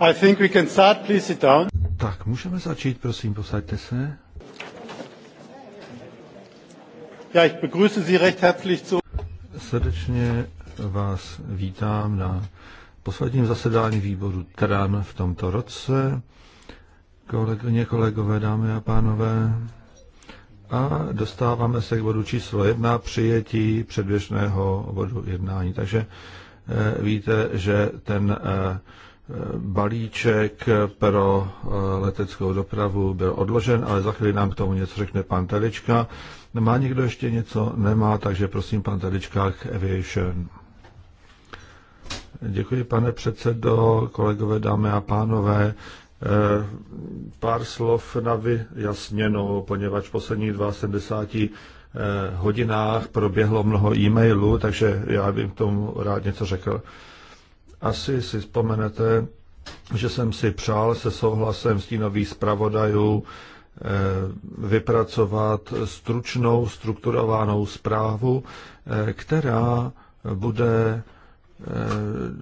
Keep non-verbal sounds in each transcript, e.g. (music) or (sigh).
I think we can start, please sit down. Tak, můžeme začít, prosím, posaďte se. Ja, ich begrüße Sie recht herzlich zu... Srdečně vás vítám na posledním zasedání výboru TRAN v tomto roce. Kolegyně, kolegové, dámy a pánové, a dostáváme se k bodu číslo jedna, přijetí předběžného bodu jednání. Takže e, víte, že ten e, balíček pro eh, leteckou dopravu byl odložen, ale za chvíli nám k tomu něco řekne pan Telička. Má někdo ještě něco? Nemá, takže prosím pan Telička k Aviation. Děkuji, pane předsedo, kolegové, dámy a pánové. Eh, pár slov na vyjasněnou, poněvadž posledních 70 eh, hodinách proběhlo mnoho e-mailů, takže já bych k tomu rád něco řekl. Asi si vzpomenete, že jsem si přál se souhlasem stínových zpravodajů eh, vypracovat stručnou, strukturovanou zprávu, eh, která bude eh,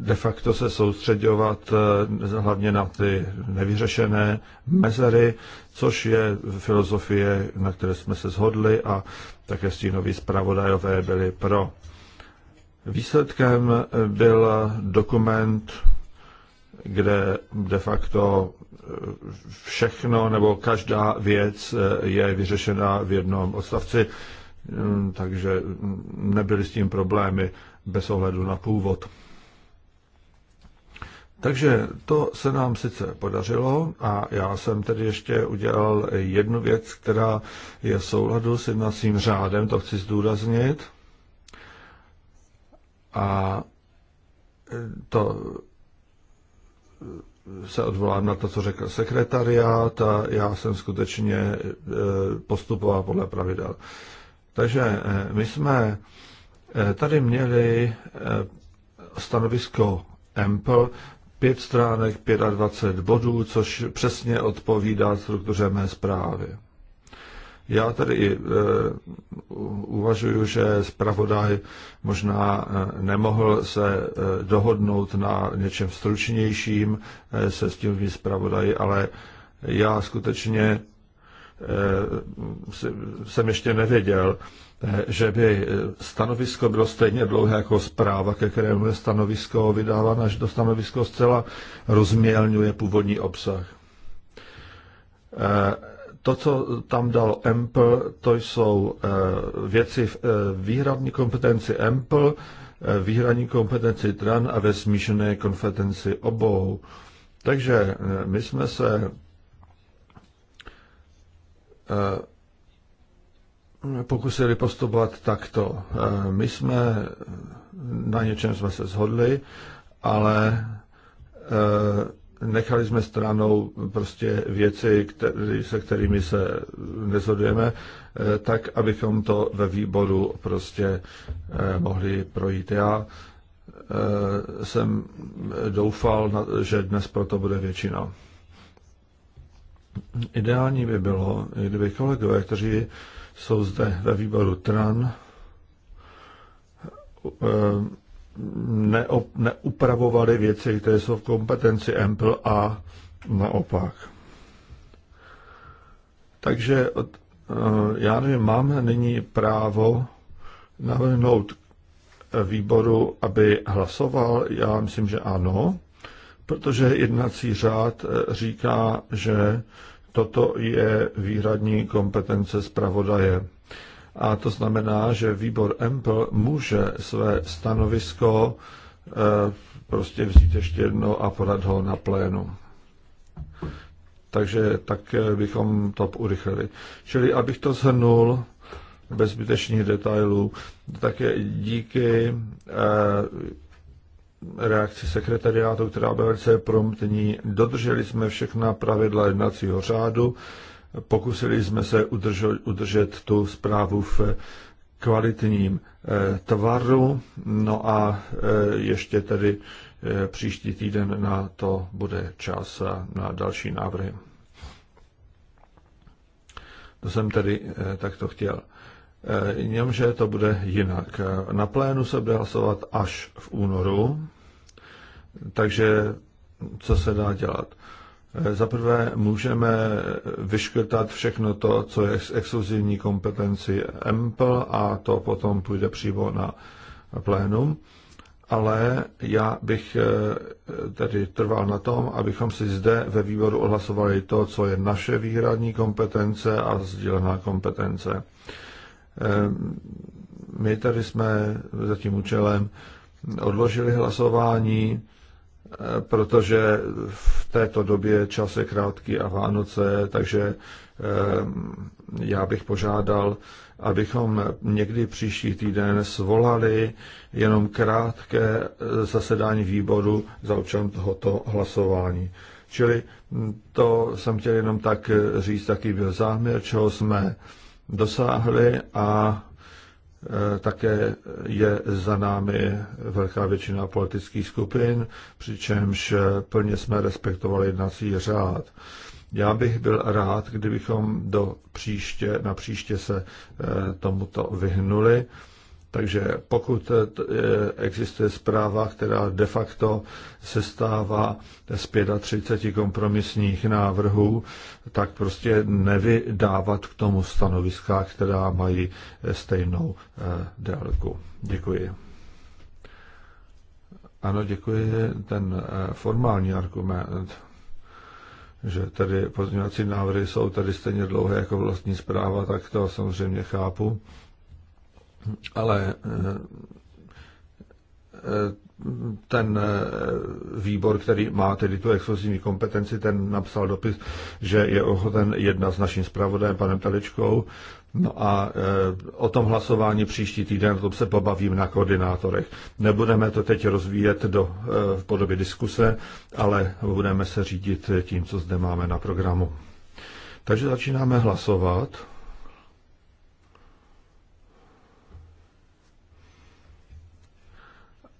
de facto se soustředovat hlavně na ty nevyřešené mezery, což je filozofie, na které jsme se shodli a také stínoví zpravodajové byli pro. Výsledkem byl dokument, kde de facto všechno nebo každá věc je vyřešena v jednom odstavci, mm, takže nebyly s tím problémy bez ohledu na původ. Takže to se nám sice podařilo a já jsem tedy ještě udělal jednu věc, která je v souladu s jednacím řádem, to chci zdůraznit – a e, to e, se odvolám na to, co řekl sekretariát a já jsem skutečně e, postupoval podle pravidel. Takže my jsme tady měli stanovisko Ample, pět stránek, 25 bodů, což přesně odpovídá struktuře mé zprávy. Já tady eh, uvažuju, že zpravodaj možná eh, nemohl se eh, dohodnout na něčem stručnějším se s tím zpravodaji, ale já skutečně jsem ještě nevěděl, že by stanovisko bylo stejně dlouhé jako zpráva, ke kterému je stanovisko vydáváno, až to stanovisko zcela rozmělňuje původní obsah. To, co tam dal EMPL, to jsou eh, věci v eh, výhradní kompetenci EMPL, eh, výhradní kompetenci TRAN a ve smíšené kompetenci obou. Takže my jsme se pokusili postupovat takto. My jsme na něčem jsme se shodli, ale nechali jsme stranou prostě věci, který, se kterými se nezhodujeme, eh, tak, abychom to ve výboru prostě eh, mohli projít. Já eh, jsem doufal, že dnes proto bude většina. Ideální by bylo, kdyby kolegové, kteří jsou zde ve výboru TRAN, neop, neupravovali věci, které jsou v kompetenci Ample a naopak. Takže eh, já nevím, máme nyní právo navrhnout výboru, aby hlasoval? Já myslím, že ano, protože jednací řád eh, říká, že toto je výhradní kompetence zpravodaje. A to znamená, že výbor EMPL může své stanovisko eh, prostě vzít ještě jedno a podat ho na plénu. Takže tak eh, bychom to urychlili. Čili abych to shrnul, bez zbytečných detailů, také díky eh, reakci sekretariátu, která byla velice promptní. Dodrželi jsme všechna pravidla jednacího řádu Pokusili jsme se udržet, udržet tu zprávu v kvalitním eh, tvaru. No a eh, ještě tedy eh, příští týden na to bude čas na další návrhy. To jsem tedy takto chtěl. Jenomže to bude jinak. Na plénu se bude hlasovat až v únoru, takže co se dá dělat? Za prvé můžeme vyškrtat všechno to, co je z exkluzivní kompetenci EMPL a to potom půjde přímo na plénum. Ale já bych eh, tedy trval na tom, abychom si zde ve výboru odhlasovali to, co je naše výhradní kompetence a sdílená kompetence. Eh, my tady jsme za tím účelem odložili hlasování, protože v této době čas je krátký a Vánoce, takže ehm, já bych požádal, abychom někdy příští týden svolali jenom krátké zasedání výboru za účelem tohoto hlasování. Čili to jsem chtěl jenom tak říct, jaký byl záměr, čeho jsme dosáhli a Eh, také je za námi velká většina politických skupin, přičemž eh, plně jsme respektovali jednací řád. Já bych byl rád, kdybychom do příště, na příště se eh, tomuto vyhnuli takže pokud eh, eh, existuje zpráva, která de facto se stává z 35 kompromisních návrhů, tak prostě nevydávat k tomu stanoviska, která mají eh, stejnou délku. Děkuji. Ano, děkuji. Ten formální argument, že tedy pozměňovací návrhy jsou tady stejně dlouhé jako vlastní zpráva, tak to samozřejmě chápu. Ale eh, eh, ten eh, výbor, který má tedy tu exkluzivní kompetenci, ten napsal dopis, že je ochoten jednat s naším zpravodajem, panem Teličkou. No a o tom hlasování příští týden, o tom se pobavím na koordinátorech. Nebudeme to teď rozvíjet do, v podobě diskuse, ale budeme se řídit tím, co zde máme na programu. Takže začínáme hlasovat.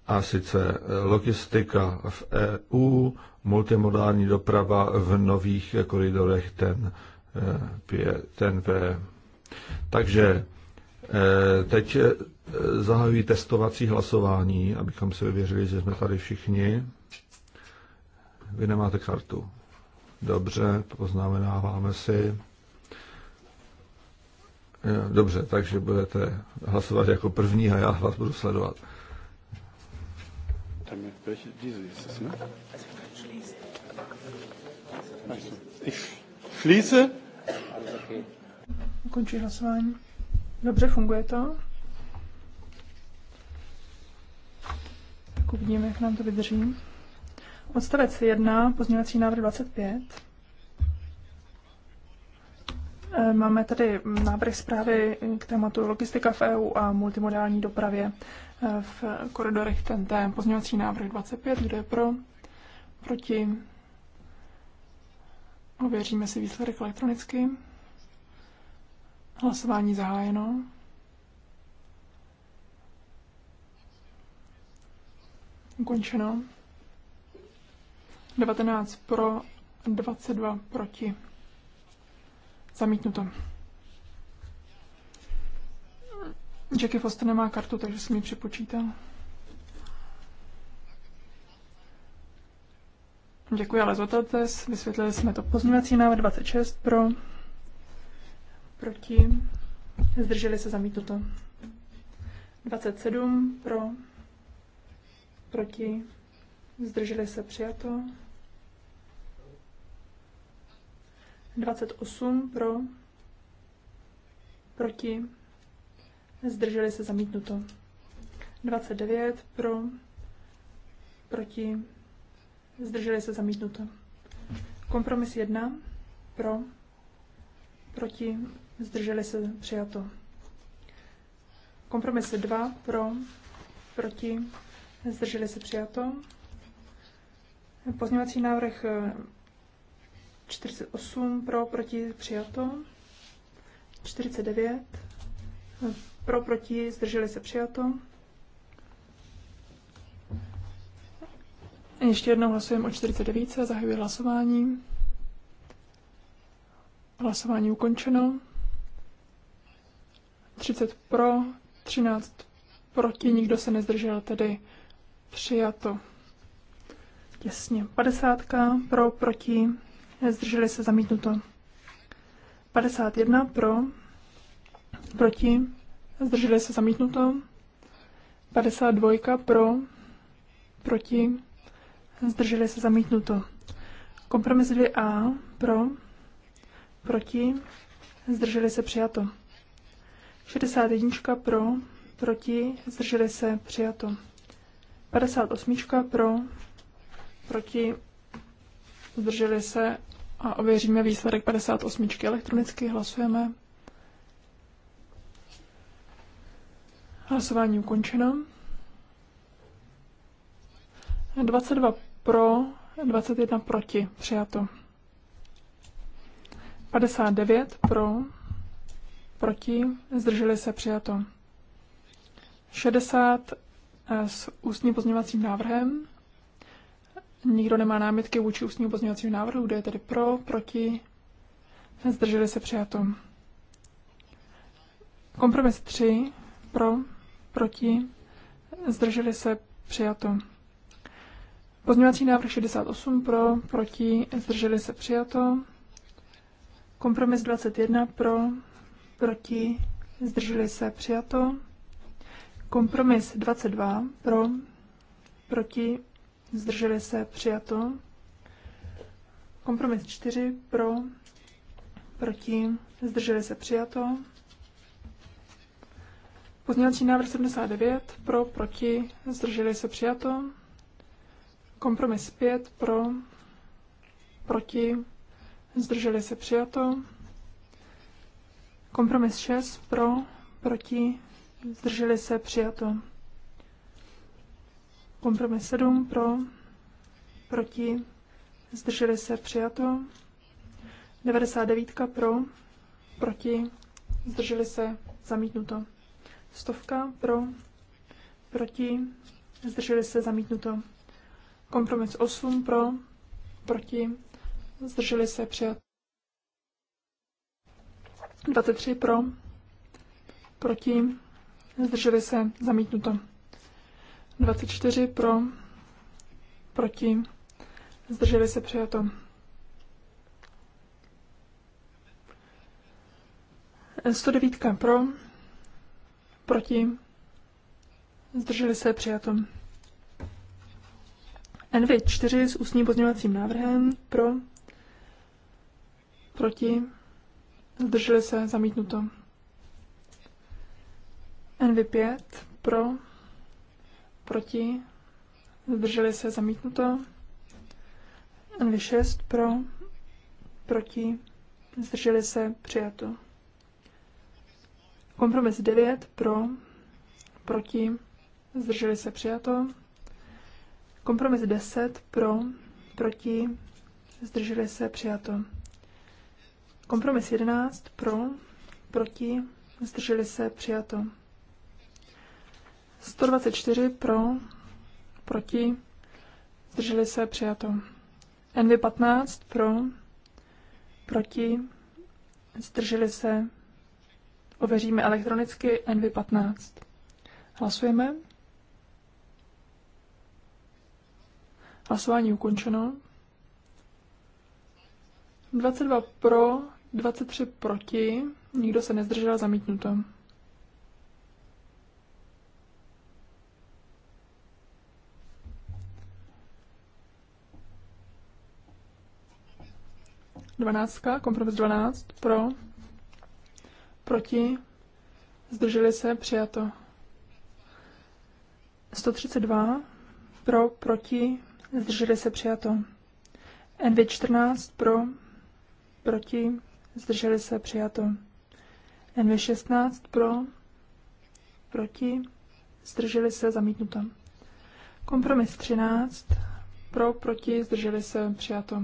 a sice logistika v EU, multimodální doprava v nových koridorech ten, eh, ten V. Takže eh, teď eh, zahajují testovací hlasování, abychom si vyvěřili, že jsme tady všichni. Vy nemáte kartu. Dobře, poznamenáváme si. Dobře, takže budete hlasovat jako první a já vás budu sledovat. Damit, welche, diese ist es, ne? ich schließe. Končí hlasování. Dobře, funguje to. Tak uvidíme, jak nám to vydrží. Odstavec 1, pozměňovací návrh 25. Eh, máme tady návrh zprávy k tématu logistika v EU a multimodální dopravě v koridorech TNT. Pozměňovací návrh 25, kdo je pro, proti. Ověříme si výsledek elektronicky. Hlasování zahájeno. Ukončeno. 19 pro, 22 proti. Zamítnuto. Jackie Foster nemá kartu, takže jsem mi přepočítal. Děkuji, ale zotates. Vysvětlili jsme to. Pozměňovací návrh 26 pro, proti, zdrželi se zamítnuto. 27 pro, proti, zdrželi se přijato. 28 pro, proti, zdrželi se zamítnuto. 29 pro, proti, zdrželi se zamítnuto. Kompromis 1 pro, proti, zdrželi se přijato. Kompromis 2 pro, proti, zdrželi se přijato. Pozměňovací návrh 48 pro, proti přijato. 49 pro, proti, zdrželi se přijato. Ještě jednou hlasujeme o 49. Zahajuji hlasování. Hlasování ukončeno. 30 pro, 13 proti, nikdo se nezdržel, tedy přijato. Jasně. 50 pro, proti, zdrželi se zamítnuto. 51 pro, proti, zdrželi se zamítnuto. 52 pro, proti, zdrželi se zamítnuto. Kompromis 2a pro, proti, zdrželi se přijato. 61 pro, proti, zdrželi se přijato. 58 pro, proti, zdrželi se a ověříme výsledek 58 elektronicky, hlasujeme. Hlasování ukončeno. 22 pro, 21 proti. Přijato. 59 pro, proti, zdrželi se přijato. 60 eh, s ústním pozměňovacím návrhem. Nikdo nemá námitky vůči ústnímu pozměňovacímu návrhu, kde je tedy pro, proti, zdrželi se přijato. Kompromis 3 pro, proti, zdrželi se, přijato. Pozměňovací návrh 68 pro, proti, zdrželi se, přijato. Kompromis 21 pro, proti, zdrželi se, přijato. Kompromis 22 pro, proti, zdrželi se, přijato. Kompromis 4 pro, proti, zdrželi se, přijato. Pozměňovací návrh 79 pro, proti, zdrželi se přijato. Kompromis 5 pro, proti, zdrželi se přijato. Kompromis 6 pro, proti, zdrželi se přijato. Kompromis 7 pro, proti, zdrželi se přijato. 99 pro, proti, zdrželi se zamítnuto. Stovka pro, proti, zdrželi se zamítnuto. Kompromis 8 pro, proti, zdrželi se přijat. 23 pro, proti, zdrželi se zamítnuto. 24 pro, proti, zdrželi se přijato. Sto devítka pro, Proti? Zdrželi se přijatom. NV 4 s ústním pozměňovacím návrhem. Pro? Proti? Zdrželi se zamítnuto. NV 5 pro? Proti? Zdrželi se zamítnuto. NV 6 pro? Proti? Zdrželi se přijato. Kompromis 9 pro, proti, zdrželi se přijato. Kompromis 10 pro, proti, zdrželi se přijato. Kompromis 11 pro, proti, zdrželi se přijato. 124 pro, proti, zdrželi se přijato. NV15 pro, proti, zdrželi se přijato. Ověříme elektronicky NV15. Hlasujeme. Hlasování ukončeno. 22 pro, 23 proti, nikdo se nezdržel, zamítnuto. Dvanáctka, kompromis 12, pro, Proti? Zdrželi se? Přijato. 132. Pro, proti? Zdrželi se? Přijato. NV14. Pro, proti? Zdrželi se? Přijato. NV16. Pro, proti? Zdrželi se? Zamítnuto. Kompromis 13. Pro, proti? Zdrželi se? Přijato.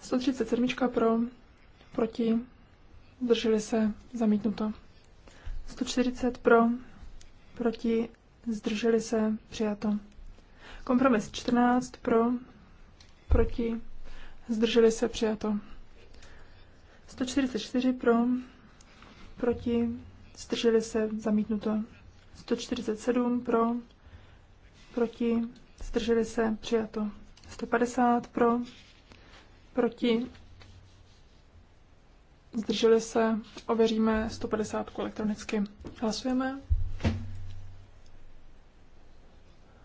137. Pro, proti? Zdrželi se. Zamítnuto. 140 pro. Proti. Zdrželi se. Přijato. Kompromis 14 pro. Proti. Zdrželi se. Přijato. 144 pro. Proti. Zdrželi se. Zamítnuto. 147 pro. Proti. Zdrželi se. Přijato. 150 pro. Proti. Zdrželi se, ověříme 150 elektronicky. Hlasujeme.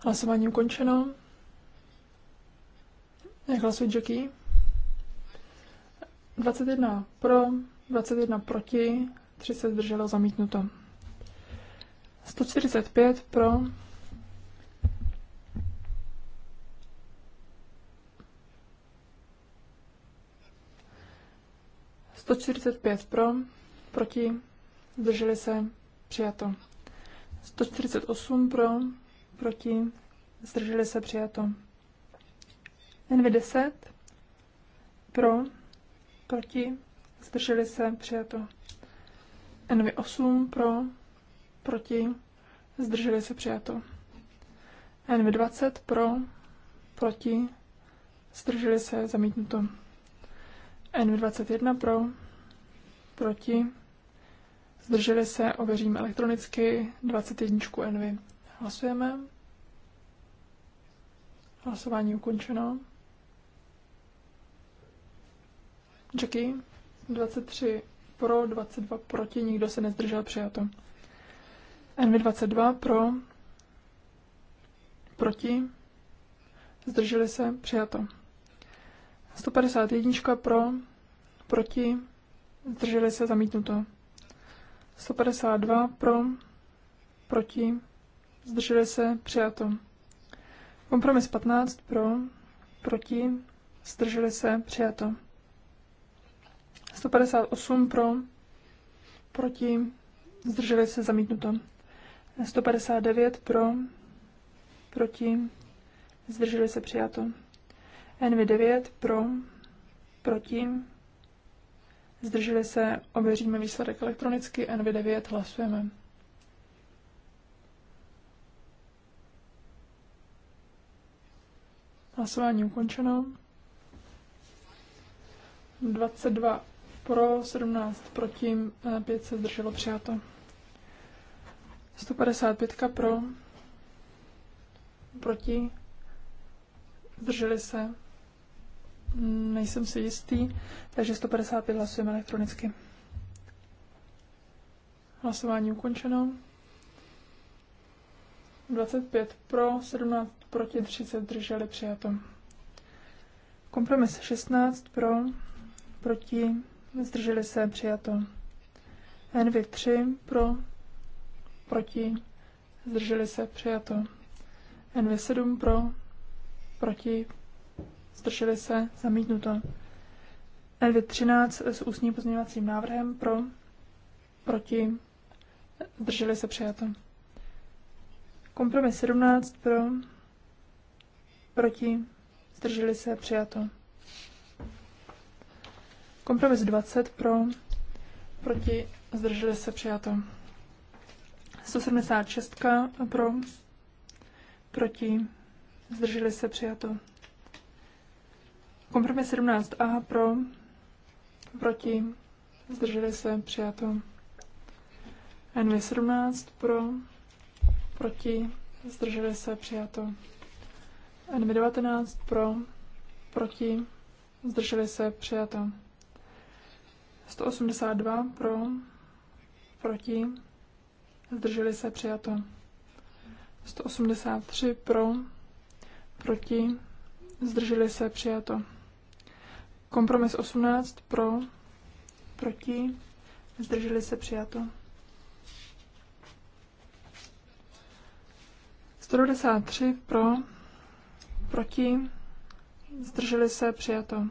Hlasování ukončeno. Jak hlasuje Jackie? 21 pro, 21 proti, 30 zdrželo zamítnuto. 145 pro, 145 pro, proti, zdrželi se, přijato. 148 pro, proti, zdrželi se, přijato. NV10 pro, proti, zdrželi se, přijato. NV8 pro, proti, zdrželi se, přijato. NV20 pro, proti, zdrželi se, zamítnuto. N21 pro, proti, zdrželi se, ověříme elektronicky, 21 NV. Hlasujeme. Hlasování ukončeno. Jackie, 23 pro, 22 proti, nikdo se nezdržel, přijato. NV22 pro, proti, zdrželi se, přijato. 151 pro, proti, zdrželi se zamítnuto. 152 pro, proti, zdrželi se přijato. Kompromis 15 pro, proti, zdrželi se přijato. 158 pro, proti, zdrželi se zamítnuto. 159 pro, proti, zdrželi se přijato. NV9 pro, proti, zdrželi se, ověříme výsledek elektronicky, NV9 hlasujeme. Hlasování ukončeno. 22 pro, 17 proti, 5 eh, se zdrželo přijato. 155 pro, proti, zdrželi se. Nejsem si jistý, takže 155 hlasujeme elektronicky. Hlasování ukončeno. 25 pro, 17 proti, 30 drželi přijato. Kompromis 16 pro, proti, zdrželi se přijato. nv 3 pro, proti, zdrželi se přijato. nv 7 pro, proti, zdrželi se, zamítnuto. nv 213 s ústním pozměňovacím návrhem pro, proti, zdrželi se, přijato. Kompromis 17 pro, proti, zdrželi se, přijato. Kompromis 20 pro, proti, zdrželi se, přijato. 176 pro, proti, zdrželi se, přijato. Kompromis 17a pro, proti, zdrželi se, přijato. NV17 pro, proti, zdrželi se, přijato. NV19 pro, proti, zdrželi se, přijato. 182 pro, proti, zdrželi se, přijato. 183 pro, proti, zdrželi se, přijato. Kompromis 18 pro, proti, zdrželi se přijato. 193 pro, proti, zdrželi se přijato.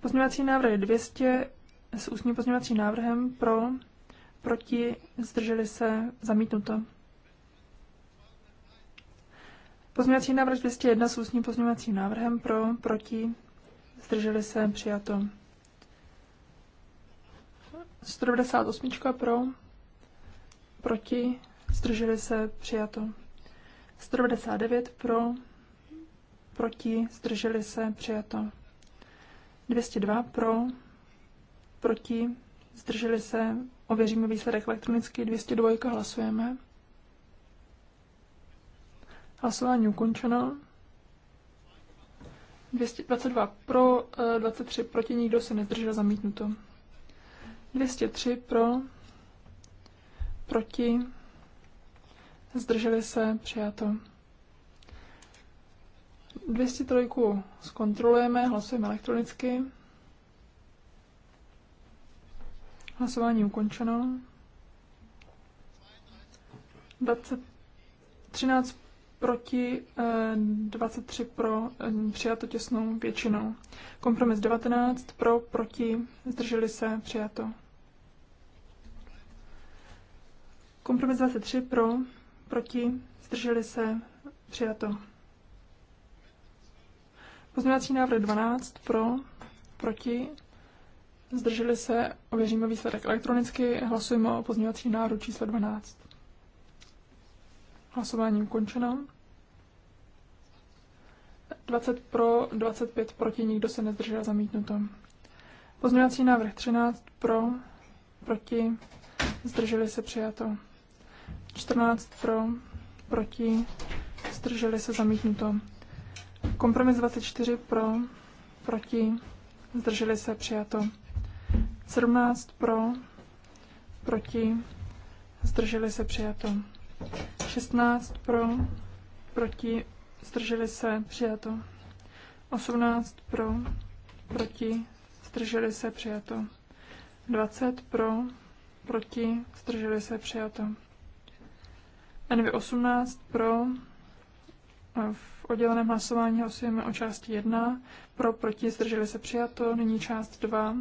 Pozměňovací návrh 200 s ústním pozměňovacím návrhem pro, proti, zdrželi se zamítnuto. Pozměňovací návrh 201 s ústním pozměňovacím návrhem pro, proti, zdrželi se, přijato. 198 pro, proti, zdrželi se, přijato. 199 pro, proti, zdrželi se, přijato. 202 pro, proti, zdrželi se, ověříme výsledek elektronicky, 202 hlasujeme. Hlasování ukončeno. 222 pro, 23 eh, proti, nikdo se nezdržel zamítnuto. 203 pro, proti, zdrželi se, přijato. 203 zkontrolujeme, hlasujeme elektronicky. Hlasování ukončeno. 20, 13 proti, 23 eh, pro, eh, přijato těsnou většinou. Kompromis 19 pro, proti, zdrželi se, přijato. Kompromis 23 pro, proti, zdrželi se, přijato. Pozměňovací návrh 12 pro, proti, zdrželi se, ověříme výsledek elektronicky, hlasujeme o pozměňovací návrhu číslo 12. Hlasování ukončeno. 20 pro, 25 proti, nikdo se nezdržel zamítnuto. Pozměňovací návrh 13 pro, proti, zdrželi se přijato. 14 pro, proti, zdrželi se zamítnuto. Kompromis 24 pro, proti, zdrželi se přijato. 17 pro, proti, zdrželi se přijato. 16 pro, proti, zdrželi se, přijato. 18 pro, proti, zdrželi se, přijato. 20 pro, proti, zdrželi se, přijato. NV18 pro, v odděleném hlasování hlasujeme o části 1, pro, proti, zdrželi se, přijato. Nyní část 2,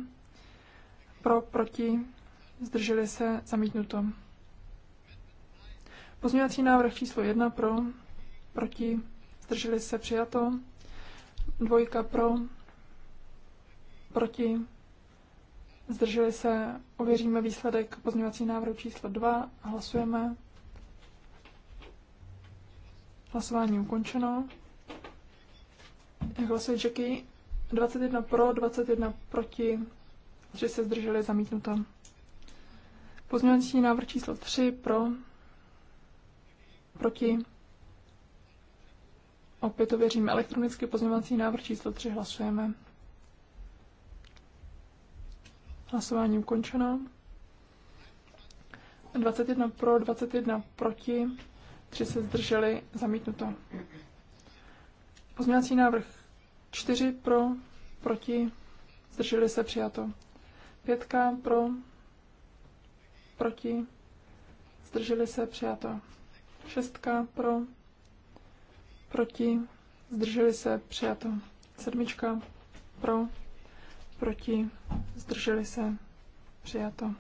pro, proti, zdrželi se, zamítnuto. Pozměňovací návrh číslo 1 pro, proti, zdrželi se přijato. Dvojka pro, proti, zdrželi se, ověříme výsledek pozměňovací návrhu číslo 2 a hlasujeme. Hlasování ukončeno. Jak hlasuje Jackie? 21 pro, 21 proti, 3 se zdrželi, zamítnuto. Pozměňovací návrh číslo 3 pro, Proti? Opět to věříme. Elektronický pozměňovací návrh číslo 3. Hlasujeme. Hlasování ukončeno. 21 pro, 21 proti, 3 se zdrželi, zamítnuto. Pozměňovací návrh 4 pro, proti, zdrželi se, přijato. 5 pro, proti, zdrželi se, přijato. Šestka pro, proti, zdrželi se, přijato. Sedmička pro, proti, zdrželi se, přijato.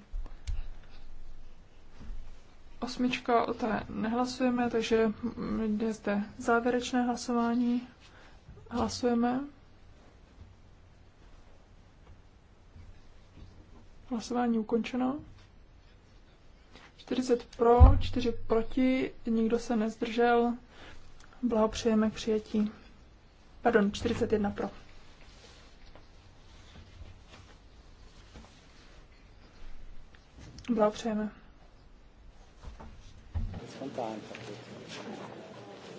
Osmička, o té nehlasujeme, takže jde zde závěrečné hlasování. Hlasujeme. Hlasování ukončeno. 40 pro, 4 proti, nikdo se nezdržel. Blahopřejeme k přijetí. Pardon, 41 pro. Blahopřejeme.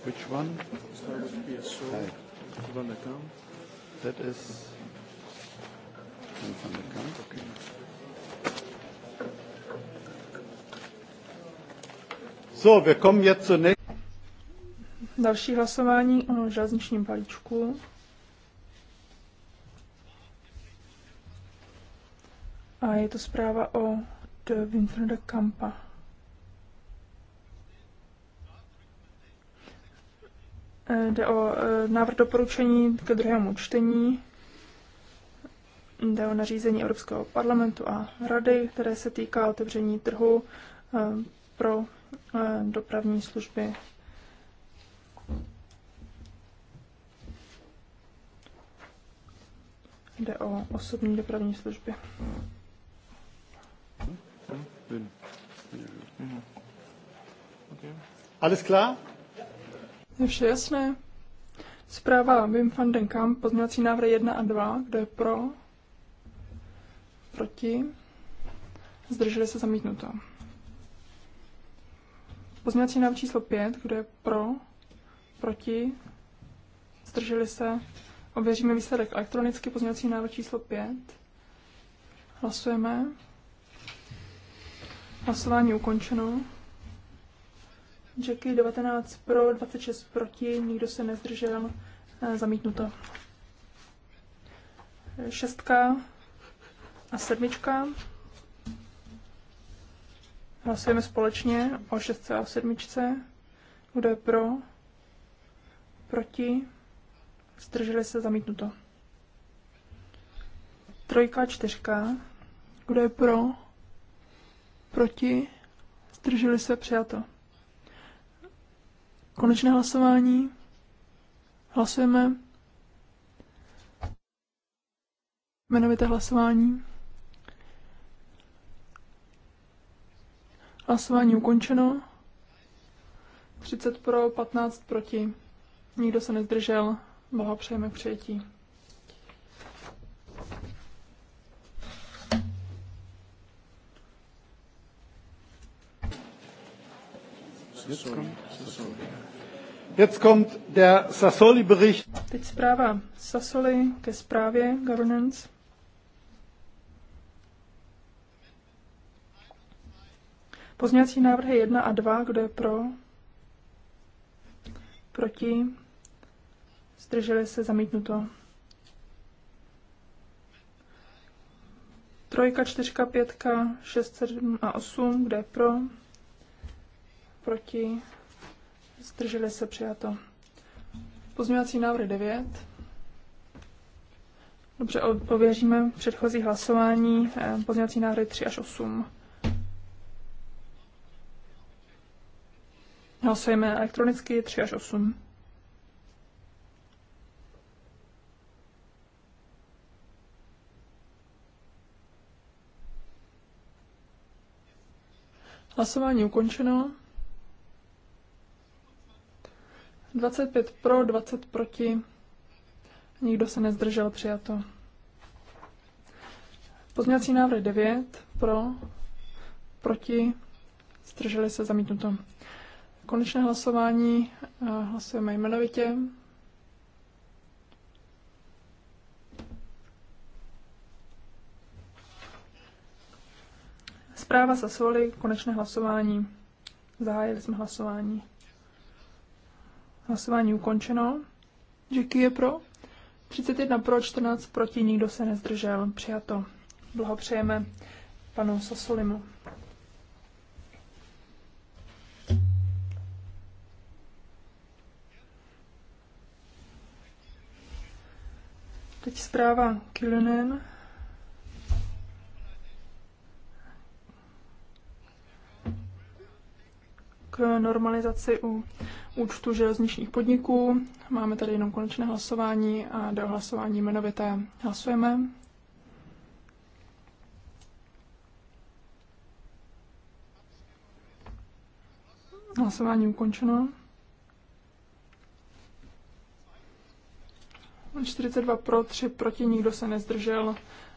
Which one? That is... Okay. So, wir kommen jetzt zur Další hlasování o železničním balíčku. A je to zpráva o de Winfreda Kampa. Eh, jde o eh, návrh doporučení k druhému čtení. Jde o nařízení Evropského parlamentu a rady, které se týká otevření trhu eh, pro Eh, dopravní služby. Jde o osobní dopravní služby. Alles klar? Je vše jasné. Zpráva Wim van den Kamp, pozměňovací návrh 1 a 2, kdo je pro, proti, zdrželi se zamítnuto. Pozměňovací návrh číslo 5, kdo je pro, proti, zdrželi se. Ověříme výsledek elektronicky, pozměňovací návrh číslo 5. Hlasujeme. Hlasování ukončeno. Jackie 19 pro, 26 proti, nikdo se nezdržel, eh, zamítnuto. Šestka a sedmička. Hlasujeme společně o 6 a 7. Kdo je pro? Proti? Zdrželi se zamítnuto. Trojka, čtyřka. Kdo je pro? Proti? Zdrželi se přijato. Konečné hlasování. Hlasujeme. Jmenovité hlasování. Hlasování ukončeno. 30 pro, 15 proti. Nikdo se nezdržel. Boha přejeme přijetí. Jetzt kommt der Sassoli-Bericht. Teď zpráva Sassoli ke zprávě Governance. Pozměňovací návrhy 1 a 2, kdo je pro? Proti? Zdrželi se zamítnuto. Trojka, čtyřka, pětka, šest, sedm a osm, kde je pro? Proti? Zdrželi se přijato. Pozměňovací návrh 9. Dobře, ověříme předchozí hlasování. Eh, pozměňovací návrhy 3 až 8. Hlasujeme elektronicky 3 až 8. Hlasování ukončeno. 25 pro, 20 proti. Nikdo se nezdržel, přijato. Pozměňovací návrh 9 pro, proti, zdrželi se zamítnuto. Konečné hlasování eh, hlasujeme jmenovitě. Zpráva svoli, konečné hlasování. Zahájili jsme hlasování. Hlasování ukončeno. Díky je pro. 31 pro, 14 proti, nikdo se nezdržel. Přijato. Blahopřejeme panu Sosolimu. Teď zpráva Kylonen. K normalizaci u účtu železničních podniků. Máme tady jenom konečné hlasování a do hlasování jmenovité hlasujeme. Hlasování ukončeno. 42 pro, 3 proti, nikdo se nezdržel,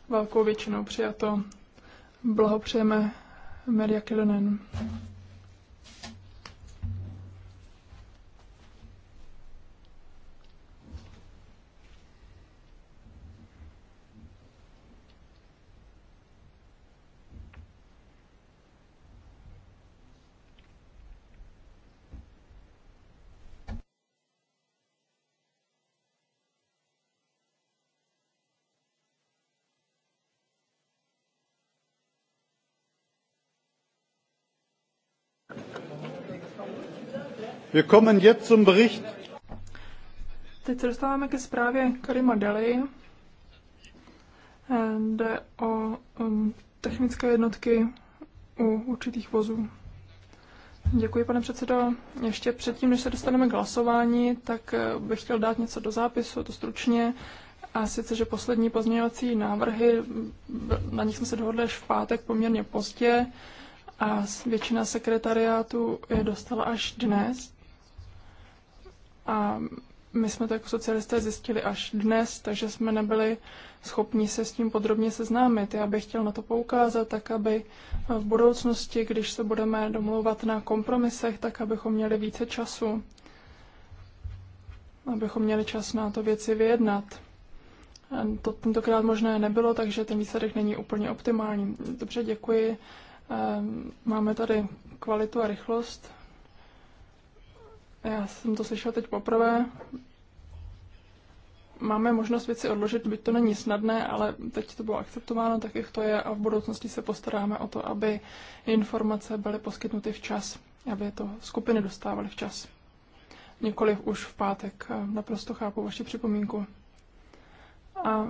velkou většinou přijato. Blahopřejeme Merja Kilonen. Wir kommen jetzt zum Bericht. Teď se dostáváme ke zprávě Karima Deli. Eh, jde o um, technické jednotky u určitých vozů. Děkuji, pane předsedo. Ještě předtím, než se dostaneme k hlasování, tak eh, bych chtěl dát něco do zápisu, to stručně. A sice, že poslední pozměňovací návrhy, mm, na nich jsme se dohodli až v pátek poměrně pozdě a většina sekretariátu je dostala až dnes. A my jsme to jako socialisté zjistili až dnes, takže jsme nebyli schopni se s tím podrobně seznámit. Já bych chtěl na to poukázat, tak aby v budoucnosti, když se budeme domlouvat na kompromisech, tak abychom měli více času, abychom měli čas na to věci vyjednat. To tentokrát možné nebylo, takže ten výsledek není úplně optimální. Dobře, děkuji. Ehm, máme tady kvalitu a rychlost. Já jsem to slyšela teď poprvé. Máme možnost věci odložit, byť to není snadné, ale teď to bylo akceptováno, tak jak to je a v budoucnosti se postaráme o to, aby informace byly poskytnuty včas, aby to skupiny dostávaly včas. Nikoliv už v pátek. Naprosto chápu vaši připomínku. A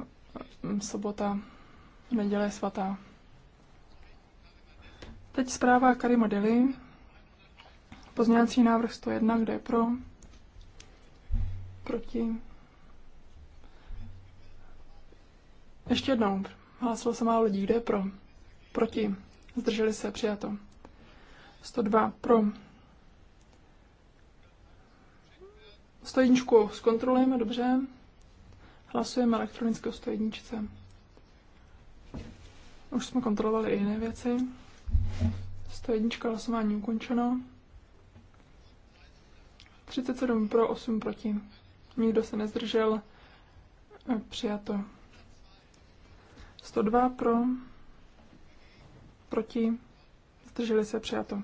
sobota, neděle svatá. Teď zpráva Karima Deli. Pozměňovací návrh 101, kde je pro? Proti? Ještě jednou. Hlásilo se málo lidí, kde je pro? Proti? Zdrželi se, přijato. 102 pro. 101 zkontrolujeme, dobře. Hlasujeme elektronickou 101. Už jsme kontrolovali i jiné věci. 101 hlasování ukončeno. 37 pro, 8 proti. Nikdo se nezdržel. Eh, přijato. 102 pro, proti. Zdrželi se přijato.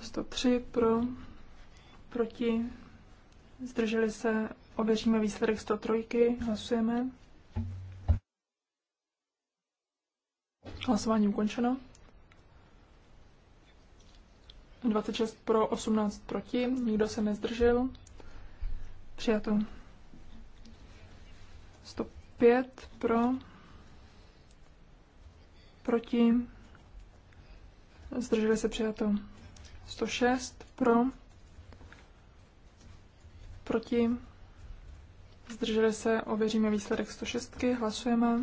103 pro, proti. Zdrželi se. Ověříme výsledek 103. Hlasujeme. Hlasování ukončeno. 26 pro, 18 proti, nikdo se nezdržel. Přijato. 105 pro, proti, zdrželi se přijato. 106 pro, proti, zdrželi se, ověříme výsledek 106, hlasujeme.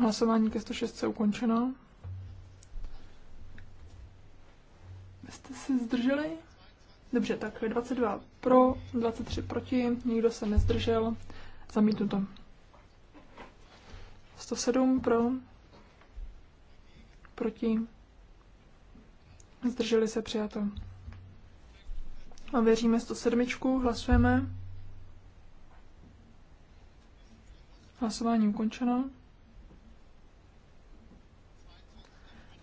Hlasování ke 106 je ukončeno. Jste se zdrželi? Dobře, tak 22 pro, 23 proti, nikdo se nezdržel, Zamítnu to. 107 pro, proti, zdrželi se přijato. A věříme 107, hlasujeme. Hlasování ukončeno.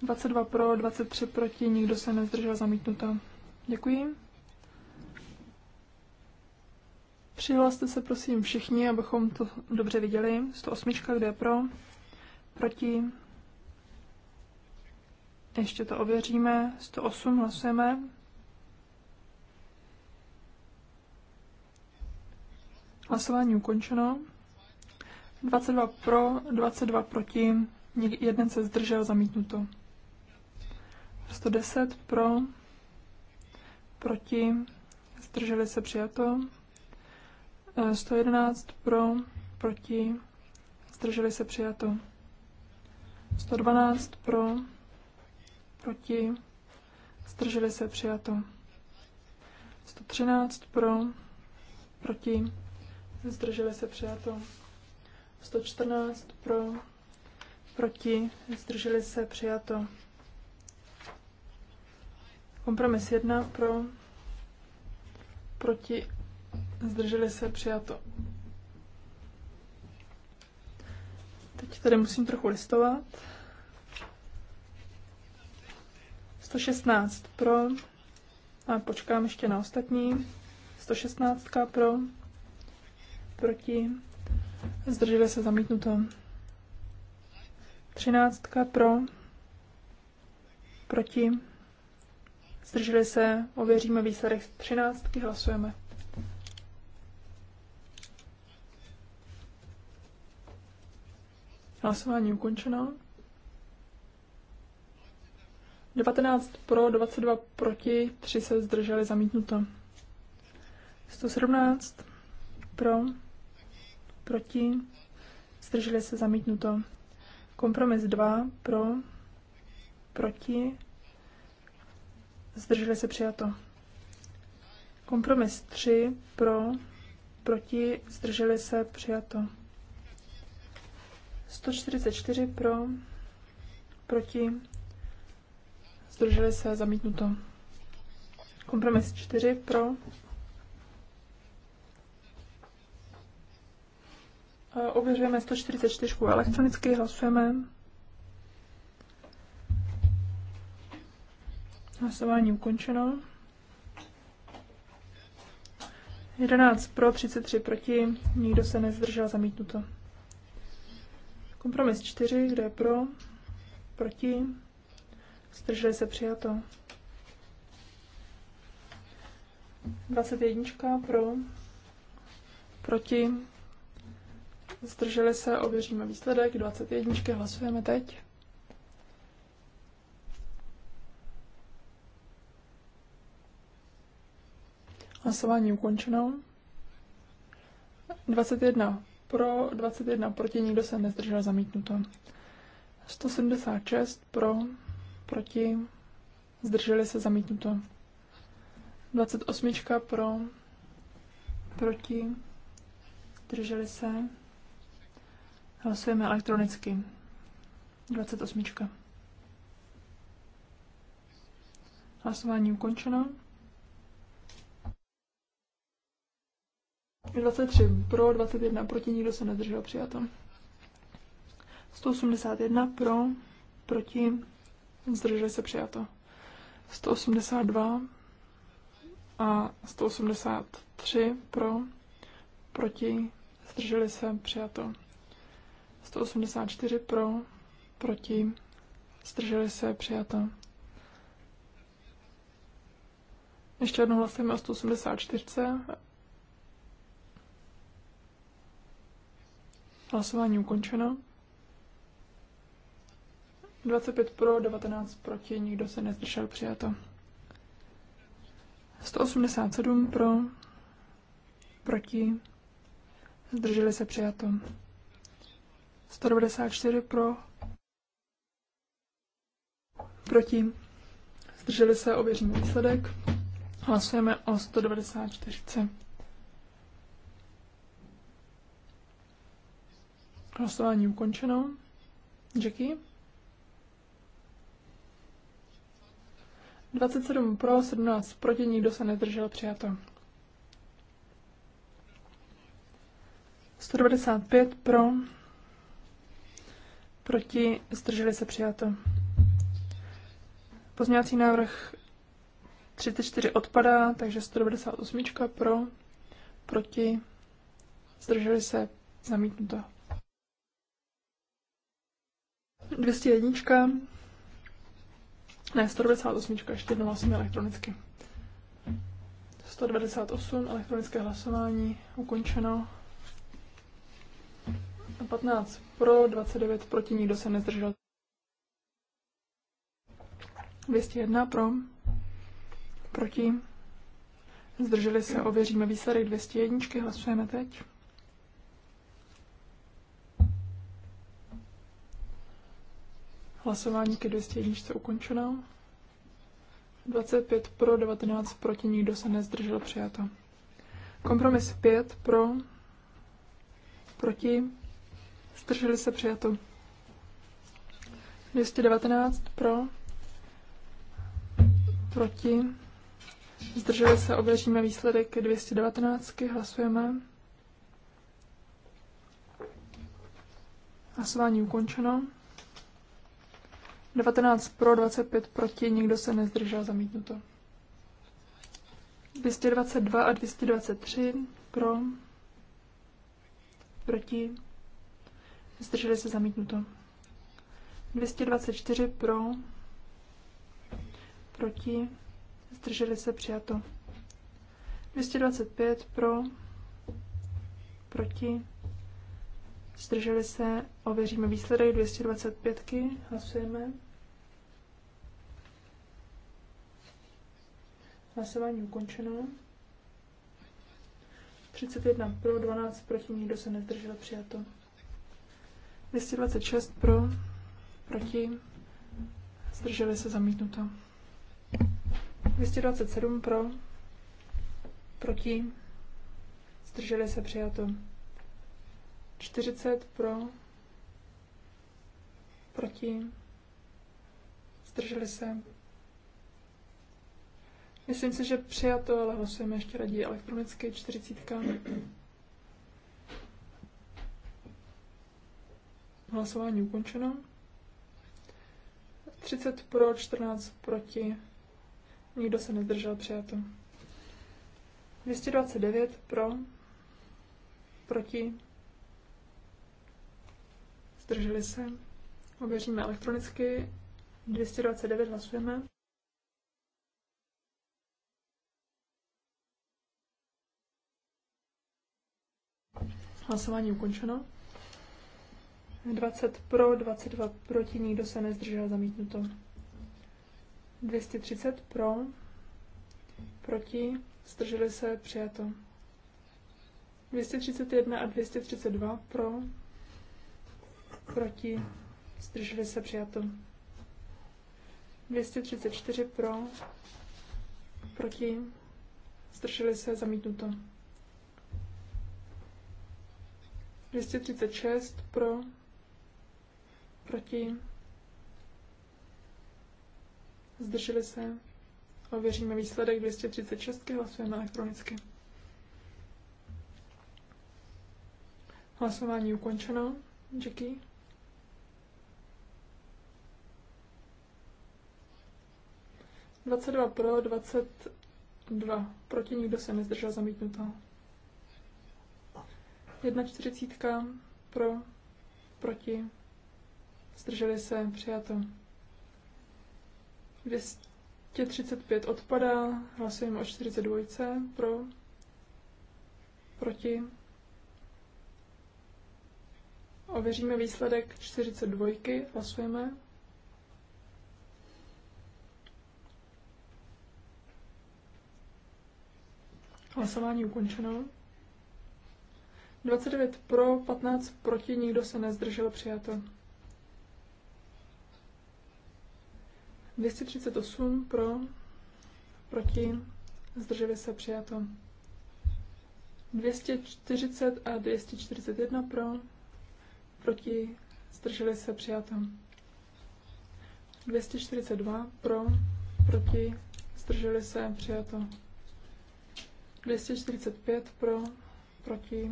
22 pro, 23 proti, nikdo se nezdržel zamítnuto. Děkuji. Přihlaste se prosím všichni, abychom to dobře viděli. 108, kde je pro, proti. Ještě to ověříme. 108 hlasujeme. Hlasování ukončeno. 22 pro, 22 proti, jeden se zdržel, zamítnuto. 110 pro, proti, zdrželi se přijato. 111 e, pro, proti, zdrželi se přijato. 112 pro, proti, zdrželi se přijato. 113 pro, proti, zdrželi se přijato. 114 pro, proti, zdrželi se přijato. Kompromis 1 pro, proti, zdrželi se, přijato. Teď tady musím trochu listovat. 116 pro, a počkám ještě na ostatní. 116 pro, proti, zdrželi se, zamítnuto. 13 pro, proti, zdrželi se, ověříme výsledek z 13, hlasujeme. Hlasování ukončeno. 19 pro, 22 proti, 3 se zdrželi zamítnuto. 117 pro, proti, zdrželi se zamítnuto. Kompromis 2 pro, proti, zdrželi se přijato. Kompromis 3 pro, proti, zdrželi se přijato. 144 pro, proti, zdrželi se zamítnuto. Kompromis 4 pro, eh, Ověřujeme 144 elektronicky, hlasujeme. Hlasování ukončeno. 11 pro, 33 proti, nikdo se nezdržel, zamítnuto. Kompromis 4, kde je pro, proti, zdrželi se přijato. 21 pro, proti, zdrželi se, ověříme výsledek, 21 hlasujeme teď. Hlasování ukončeno. 21 pro, 21 proti, nikdo se nezdržel zamítnuto. 176 pro, proti, zdrželi se zamítnuto. 28 pro, proti, zdrželi se. Hlasujeme elektronicky. 28. Hlasování ukončeno. 23 pro, 21 proti, nikdo se nezdržel přijato. 181 pro, proti, zdrželi se přijato. 182 a 183 pro, proti, zdrželi se přijato. 184 pro, proti, zdrželi se přijato. Ještě jednou hlasujeme o 184 Hlasování ukončeno. 25 pro, 19 proti, nikdo se nezdržel, přijato. 187 pro, proti, zdrželi se, přijato. 194 pro, proti, zdrželi se, ověříme výsledek. Hlasujeme o 194. Hlasování ukončeno. Jackie? 27 pro, 17 proti, nikdo se nedržel přijato. 195 pro, proti, zdrželi se, přijato. Pozměňovací návrh 34 odpadá, takže 198 pro, proti, zdrželi se, zamítnuto. 201. Ne, 198. Ještě jednou hlasujeme elektronicky. 198. Elektronické hlasování ukončeno. 15 pro, 29 proti, nikdo se nezdržel. 201 pro, proti, zdrželi se, ověříme výsledek 201, hlasujeme teď. Hlasování ke 201 ukončeno. 25 pro, 19 proti, nikdo se nezdržel přijato. Kompromis 5 pro, proti, zdrželi se přijato. 219 pro, proti, zdrželi se, ověříme výsledek 219, hlasujeme. Hlasování ukončeno. 19 pro, 25 proti, nikdo se nezdržel, zamítnuto. 222 a 223 pro, proti, zdrželi se, zamítnuto. 224 pro, proti, zdrželi se, přijato. 225 pro, proti, zdrželi se, ověříme výsledek 225, hlasujeme. Hlasování ukončeno. 31 pro, 12 proti, nikdo se nezdržel, přijato. 226 pro, proti, zdrželi se zamítnuto. 227 pro, proti, zdrželi se přijato. 40 pro, proti, zdrželi se Myslím si, že přijato, ale hlasujeme ještě raději elektronicky, čtyřicítka. Hlasování ukončeno. 30 pro, 14 proti. Nikdo se nezdržel, přijato. 229 pro, proti. Zdrželi se. Ověříme elektronicky. 229 hlasujeme. Hlasování ukončeno. 20 pro, 22 proti, nikdo se nezdržel zamítnuto. 230 pro, proti, zdrželi se přijato. 231 a 232 pro, proti, zdrželi se přijato. 234 pro, proti, zdrželi se zamítnuto. 236 pro, proti, zdrželi se. Ověříme výsledek 236, hlasujeme elektronicky. Hlasování ukončeno. Dvacet 22 pro, 22 proti, nikdo se nezdržel zamítnutého. Jedna čtyřicítka pro, proti, zdrželi se, přijato. 235 odpadá, hlasujeme o 42 pro, proti. Ověříme výsledek 42, hlasujeme. Hlasování ukončeno. 29 pro, 15 proti, nikdo se nezdržel, přijato. 238 pro, proti, zdrželi se, přijato. 240 a 241 pro, proti, zdrželi se, přijato. 242 pro, proti, zdrželi se, přijato. 245 pro, proti,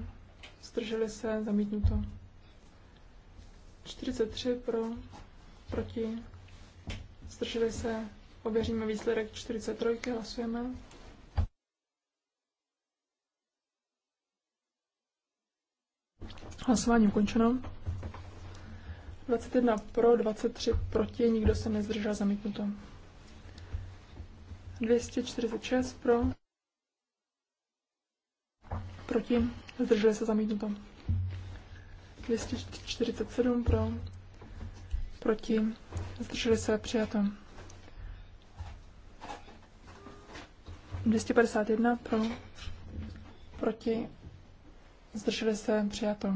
zdrželi se, zamítnuto. 43 pro, proti, zdrželi se, ověříme výsledek 43, hlasujeme. Hlasování ukončeno. 21 pro, 23 proti, nikdo se nezdržel zamítnuto. 246 pro proti, zdrželi se zamítnuto. 247 pro, proti, zdrželi se přijato. 251 pro, proti, zdrželi se přijato.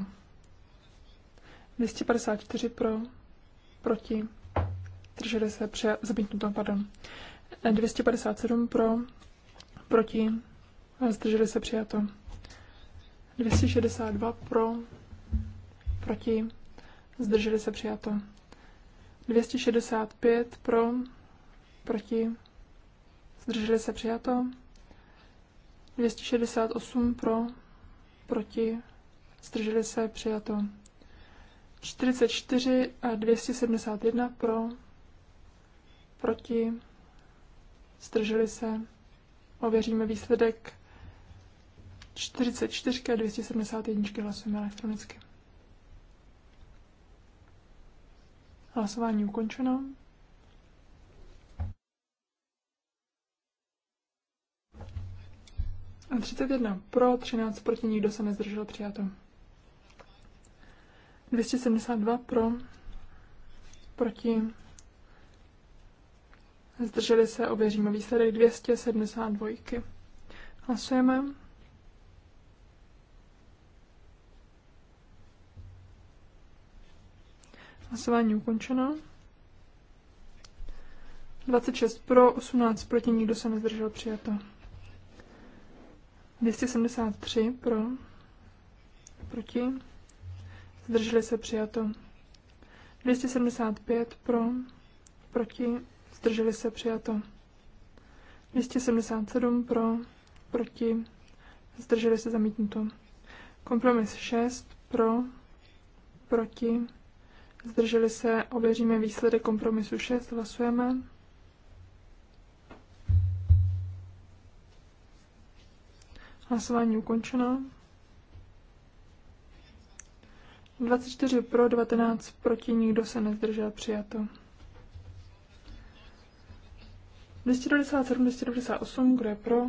254 pro, proti, zdrželi se přijato, zamítnuto, pardon. 257 pro, proti, zdrželi se přijato. 262 pro, proti, zdrželi se přijato. 265 pro, proti, zdrželi se přijato. 268 pro, proti, zdrželi se přijato. 44 a 271 pro, proti, zdrželi se. Ověříme výsledek 44 a 271 hlasujeme elektronicky. Hlasování ukončeno. A 31 pro, 13 proti, nikdo se nezdržel přijato. 272 pro, proti, zdrželi se, ověříme výsledek 272. Hlasujeme. Hlasování ukončeno. 26 pro, 18 proti, nikdo se nezdržel přijato. 273 pro, proti, zdrželi se přijato. 275 pro, proti, zdrželi se přijato. 277 pro, proti, zdrželi se zamítnuto. Kompromis 6 pro, proti, Zdrželi se, ověříme výsledek kompromisu 6, hlasujeme. Hlasování ukončeno. 24 pro, 19 proti, nikdo se nezdržel, přijato. 297, 298, kdo je pro?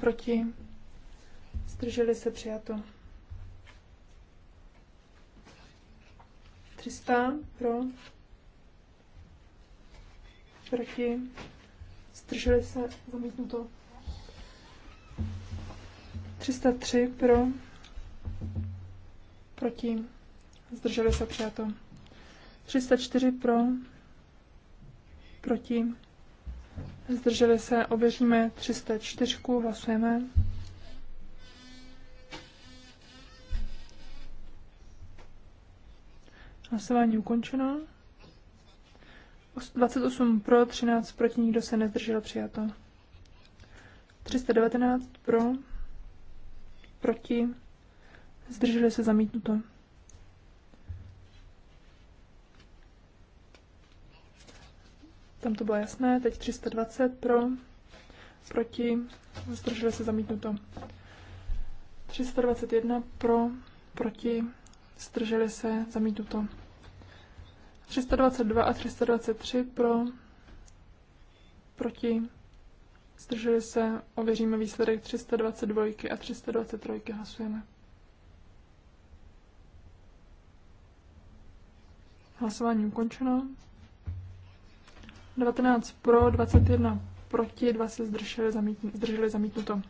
Proti? Zdrželi se, přijato. 300 pro, proti, zdrželi se, zamítnuto. 303 pro, proti, zdrželi se, přijato. 304 pro, proti, zdrželi se, ověříme 304, hlasujeme. Hlasování ukončeno. 28 pro, 13 proti, nikdo se nezdržel, přijato. 319 pro, proti, zdrželi se zamítnuto. Tam to bylo jasné, teď 320 pro, proti, zdrželi se zamítnuto. 321 pro, proti, zdrželi se zamítnuto. 322 a 323 pro, proti, zdrželi se, ověříme výsledek 322 a 323 hlasujeme. Hlasování ukončeno. 19 pro, 21 proti, 2 se zdrželi, zamítn- zdrželi zamítnuto.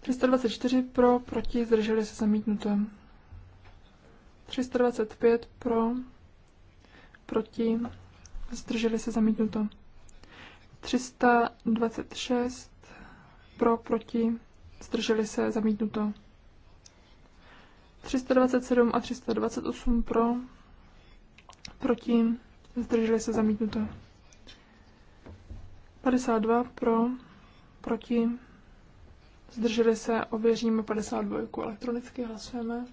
324 pro, proti, zdrželi se zamítnuto. 325 pro, proti, zdrželi se zamítnuto. 326 pro, proti, zdrželi se zamítnuto. 327 a 328 pro, proti, zdrželi se zamítnuto. 52 pro, proti, zdrželi se, ověříme 52 elektronicky, hlasujeme.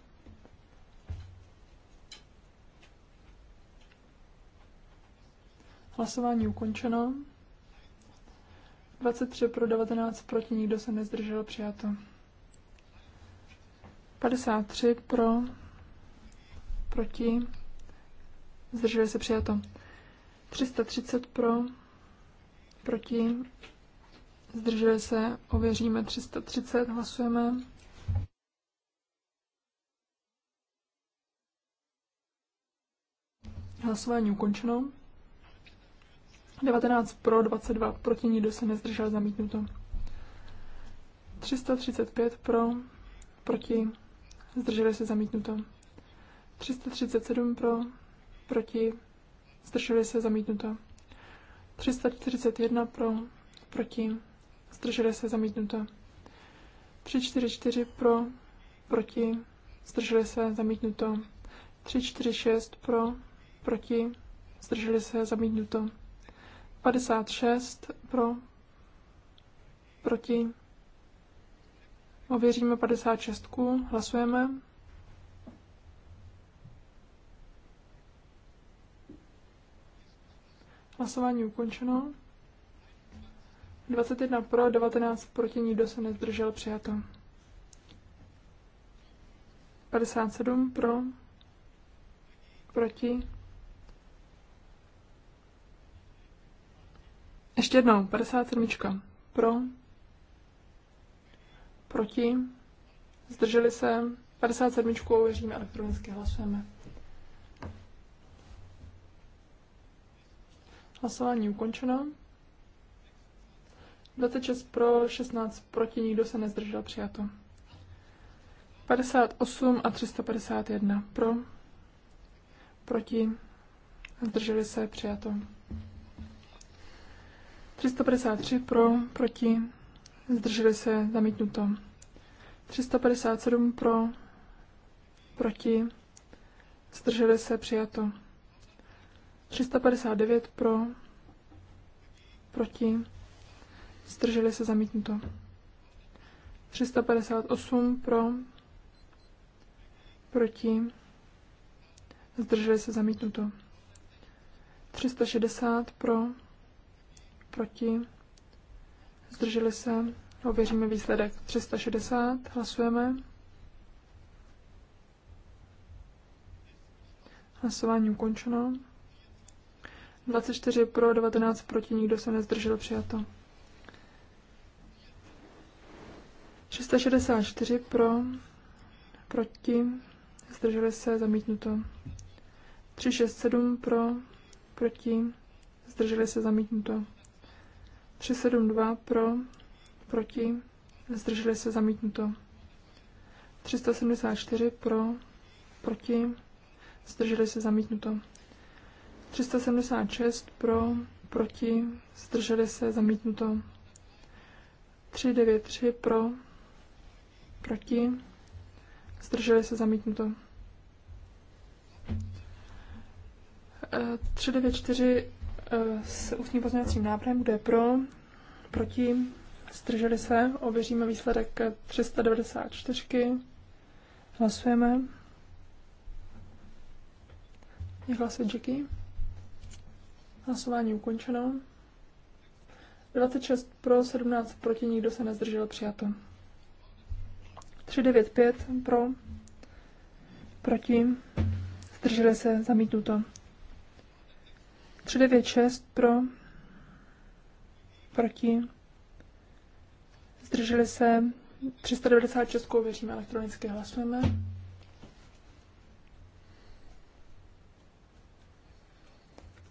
Hlasování ukončeno. 23 pro 19, proti nikdo se nezdržel, přijato. 53 pro, proti, zdrželi se přijato. 330 pro, proti, zdrželi se, ověříme 330, hlasujeme. Hlasování ukončeno. 19 pro, 22 proti, nikdo se nezdržel, zamítnuto. 335 pro, proti, zdrželi se, zamítnuto. 337 pro, proti, zdrželi se, zamítnuto. 341 pro, proti, zdrželi se, zamítnuto. 344 pro, proti, zdrželi se, zamítnuto. 346 pro, proti, zdrželi se, zamítnuto. 56 pro, proti. Ověříme 56. Hlasujeme. Hlasování ukončeno. 21 pro, 19 proti, nikdo se nezdržel, přijato. 57 pro, proti, Ještě jednou, 57. Pro, proti, zdrželi se, 57. ověříme elektronicky, hlasujeme. Hlasování ukončeno. 26 pro, 16 proti, nikdo se nezdržel, přijato. 58 a 351 pro, proti, zdrželi se, přijato. 353 pro, proti, zdrželi se, zamítnuto. 357 pro, proti, zdrželi se, přijato. 359 pro, proti, zdrželi se, zamítnuto. 358 pro, proti, zdrželi se, zamítnuto. 360 pro, proti, zdrželi se, ověříme výsledek 360, hlasujeme. Hlasování ukončeno. 24 pro, 19 proti, nikdo se nezdržel, přijato. 364 pro, proti, zdrželi se, zamítnuto. 367 pro, proti, zdrželi se, zamítnuto. 372 pro, proti, zdrželi se zamítnuto. 374 pro, proti, zdrželi se zamítnuto. 376 pro, proti, zdrželi se zamítnuto. 393 pro, proti, zdrželi se zamítnuto. 394 e, Eh, s ústním pozměňovacím návrhem, kdo je pro, proti, zdrželi se, ověříme výsledek 394, hlasujeme. Je hlasuje Jackie. Hlasování ukončeno. 26 pro, 17 proti, nikdo se nezdržel, přijato. 395 pro, proti, zdrželi se, zamítnuto. 396 pro, proti, zdrželi se, 396 věříme elektronicky, hlasujeme.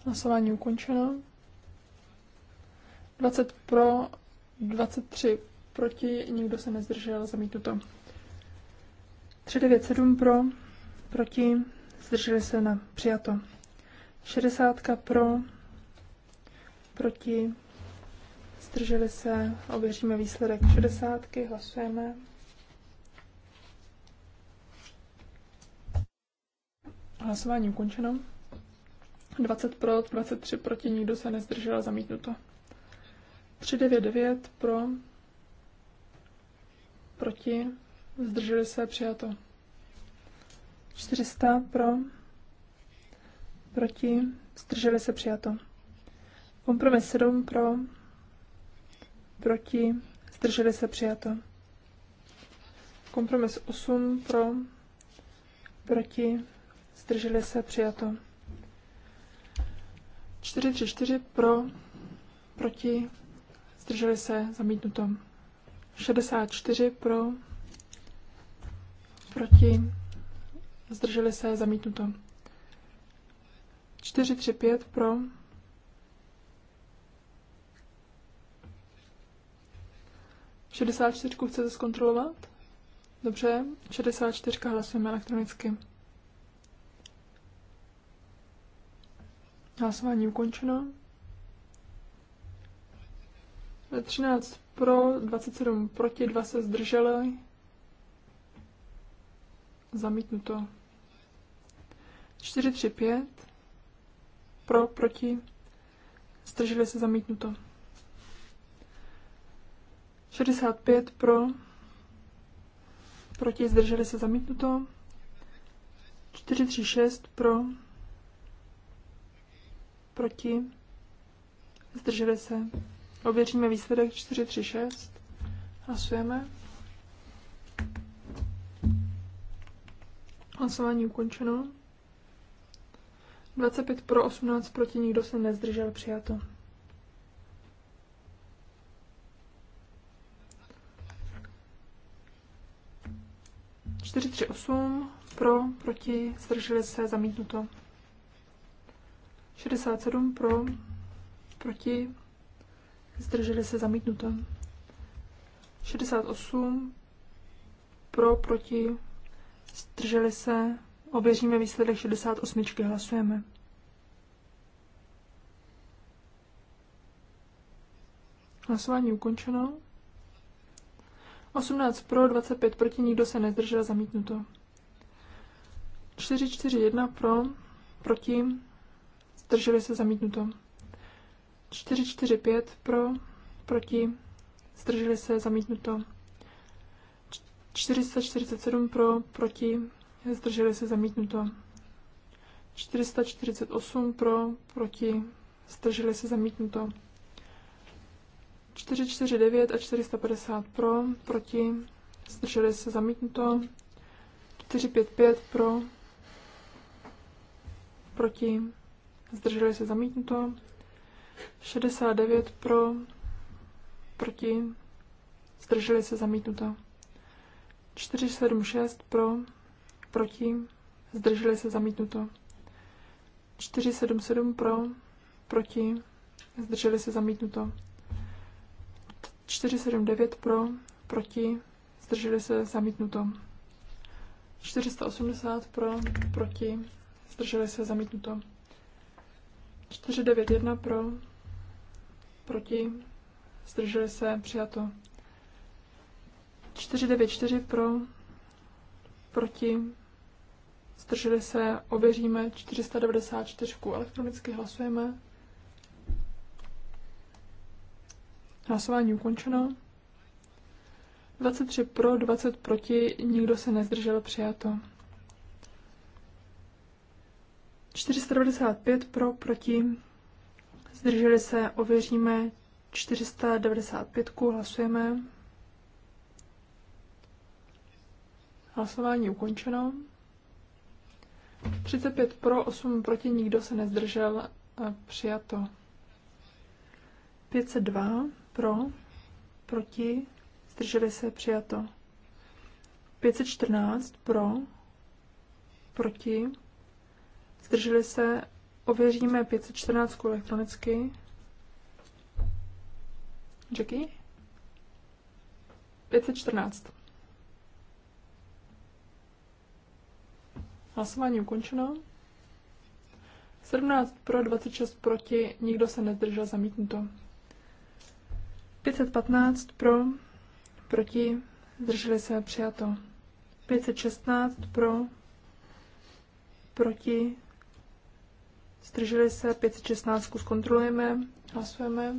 Hlasování ukončeno. 20 pro, 23 proti, nikdo se nezdržel, zamítnuto. 397 pro, proti, zdrželi se na přijato. 60 pro, proti, zdrželi se, ověříme výsledek 60, hlasujeme. Hlasování ukončeno. 20 pro, 23 proti, nikdo se nezdržel, zamítnuto. 399 pro, proti, zdrželi se, přijato. 400 pro, proti, zdrželi se přijato. Kompromis 7 pro, proti, zdrželi se přijato. Kompromis 8 pro, proti, zdrželi se přijato. 434 pro, proti, zdrželi se zamítnuto. 64 pro, proti, zdrželi se zamítnuto. 4, 3, 5 pro. Šedesát čtyřku chcete zkontrolovat? Dobře, 64 hlasujeme elektronicky. Hlasování ukončeno. 13 pro, 27 proti, 2 se zdrželi. Zamítnuto. 4, 3, 5. Pro, proti, zdrželi se zamítnuto. 65 pro, proti, zdrželi se zamítnuto. 436 pro, proti, zdrželi se. Ověříme výsledek 436. Hlasujeme. Hlasování ukončeno. 25 pro, 18 proti, nikdo se nezdržel, přijato. Čtyři, tři, osm, pro, proti, zdrželi se, zamítnuto. 67 pro, proti, zdrželi se, zamítnuto. 68 pro, proti, zdrželi se, Ověříme výsledek 68. Hlasujeme. Hlasování ukončeno. 18 pro, 25 proti, nikdo se nezdržel, zamítnuto. 4, 4, 1 pro, proti, zdrželi se, zamítnuto. 4, 4, 5 pro, proti, zdrželi se, zamítnuto. 447 pro, proti, zdrželi se zamítnuto. 448 pro, proti, zdrželi se zamítnuto. 449 a 450 pro, proti, zdrželi se zamítnuto. 455 pro, proti, zdrželi se zamítnuto. 69 pro, proti, zdrželi se zamítnuto. 476 pro, proti, zdrželi se zamítnuto. 477 pro, proti, zdrželi se zamítnuto. 479 pro, proti, zdrželi se zamítnuto. 480 pro, proti, zdrželi se zamítnuto. 491 pro, proti, zdrželi se přijato. 494 pro, proti, zdrželi se, ověříme 494, elektronicky hlasujeme. Hlasování ukončeno. 23 pro, 20 proti, nikdo se nezdržel, přijato. 495 pro, proti, zdrželi se, ověříme 495, hlasujeme. Hlasování ukončeno. 35 pro, 8 proti, nikdo se nezdržel, e, přijato. 502 pro, proti, zdrželi se, přijato. 514 pro, proti, zdrželi se, ověříme 514 elektronicky. Jackie? 514. Hlasování ukončeno. 17 pro, 26 proti, nikdo se nezdržel zamítnuto. 515 pro, proti, zdrželi se přijato. 516 pro, proti, zdrželi se, 516 zkontrolujeme, hlasujeme.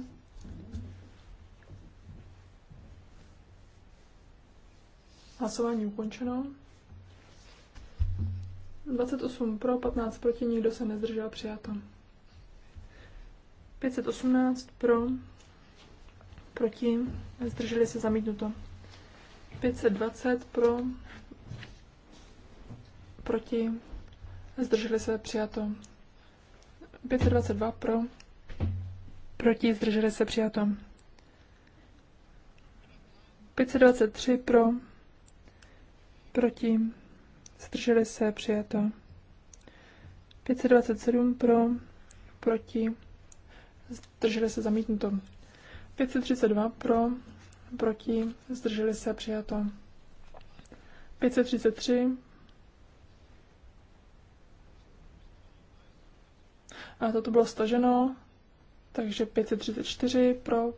Hlasování ukončeno. 28 pro, 15 proti, nikdo se nezdržel, přijato. 518 pro, proti, zdrželi se zamítnuto. 520 pro, proti, zdrželi se přijato. 522 pro, proti, zdrželi se přijato. 523 pro, proti, zdrželi se, přijato. 527 pro, proti, zdrželi se, zamítnuto. 532 pro, proti, zdrželi se, přijato. 533 A toto bylo staženo, takže 534 pro,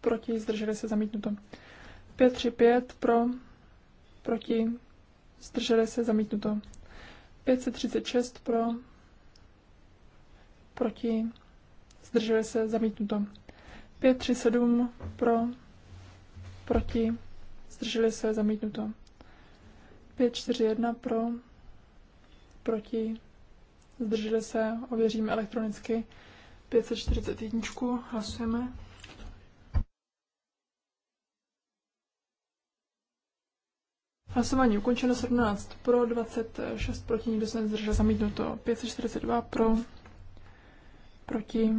proti, zdrželi se zamítnuto. 535 pro, proti, zdrželi se, zamítnuto. 536 pro, proti, zdrželi se, zamítnuto. 537 pro, proti, zdrželi se, zamítnuto. 541 pro, proti, zdrželi se, ověříme elektronicky. 541 hlasujeme. Hlasování ukončeno 17 pro, 26 proti, nikdo se nezdržel, zamítnuto 542 pro, proti,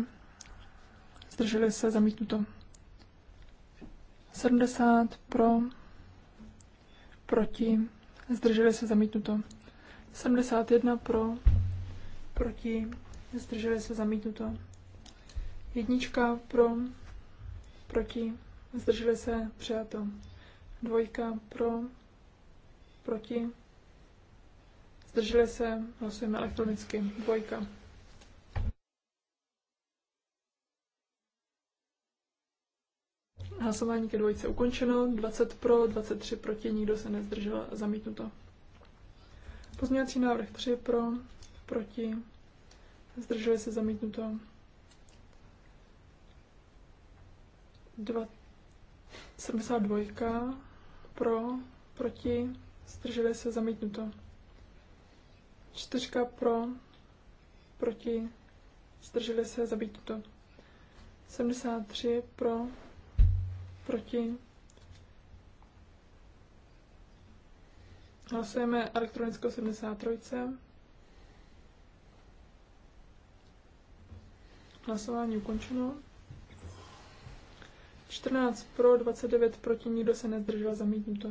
zdrželi se, zamítnuto 70 pro, proti, zdrželi se, zamítnuto 71 pro, proti, zdrželi se, zamítnuto jednička pro, proti, zdrželi se, přijato dvojka pro, Proti? Zdrželi se? Hlasujeme elektronicky. Dvojka. Hlasování ke dvojce ukončeno. 20 pro, 23 proti, nikdo se nezdržel, zamítnuto. Pozměňovací návrh 3 pro, proti, zdrželi se, zamítnuto. 2, 72 pro, proti, zdrželi se zamítnuto. Čtyřka pro, proti, zdrželi se zamítnuto. 73 pro, proti. Hlasujeme elektronickou 73. Hlasování ukončeno. 14 pro, 29 proti, nikdo se nezdržel, zamítnuto.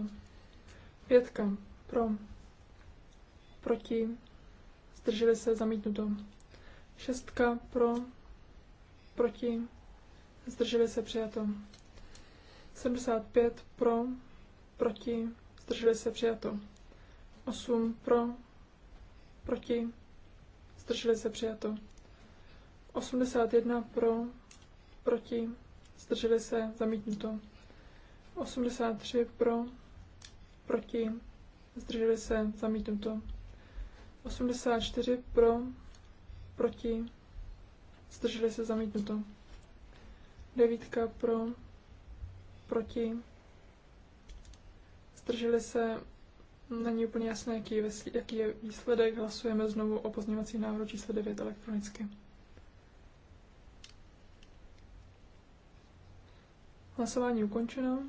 Pětka. Pro. Proti. Zdrželi se zamítnuto. Šestka. Pro. Proti. Zdrželi se přijato. 75 pro, proti, zdrželi se přijato. 8 pro, proti, zdrželi se přijato. 81 pro, proti, zdrželi se zamítnuto. 83 pro, proti, zdrželi se, zamítnuto. 84 pro, proti, zdrželi se, zamítnuto. 9 pro, proti, zdrželi se, není úplně jasné, jaký je, jaký je výsledek, hlasujeme znovu o pozměňovací návrhu číslo 9 elektronicky. Hlasování ukončeno.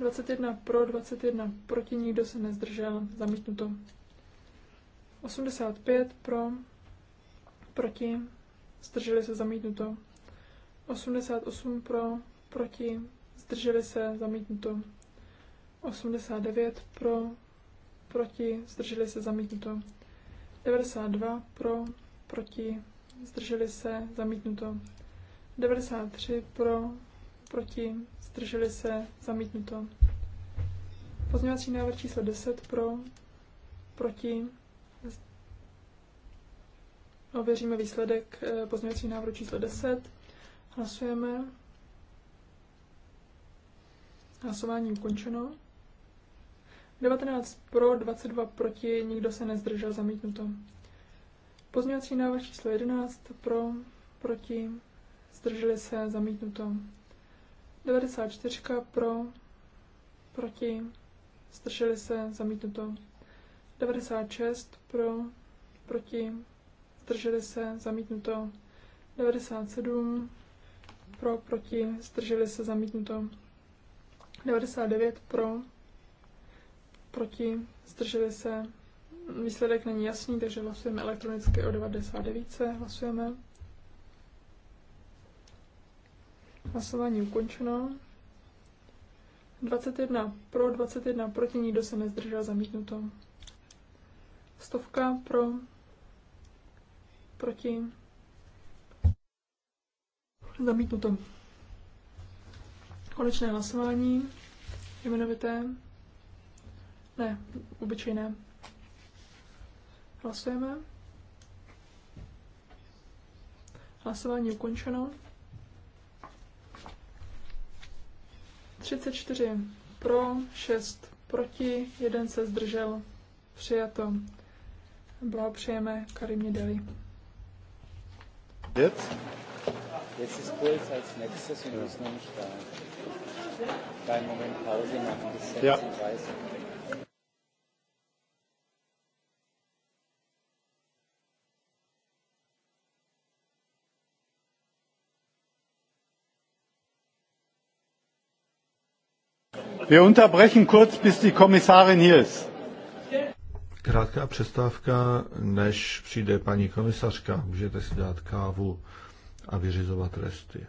21 pro, 21 proti, nikdo se nezdržel, zamítnuto. 85 pro, proti, zdrželi se, zamítnuto. 88 pro, proti, zdrželi se, zamítnuto. 89 pro, proti, zdrželi se, zamítnuto. 92 pro, proti, zdrželi se, zamítnuto. 93 pro, proti, zdrželi se, zamítnuto. Pozměňovací návrh číslo 10 pro, proti, ověříme výsledek eh, pozměňovací návrh číslo 10, hlasujeme, hlasování ukončeno, 19 pro, 22 proti, nikdo se nezdržel, zamítnuto. Pozměňovací návrh číslo 11 pro, proti, zdrželi se, zamítnuto. 94 pro, proti, zdrželi se, zamítnuto. 96 pro, proti, zdrželi se, zamítnuto. 97 pro, proti, zdrželi se, zamítnuto. 99 pro, proti, zdrželi se. Výsledek není jasný, takže hlasujeme elektronicky o 99. Hlasujeme. Hlasování ukončeno. 21 pro, 21 proti, nikdo se nezdržel, zamítnuto. Stovka pro, proti, zamítnuto. Konečné hlasování, jmenovité, ne, obyčejné. Hlasujeme. Hlasování ukončeno. 34 pro, 6 proti, 1 se zdržel, přijato. Blahopřejeme Karimě Deli. Jetzt? Jetzt ist als nächstes Moment Pause machen bis Ja. Wir unterbrechen kurz, bis die Kommissarin hier ist. Krátká přestávka, než přijde paní komisařka. Můžete si dát kávu a vyřizovat resty.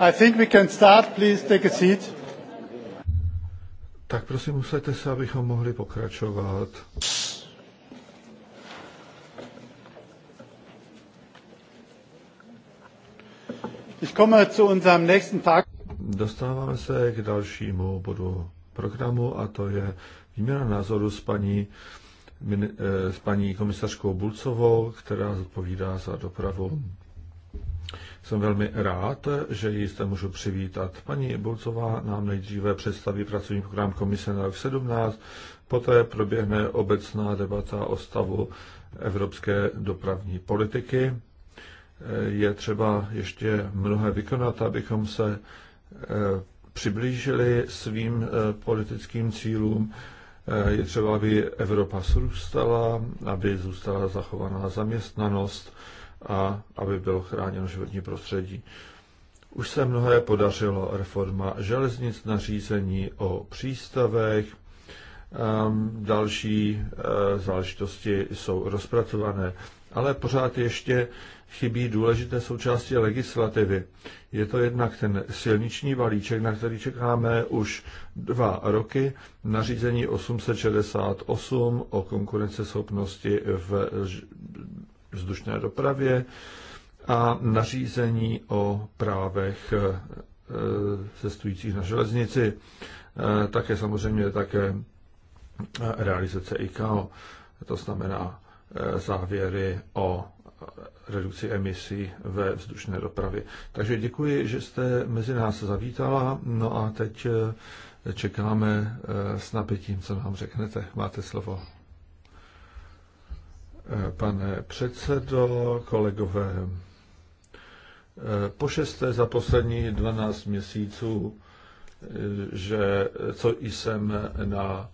I think we can start. Please take a seat. Tak prosím, usaďte se, abychom mohli pokračovat. Ich komme zu unserem nächsten Tag. Dostáváme se k dalšímu bodu programu a to je výměna názoru s paní, eh, s paní komisařkou Bulcovou, která zodpovídá za dopravu. Jsem velmi rád, že ji zde můžu přivítat. Paní Bolcová nám nejdříve představí pracovní program Komise na rok 17, poté proběhne obecná debata o stavu evropské dopravní politiky. Je třeba ještě mnohé vykonat, abychom se eh, přiblížili svým eh, politickým cílům. Eh, je třeba, aby Evropa zrůstala, aby zůstala zachovaná zaměstnanost, a aby bylo chráněno životní prostředí. Už se mnohé podařilo. Reforma železnic, nařízení o přístavech, ehm, další eh, záležitosti jsou rozpracované, ale pořád ještě chybí důležité součásti legislativy. Je to jednak ten silniční balíček, na který čekáme už dva roky, nařízení 868 o konkurenceschopnosti v vzdušné dopravě a nařízení o právech eh, eh, cestujících na železnici, eh, také samozřejmě také realizace ICAO, to znamená závěry o redukci emisí ve vzdušné dopravě. Takže děkuji, že jste mezi nás zavítala. No a teď čekáme s napětím, co nám řeknete. Máte slovo pane předsedo, kolegové. Po šesté za poslední 12 měsíců, že co jsem na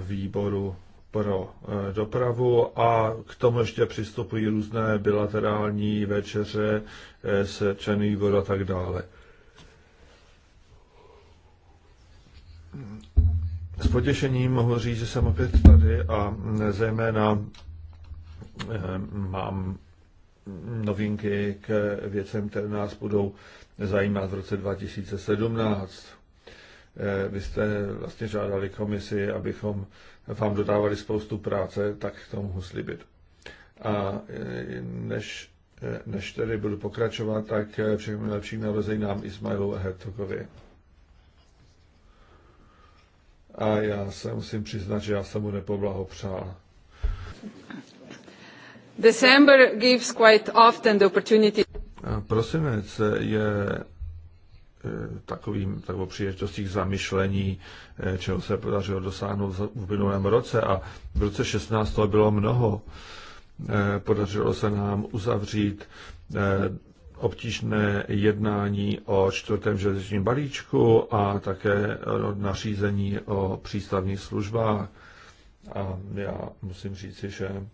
výboru pro dopravu a k tomu ještě přistupují různé bilaterální večeře eh, s členy výboru a tak dále. S potěšením mohu říct, že jsem opět tady a zejména eh, mám novinky k věcem, které nás budou zajímat v roce 2017. Eh, vy jste vlastně žádali komisi, abychom vám dodávali spoustu práce, tak to mohu slibit. A eh, než, než tedy budu pokračovat, tak nejlepší narození nám Ismailu Hertogovi a já se musím přiznat, že já jsem mu nepoblahopřál. December gives quite often the opportunity. Prosinec je e, takovým takovou příležitostí k zamyšlení, e, čeho se podařilo dosáhnout v minulém roce a v roce 16 to bylo mnoho. E, podařilo se nám uzavřít obtížné jednání o čtvrtém železničním balíčku a také nařízení o přístavních službách. A já musím říci, že eh,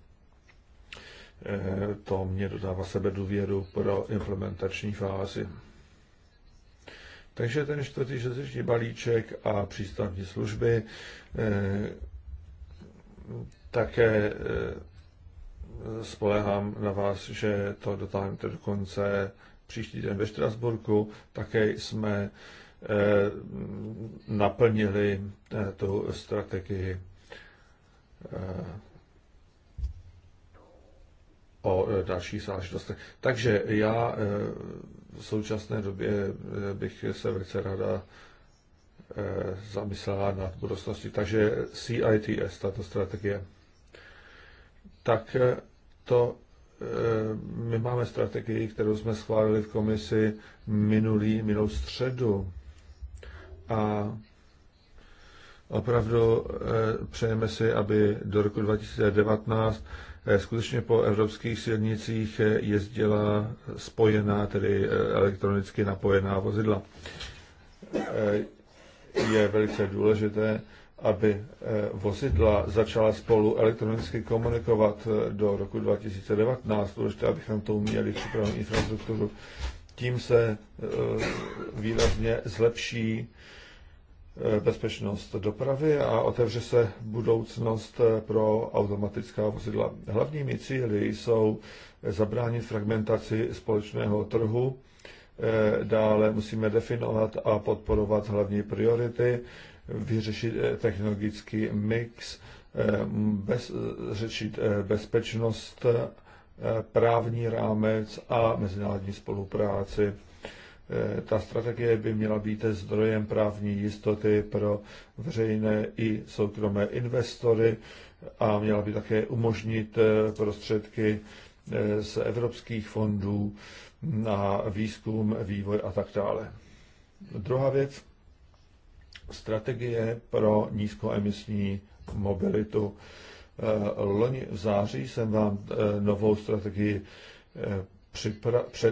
to mě dodává sebe důvěru pro implementační fázi. Takže ten čtvrtý železniční balíček a přístavní služby eh, také eh, spolehám na vás, že to dotáhnete do konce příští den ve Štrasburku. Také jsme eh, naplnili eh, tu strategii eh, o dalších záležitostech. Takže já v současné době bych se velice ráda zamyslela nad budoucností. Takže CITS, tato strategie tak eh, to eh, my máme strategii, kterou jsme schválili v komisi minulý, minulou středu. A opravdu eh, přejeme si, aby do roku 2019 skutečně po evropských silnicích jezdila spojená, tedy elektronicky napojená vozidla. Je velice důležité, aby eh, vozidla začala spolu elektronicky komunikovat eh, do roku 2019, důležité, abychom to uměli připravenou infrastrukturu, tím se eh, výrazně zlepší bezpečnost dopravy a otevře se budoucnost pro automatická vozidla. Hlavními cíly jsou zabránit fragmentaci společného trhu, dále musíme definovat a podporovat hlavní priority, vyřešit eh, technologický mix, eh, bez, řešit eh, bezpečnost, právní rámec a mezinárodní spolupráci. Ta strategie by měla být zdrojem právní jistoty pro veřejné i soukromé investory a měla by také umožnit prostředky z evropských fondů na výzkum, vývoj a tak dále. Druhá věc, strategie pro nízkoemisní mobilitu. Eh, loni v září jsem vám eh, novou strategii eh,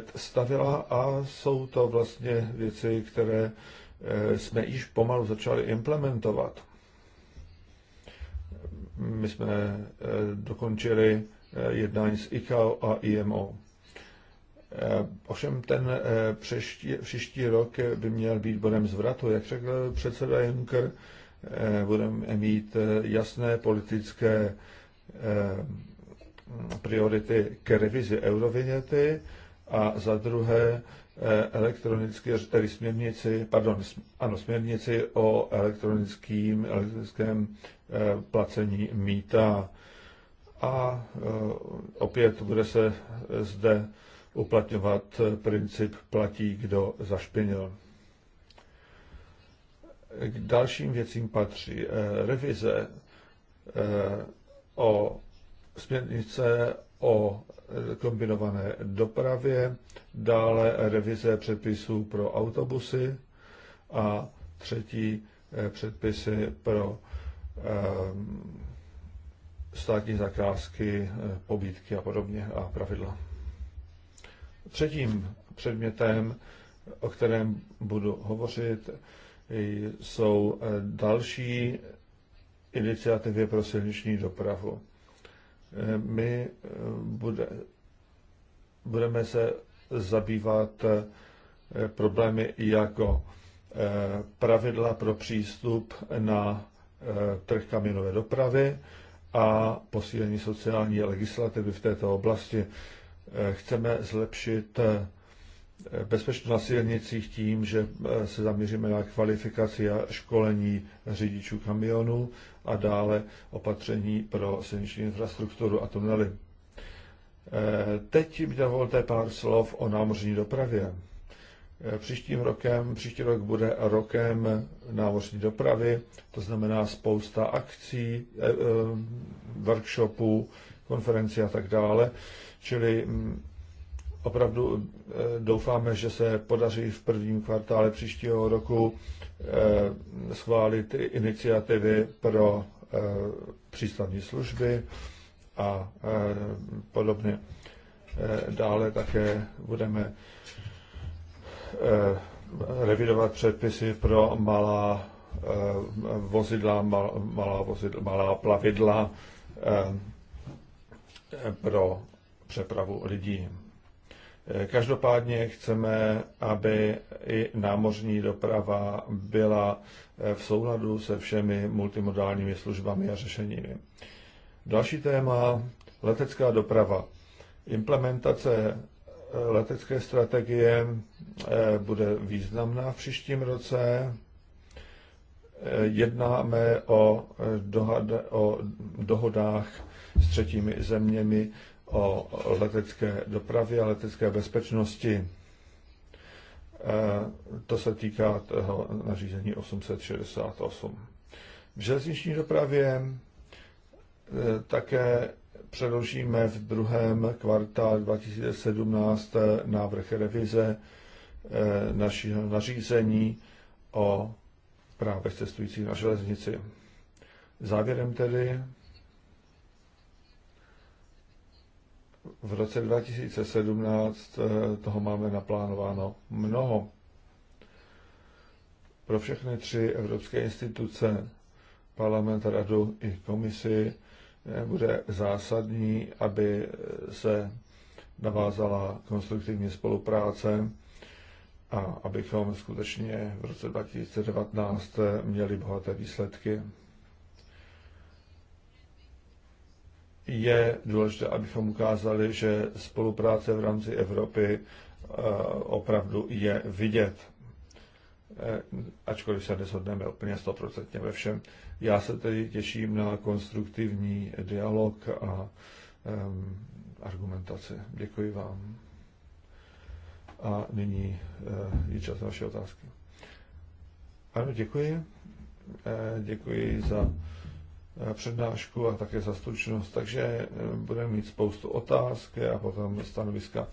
představila a jsou to vlastně věci, které jsme již pomalu začali implementovat. My jsme dokončili jednání s ICAO a IMO. Eh, ovšem ten eh, přeští, příští rok by měl být bodem zvratu. Jak řekl předseda Juncker, eh, budeme mít jasné politické priority k revizi eurovinety a za druhé elektronické, tedy směrnici, pardon, ano, směrnici o elektronickém, elektronickém placení mýta. A opět bude se zde uplatňovat princip platí, kdo zašpinil. K dalším věcím patří eh, revize eh, o směrnice o eh, kombinované dopravě, dále revize předpisů pro autobusy a třetí předpisy pro státní zakázky, pobídky a podobně a pravidla. Třetím předmětem, o kterém budu hovořit, jsou eh, další iniciativy pro silniční dopravu. Eh, my eh, bude, budeme se zabývat problémy jako pravidla pro přístup na trh kamionové dopravy a posílení sociální legislativy v této oblasti. Eh, chceme zlepšit eh, bezpečnost na silnicích tím, že eh, se zaměříme na kvalifikaci a školení řidičů kamionů a dále opatření pro silniční infrastrukturu a tunely. Teď mi dovolte pár slov o námořní dopravě. Příštím rokem, příští rok bude rokem námořní dopravy, to znamená spousta akcí, workshopů, konferenci a tak dále. Čili mm, opravdu e, doufáme, že se podaří v prvním kvartále příštího roku e, schválit iniciativy pro e, přístavní služby a podobně. Dále také budeme revidovat předpisy pro malá vozidla, malá, vozidla, malá plavidla pro přepravu lidí. Eh, každopádně chceme, aby i námořní doprava byla eh, v souladu se všemi multimodálními službami a řešeními. Další téma, letecká doprava. Implementace eh, letecké strategie bude významná v příštím roce. Jednáme o, dohad, o dohodách s třetími zeměmi o letecké dopravě a letecké bezpečnosti. E, to se týká toho nařízení 868. V železniční dopravě e, také předložíme v druhém kvartálu 2017 návrh revize e, našeho nařízení o právě cestujících na železnici. Závěrem tedy v roce 2017 eh, toho máme naplánováno mnoho. Pro všechny tři evropské instituce, parlament, radu i komisi, eh, bude zásadní, aby se navázala konstruktivní spolupráce a abychom skutečně v roce 2019 eh, měli bohaté výsledky. je důležité, abychom ukázali, že spolupráce v rámci Evropy eh, opravdu je vidět. Eh, ačkoliv se neshodneme úplně stoprocentně ve všem. Já se tedy těším na konstruktivní dialog a um, argumentaci. Děkuji vám. A nyní uh, je čas na vaše otázky. Ano, děkuji. Uh, děkuji za Eh, přednášku a také za stručnost, takže eh, budeme mít spoustu otázky a potom stanoviska.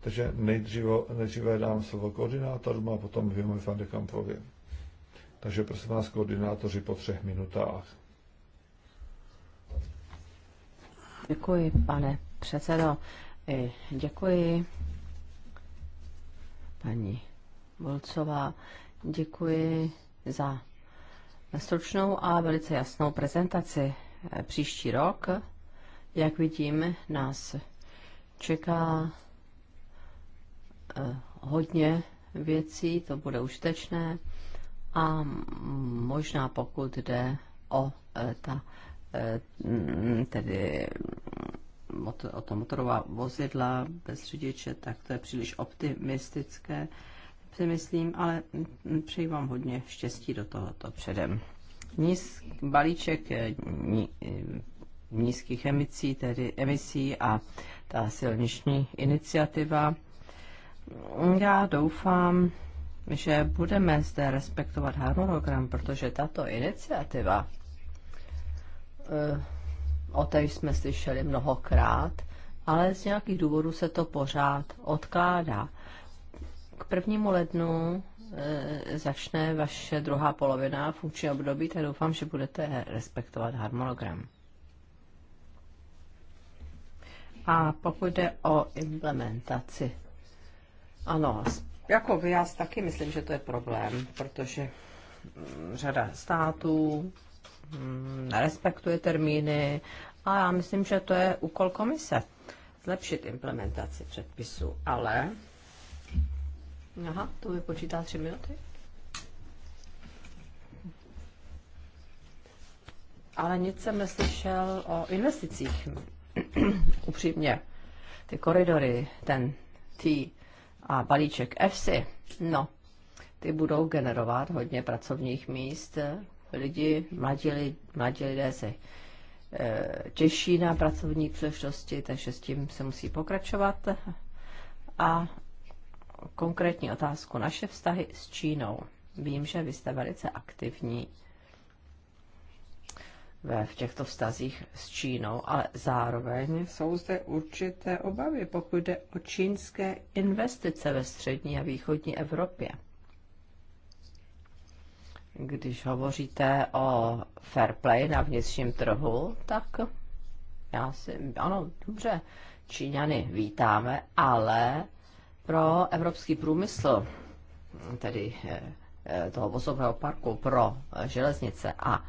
Takže nejdříve, nejdříve dám slovo koordinátorům a potom Viomi van de Takže prosím vás, koordinátoři, po třech minutách. Děkuji, pane předsedo. Děkuji, paní Volcová. Děkuji za stručnou a velice jasnou prezentaci. Eh, příští rok, jak vidím, nás čeká eh, hodně věcí, to bude užitečné a možná pokud jde o eh, ta tedy o to motorová vozidla bez řidiče, tak to je příliš optimistické si myslím, ale přeji vám hodně štěstí do tohoto předem. Níz, balíček eh, ní, eh, nízkých emisí, tedy emisí a ta silniční iniciativa. Já doufám, že budeme zde respektovat harmonogram, protože tato iniciativa, eh, o té jsme slyšeli mnohokrát, ale z nějakých důvodů se to pořád odkládá prvnímu lednu eh, začne vaše druhá polovina funkční období, tak doufám, že budete respektovat harmonogram. A pokud jde o implementaci, ano, jako já taky myslím, že to je problém, protože mm, řada států mm, nerespektuje termíny a já myslím, že to je úkol komise zlepšit implementaci předpisu, ale Aha, to mi počítá tři minuty. Ale nic jsem neslyšel o investicích. (clears throat) Upřímně. Ty koridory, ten T a balíček FC, no, ty budou generovat hodně pracovních míst. Lidi, mladí, mladí lidé se eh, těší na pracovní příležitosti, takže s tím se musí pokračovat. A konkrétní otázku. Naše vztahy s Čínou. Vím, že vy jste velice aktivní ve, v těchto vztazích s Čínou, ale zároveň jsou zde určité obavy, pokud jde o čínské investice ve střední a východní Evropě. Když hovoříte o fair play na vnitřním trhu, tak já si, ano, dobře, Číňany vítáme, ale pro evropský průmysl, tedy eh, eh, toho vozového parku pro eh, železnice a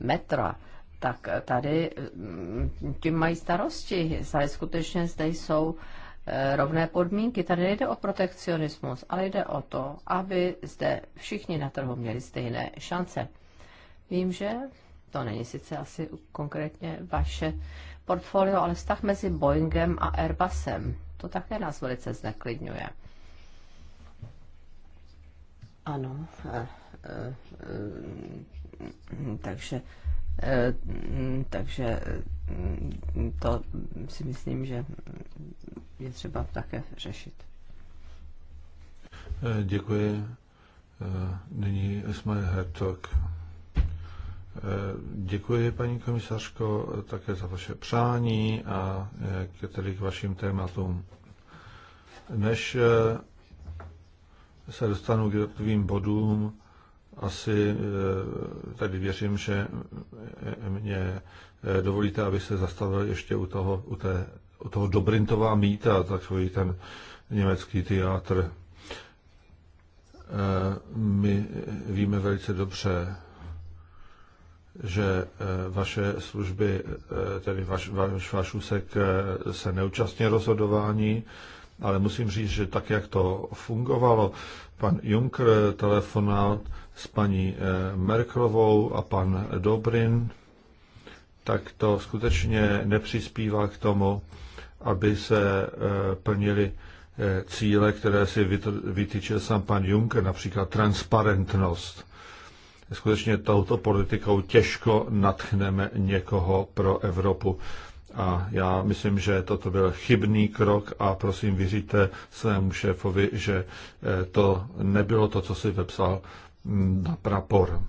metra, tak tady mm, tím mají starosti. Tady skutečně zde jsou rovné podmínky. Tady nejde o protekcionismus, ale jde o to, aby zde všichni na trhu měli stejné šance. Vím, že to není sice asi konkrétně vaše portfolio, ale vztah mezi Boeingem a Airbusem. To také nás velice zneklidňuje. Ano. Eh, eh, mm, takže eh, mm, takže mm, to si myslím, že je třeba také řešit. Děkuji. Nyní jsme Hertog. Eh, děkuji, paní komisařko, také za vaše přání a k, eh, tedy k vašim tématům. Než eh, se dostanu k jednotlivým bodům, asi tady věřím, že mě dovolíte, aby se zastavil ještě u toho, u té, u toho Dobrintová mýta, takový ten německý teatr. My víme velice dobře, že e, vaše služby, e, tedy váš vaš, vaš úsek e, se neúčastní rozhodování, ale musím říct, že tak, jak to fungovalo, pan Juncker telefonál s paní Merklovou a pan Dobrin, tak to skutečně nepřispívá k tomu, aby se plnili cíle, které si vytyčil sám pan Juncker, například transparentnost skutečně touto politikou těžko natchneme někoho pro Evropu. A já myslím, že toto byl chybný krok a prosím vyříte svému šéfovi, že eh, to nebylo to, co si vepsal mm, na prapor.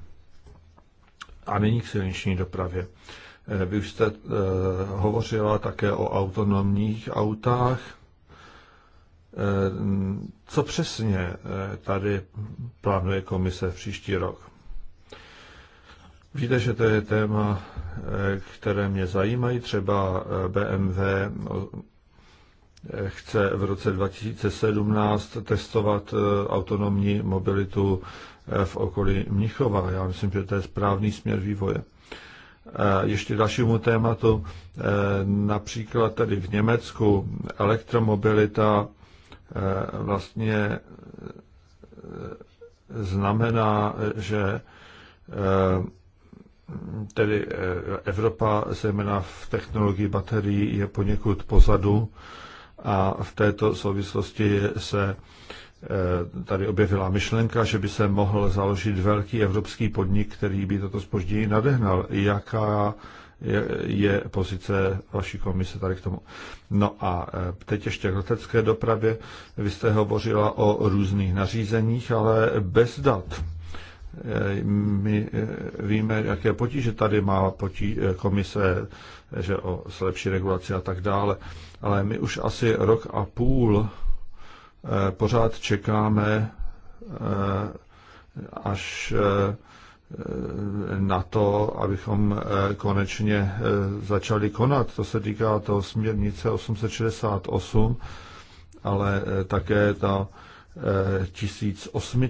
A nyní k silniční dopravě. Eh, vy už jste eh, hovořila také o autonomních autách. Co přesně tady plánuje komise v příští rok? Víte, že to je téma, eh, které mě zajímají. Třeba eh, BMW eh, chce v roce 2017 testovat autonomní mobilitu v okolí Mnichova. Já myslím, že to je správný směr vývoje. Ještě dalšímu tématu, například tady v Německu elektromobilita vlastně znamená, že tedy eh, Evropa, zejména v technologii baterií, je poněkud pozadu a v této souvislosti se eh, tady objevila myšlenka, že by se mohl založit velký evropský podnik, který by toto spoždění nadehnal. Jaká je pozice vaší komise tady k tomu. No a eh, teď ještě k letecké dopravě. Vy jste hovořila o různých nařízeních, ale bez dat. Eh, my eh, víme, jaké potíže tady má potí, eh, komise, že o lepší regulaci a tak dále, ale my už asi rok a půl pořád čekáme, až na to, abychom konečně začali konat. To se týká toho směrnice 868, ale také ta 1008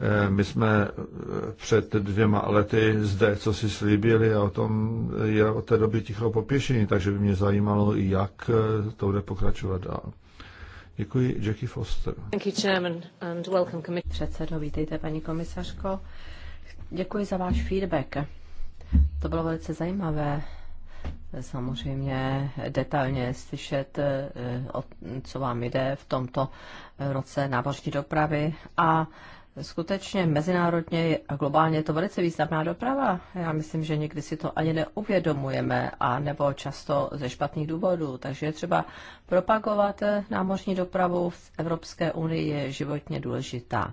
Eh, my jsme eh, před dvěma lety zde, co si slíbili, a o tom je od té doby ticho popěšení, takže by mě zajímalo, jak eh, to bude pokračovat dál. Děkuji, Jackie Foster. Thank you, Chairman, and welcome, Předsedo, vítejte, paní komisařko. Děkuji za váš feedback. To bylo velice zajímavé samozřejmě detailně slyšet, co vám jde v tomto roce nábořní dopravy a skutečně mezinárodně a globálně je to velice významná doprava. Já myslím, že někdy si to ani neuvědomujeme a nebo často ze špatných důvodů. Takže je třeba propagovat námořní dopravu v Evropské unii je životně důležitá.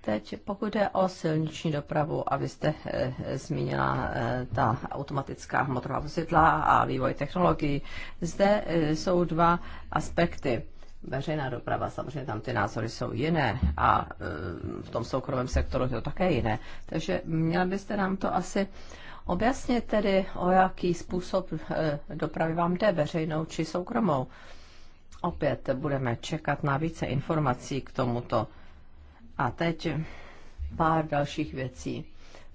Teď pokud jde o silniční dopravu, a vy jste e, zmínila e, ta automatická motorová vozidla a vývoj technologií, zde e, jsou dva aspekty veřejná doprava, samozřejmě tam ty názory jsou jiné a e, v tom soukromém sektoru je to také jiné. Takže měl byste nám to asi objasnit tedy, o jaký způsob e, dopravy vám jde, veřejnou či soukromou. Opět budeme čekat na více informací k tomuto. A teď pár dalších věcí.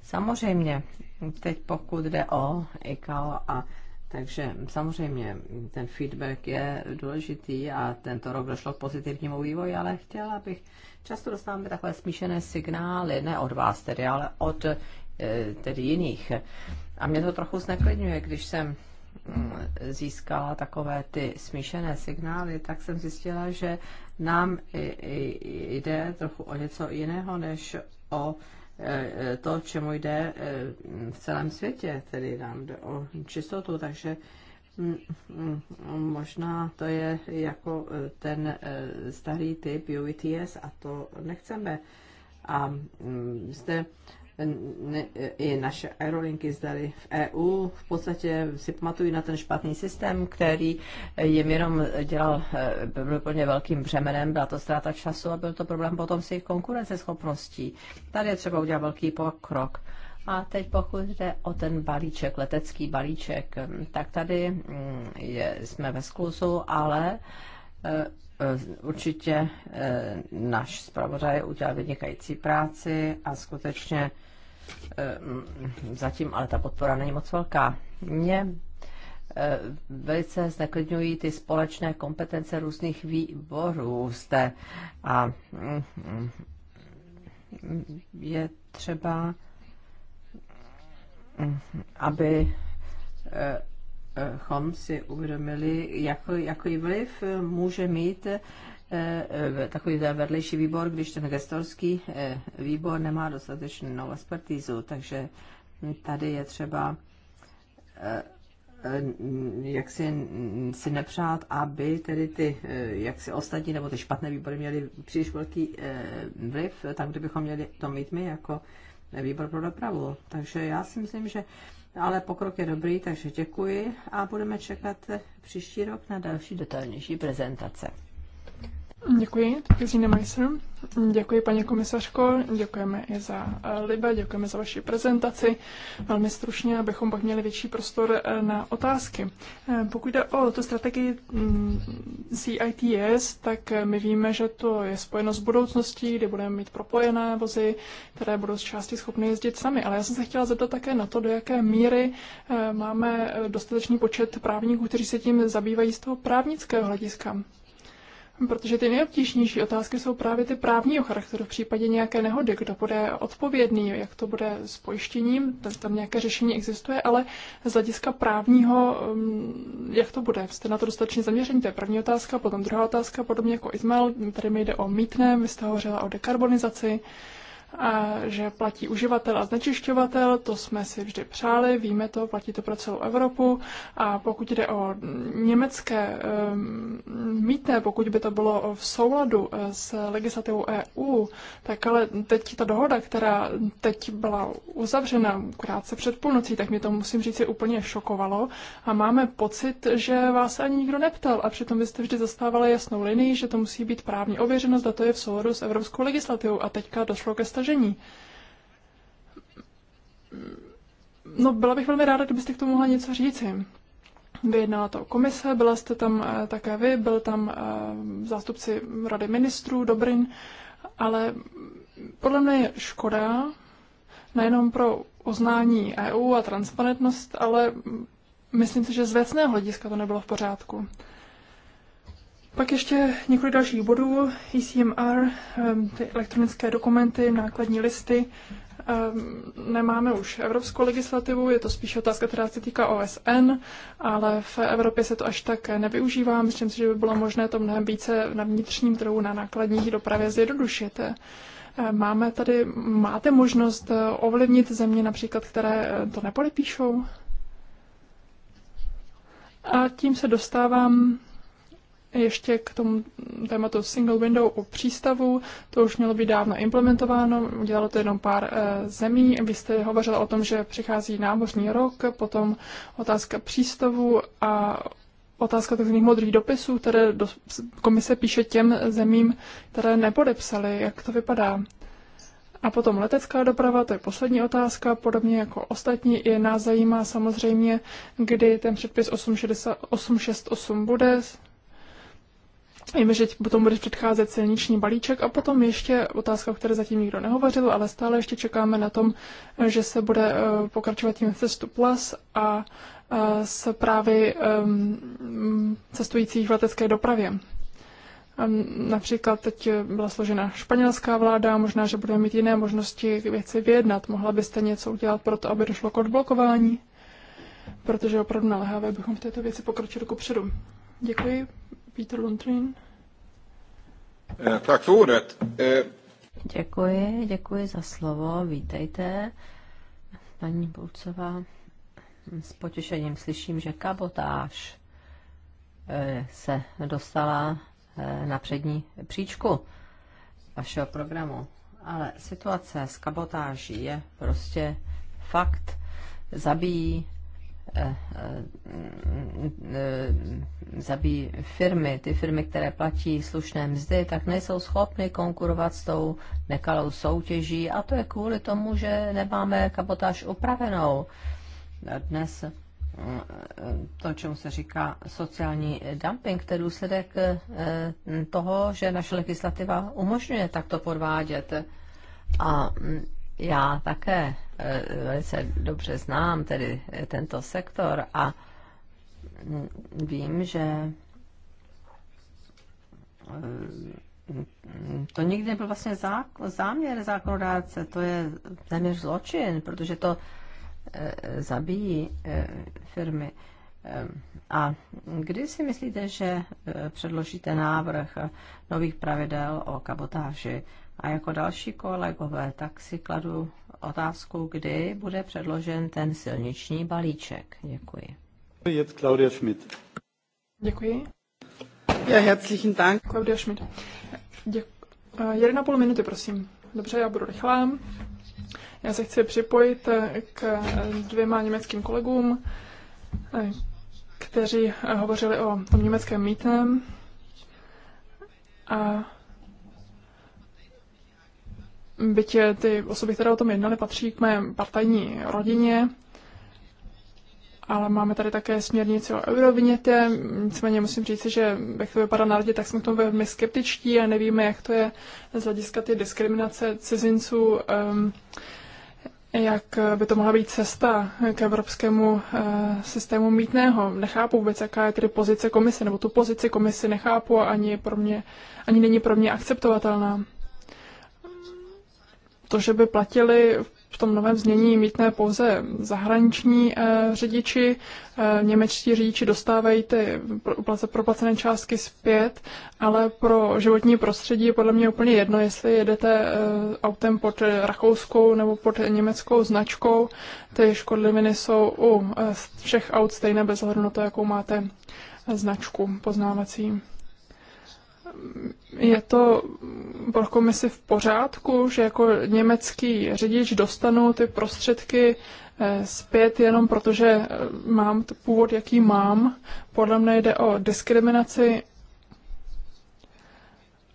Samozřejmě, teď pokud jde o IKO a takže samozřejmě ten feedback je důležitý a tento rok došlo k pozitivnímu vývoji, ale chtěla bych, často dostáváme takové smíšené signály, ne od vás tedy, ale od e, tedy jiných. A mě to trochu zneklidňuje, když jsem mm, získala takové ty smíšené signály, tak jsem zjistila, že nám jde trochu o něco jiného, než o Eh, to, čemu jde eh, v celém světě, tedy nám jde o čistotu, takže mm, mm, možná to je jako eh, ten starý typ UETS a to nechceme. A mm, zde i naše aerolinky zdali v EU. V podstatě si pamatují na ten špatný systém, který jim jenom dělal, eh, byl plně velkým břemenem, byla to ztráta času a byl to problém potom s jejich konkurenceschopností. Tady je třeba udělat velký pokrok. A teď pokud jde o ten balíček, letecký balíček, eh, tak tady mm, je, jsme ve skluzu, ale eh, Eh, určitě eh, náš zpravodaj udělal vynikající práci a skutečně eh, zatím ale ta podpora není moc velká. Mě velice zneklidňují ty společné kompetence různých výborů zde a mm, je třeba, mm, aby bychom si uvědomili, jaký, jaký vliv může mít eh, eh, takový vedlejší výbor, když ten gestorský eh, výbor nemá dostatečnou expertízu. Takže tady je třeba jak si, si nepřát, aby tedy ty, jak si ostatní nebo ty špatné výbory měly příliš velký vliv, tam, kde bychom měli to mít my jako výbor pro dopravu. Takže já si myslím, že ale pokrok je dobrý, takže děkuji a budeme čekat příští rok na další detailnější prezentace. Děkuji, Kristýna Majsner. Děkuji, paní komisařko, děkujeme i za eh, Liba, děkujeme za vaši prezentaci. Velmi stručně, abychom pak měli větší prostor eh, na otázky. Eh, pokud jde o tu strategii mm, CITS, tak my víme, že to je spojeno s budoucností, kde budeme mít propojené vozy, které budou z části schopny jezdit sami. Ale já jsem se chtěla zeptat také na to, do jaké míry máme dostatečný počet právníků, kteří se tím zabývají z toho právnického hlediska. Protože ty nejobtížnější otázky jsou právě ty právního charakteru. V případě nějaké nehody, kdo bude odpovědný, jak to bude s pojištěním, tam nějaké řešení existuje, ale z hlediska právního, mm, jak to bude, jste na to dostatečně zaměření, to je první otázka, potom druhá otázka, podobně jako Izmael, tady mi jde o mítné, vy jste hovořila o dekarbonizaci, že platí uživatel a znečišťovatel, to jsme si vždy přáli, víme to, platí to pro celou Evropu a pokud jde o německé mítné, ehm, pokud by to bylo v souladu eh, s legislativou EU, tak ale teď ta dohoda, která teď byla uzavřena krátce před půlnocí, tak mě to musím říct je úplně šokovalo a máme pocit, že vás ani nikdo neptal a přitom vy jste vždy zastávali jasnou linii, že to musí být právně ověřeno zda to je v souladu s evropskou legislativou a teďka došlo ke stažení dosažení. No, byla bych velmi ráda, kdybyste k tomu mohla něco říci. Vyjednala to komise, byla jste tam eh, také vy, byl tam eh, zástupci rady ministrů, Dobrin, ale podle mě je škoda, nejenom pro oznání EU a transparentnost, ale myslím si, že z věcného hlediska to nebylo v pořádku. Pak ještě několik dalších bodů. ECMR, ehm, ty elektronické dokumenty, nákladní listy. Ehm, nemáme už evropskou legislativu, je to spíš otázka, která se týká OSN, ale v Evropě se to až tak nevyužívá. Myslím si, že by bylo možné to mnohem více na vnitřním trhu, na nákladní dopravě zjednodušit. Ehm, máme tady, máte možnost eh, ovlivnit země například, které eh, to nepodepíšou? A tím se dostávám ještě k tomu tématu single window o přístavu, to už mělo být dávno implementováno, udělalo to jenom pár eh, zemí. Vy jste hovořila o tom, že přichází námořní rok, potom otázka přístavu a otázka tzv. modrých dopisů, které do, komise píše těm zemím, které nepodepsaly. Jak to vypadá? A potom letecká doprava, to je poslední otázka, podobně jako ostatní, i nás zajímá samozřejmě, kdy ten předpis 868 bude, Víme, že potom bude předcházet silniční balíček a potom ještě otázka, o které zatím nikdo nehovořil, ale stále ještě čekáme na tom, že se bude eh, pokračovat tím Festu Plus a eh, s právě ehm, cestujících v letecké dopravě. Ehm, například teď byla složena španělská vláda, možná, že budeme mít jiné možnosti věci vyjednat. Mohla byste něco udělat pro to, aby došlo k odblokování? Protože opravdu naléhavé bychom v této věci pokročili ku předu. Děkuji. Peter Lundgren. Eh, tak eh, Děkuji, děkuji za slovo. Vítejte, paní Bulcová. S potěšením slyším, že kabotáž eh, se dostala na přední příčku vašeho programu. Ale situace s kabotáží je prostě fakt. Zabíjí Eh, eh, eh, zabíjí firmy, ty firmy, které platí slušné mzdy, tak nejsou schopny konkurovat s tou nekalou soutěží a to je kvůli tomu, že nemáme kabotáž upravenou. Dnes to, čemu se říká sociální dumping, to je důsledek toho, že naše legislativa umožňuje takto podvádět. A mm, já také Eh, velice dobře znám, tedy tento sektor a vím, že eh, to nikdy nebyl vlastně záměr zákonodárce, to je téměř zločin, protože to eh, zabíjí firmy. A kdy si myslíte, že předložíte návrh nových pravidel o kabotáži? A jako další kolegové, tak si kladu otázku, kdy bude předložen ten silniční balíček. Děkuji. Jetzt Claudia Schmidt. Děkuji. Ja, herzlichen Dank. Claudia Schmidt. Eh, Jeden a půl minuty, prosím. Dobře, já budu rychlá. Já se chci připojit k dvěma německým kolegům, eh, kteří hovořili o tom německém mítem. A byť eh, ty osoby, které o tom jednaly, patří k mé partajní rodině, ale máme tady také směrnici o eurovinětě, nicméně musím říct, že jak to vypadá na radě, tak jsme k tomu velmi skeptičtí a nevíme, jak to je z hlediska ty diskriminace cizinců, ehm, jak eh, by to mohla být cesta k evropskému eh, systému mítného. Nechápu vůbec, jaká je tedy pozice komise, nebo tu pozici komise nechápu a ani, pro mě, ani není pro mě akceptovatelná to, že by platili v tom novém znění mítné pouze zahraniční eh, řidiči, eh, němečtí řidiči dostávají ty proplacené částky zpět, ale pro životní prostředí je podle mě úplně jedno, jestli jedete eh, autem pod rakouskou nebo pod německou značkou. Ty škodliviny jsou u všech aut stejné bez ohledu na to, jakou máte značku poznávací je to pro komisi v pořádku, že jako německý řidič dostanu ty prostředky eh, zpět jenom protože eh, mám původ, jaký mám. Podle mne jde o diskriminaci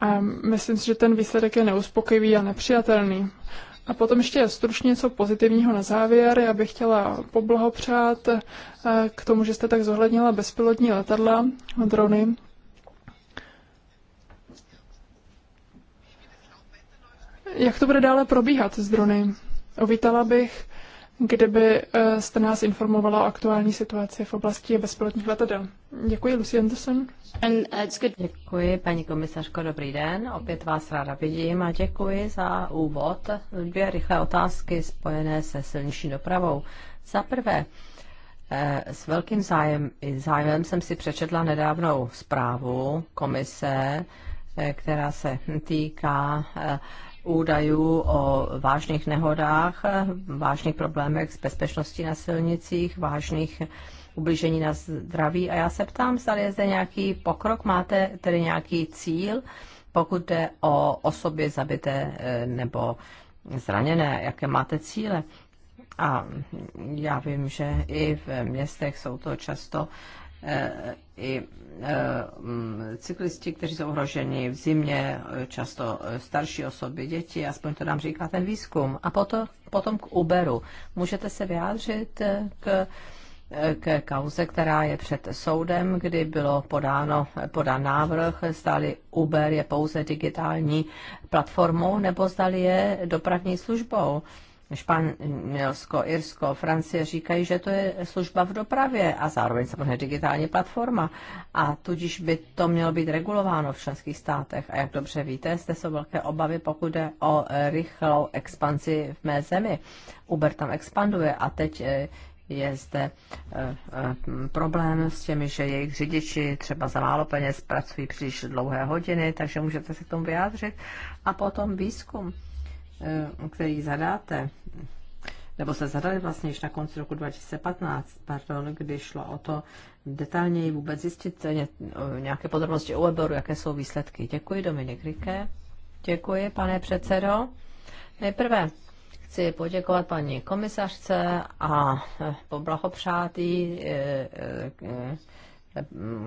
a myslím si, že ten výsledek je neuspokojivý a nepřijatelný. A potom ještě stručně něco pozitivního na závěr. Já bych chtěla poblahopřát eh, k tomu, že jste tak zohlednila bezpilotní letadla, drony. Jak to bude dále probíhat s drony? Uvítala bych, kdyby eh, jste nás informovala o aktuální situaci v oblasti bezpilotních letadel. Děkuji, Lucy Anderson. Eh, děkuji, paní komisařko, dobrý den. Opět vás ráda vidím a děkuji za úvod. Dvě rychlé otázky spojené se silniční dopravou. Za prvé, eh, s velkým zájem, zájmem jsem si přečetla nedávnou zprávu komise, která se týká údajů o vážných nehodách, vážných problémech s bezpečností na silnicích, vážných ublížení na zdraví. A já se ptám, zda je zde nějaký pokrok, máte tedy nějaký cíl, pokud jde o osoby zabité eh, nebo zraněné, jaké máte cíle. A já vím, že i v městech jsou to často Eh, i eh, mm, cyklisti, kteří jsou ohroženi v zimě, eh, často starší osoby, děti, aspoň to nám říká ten výzkum. A potom, potom k Uberu. Můžete se vyjádřit k k kauze, která je před soudem, kdy bylo podáno, podán návrh, zdali Uber je pouze digitální platformou nebo zdali je dopravní službou. Španělsko, Irsko, Francie říkají, že to je služba v dopravě a zároveň samozřejmě digitální platforma. A tudíž by to mělo být regulováno v členských státech. A jak dobře víte, zde jsou velké obavy, pokud jde o rychlou expanzi v mé zemi. Uber tam expanduje a teď eh, je zde eh, eh, problém s těmi, že jejich řidiči třeba za málo peněz pracují příliš dlouhé hodiny, takže můžete se k tomu vyjádřit. A potom výzkum Eh, který zadáte, nebo se zadali vlastně již na konci roku 2015, pardon, kdy šlo o to detailněji vůbec zjistit eh, nějaké podrobnosti o Weberu, jaké jsou výsledky. Děkuji, Dominik Rike. Děkuji, pane předsedo. Nejprve chci poděkovat paní komisařce a poblahopřát jí, eh,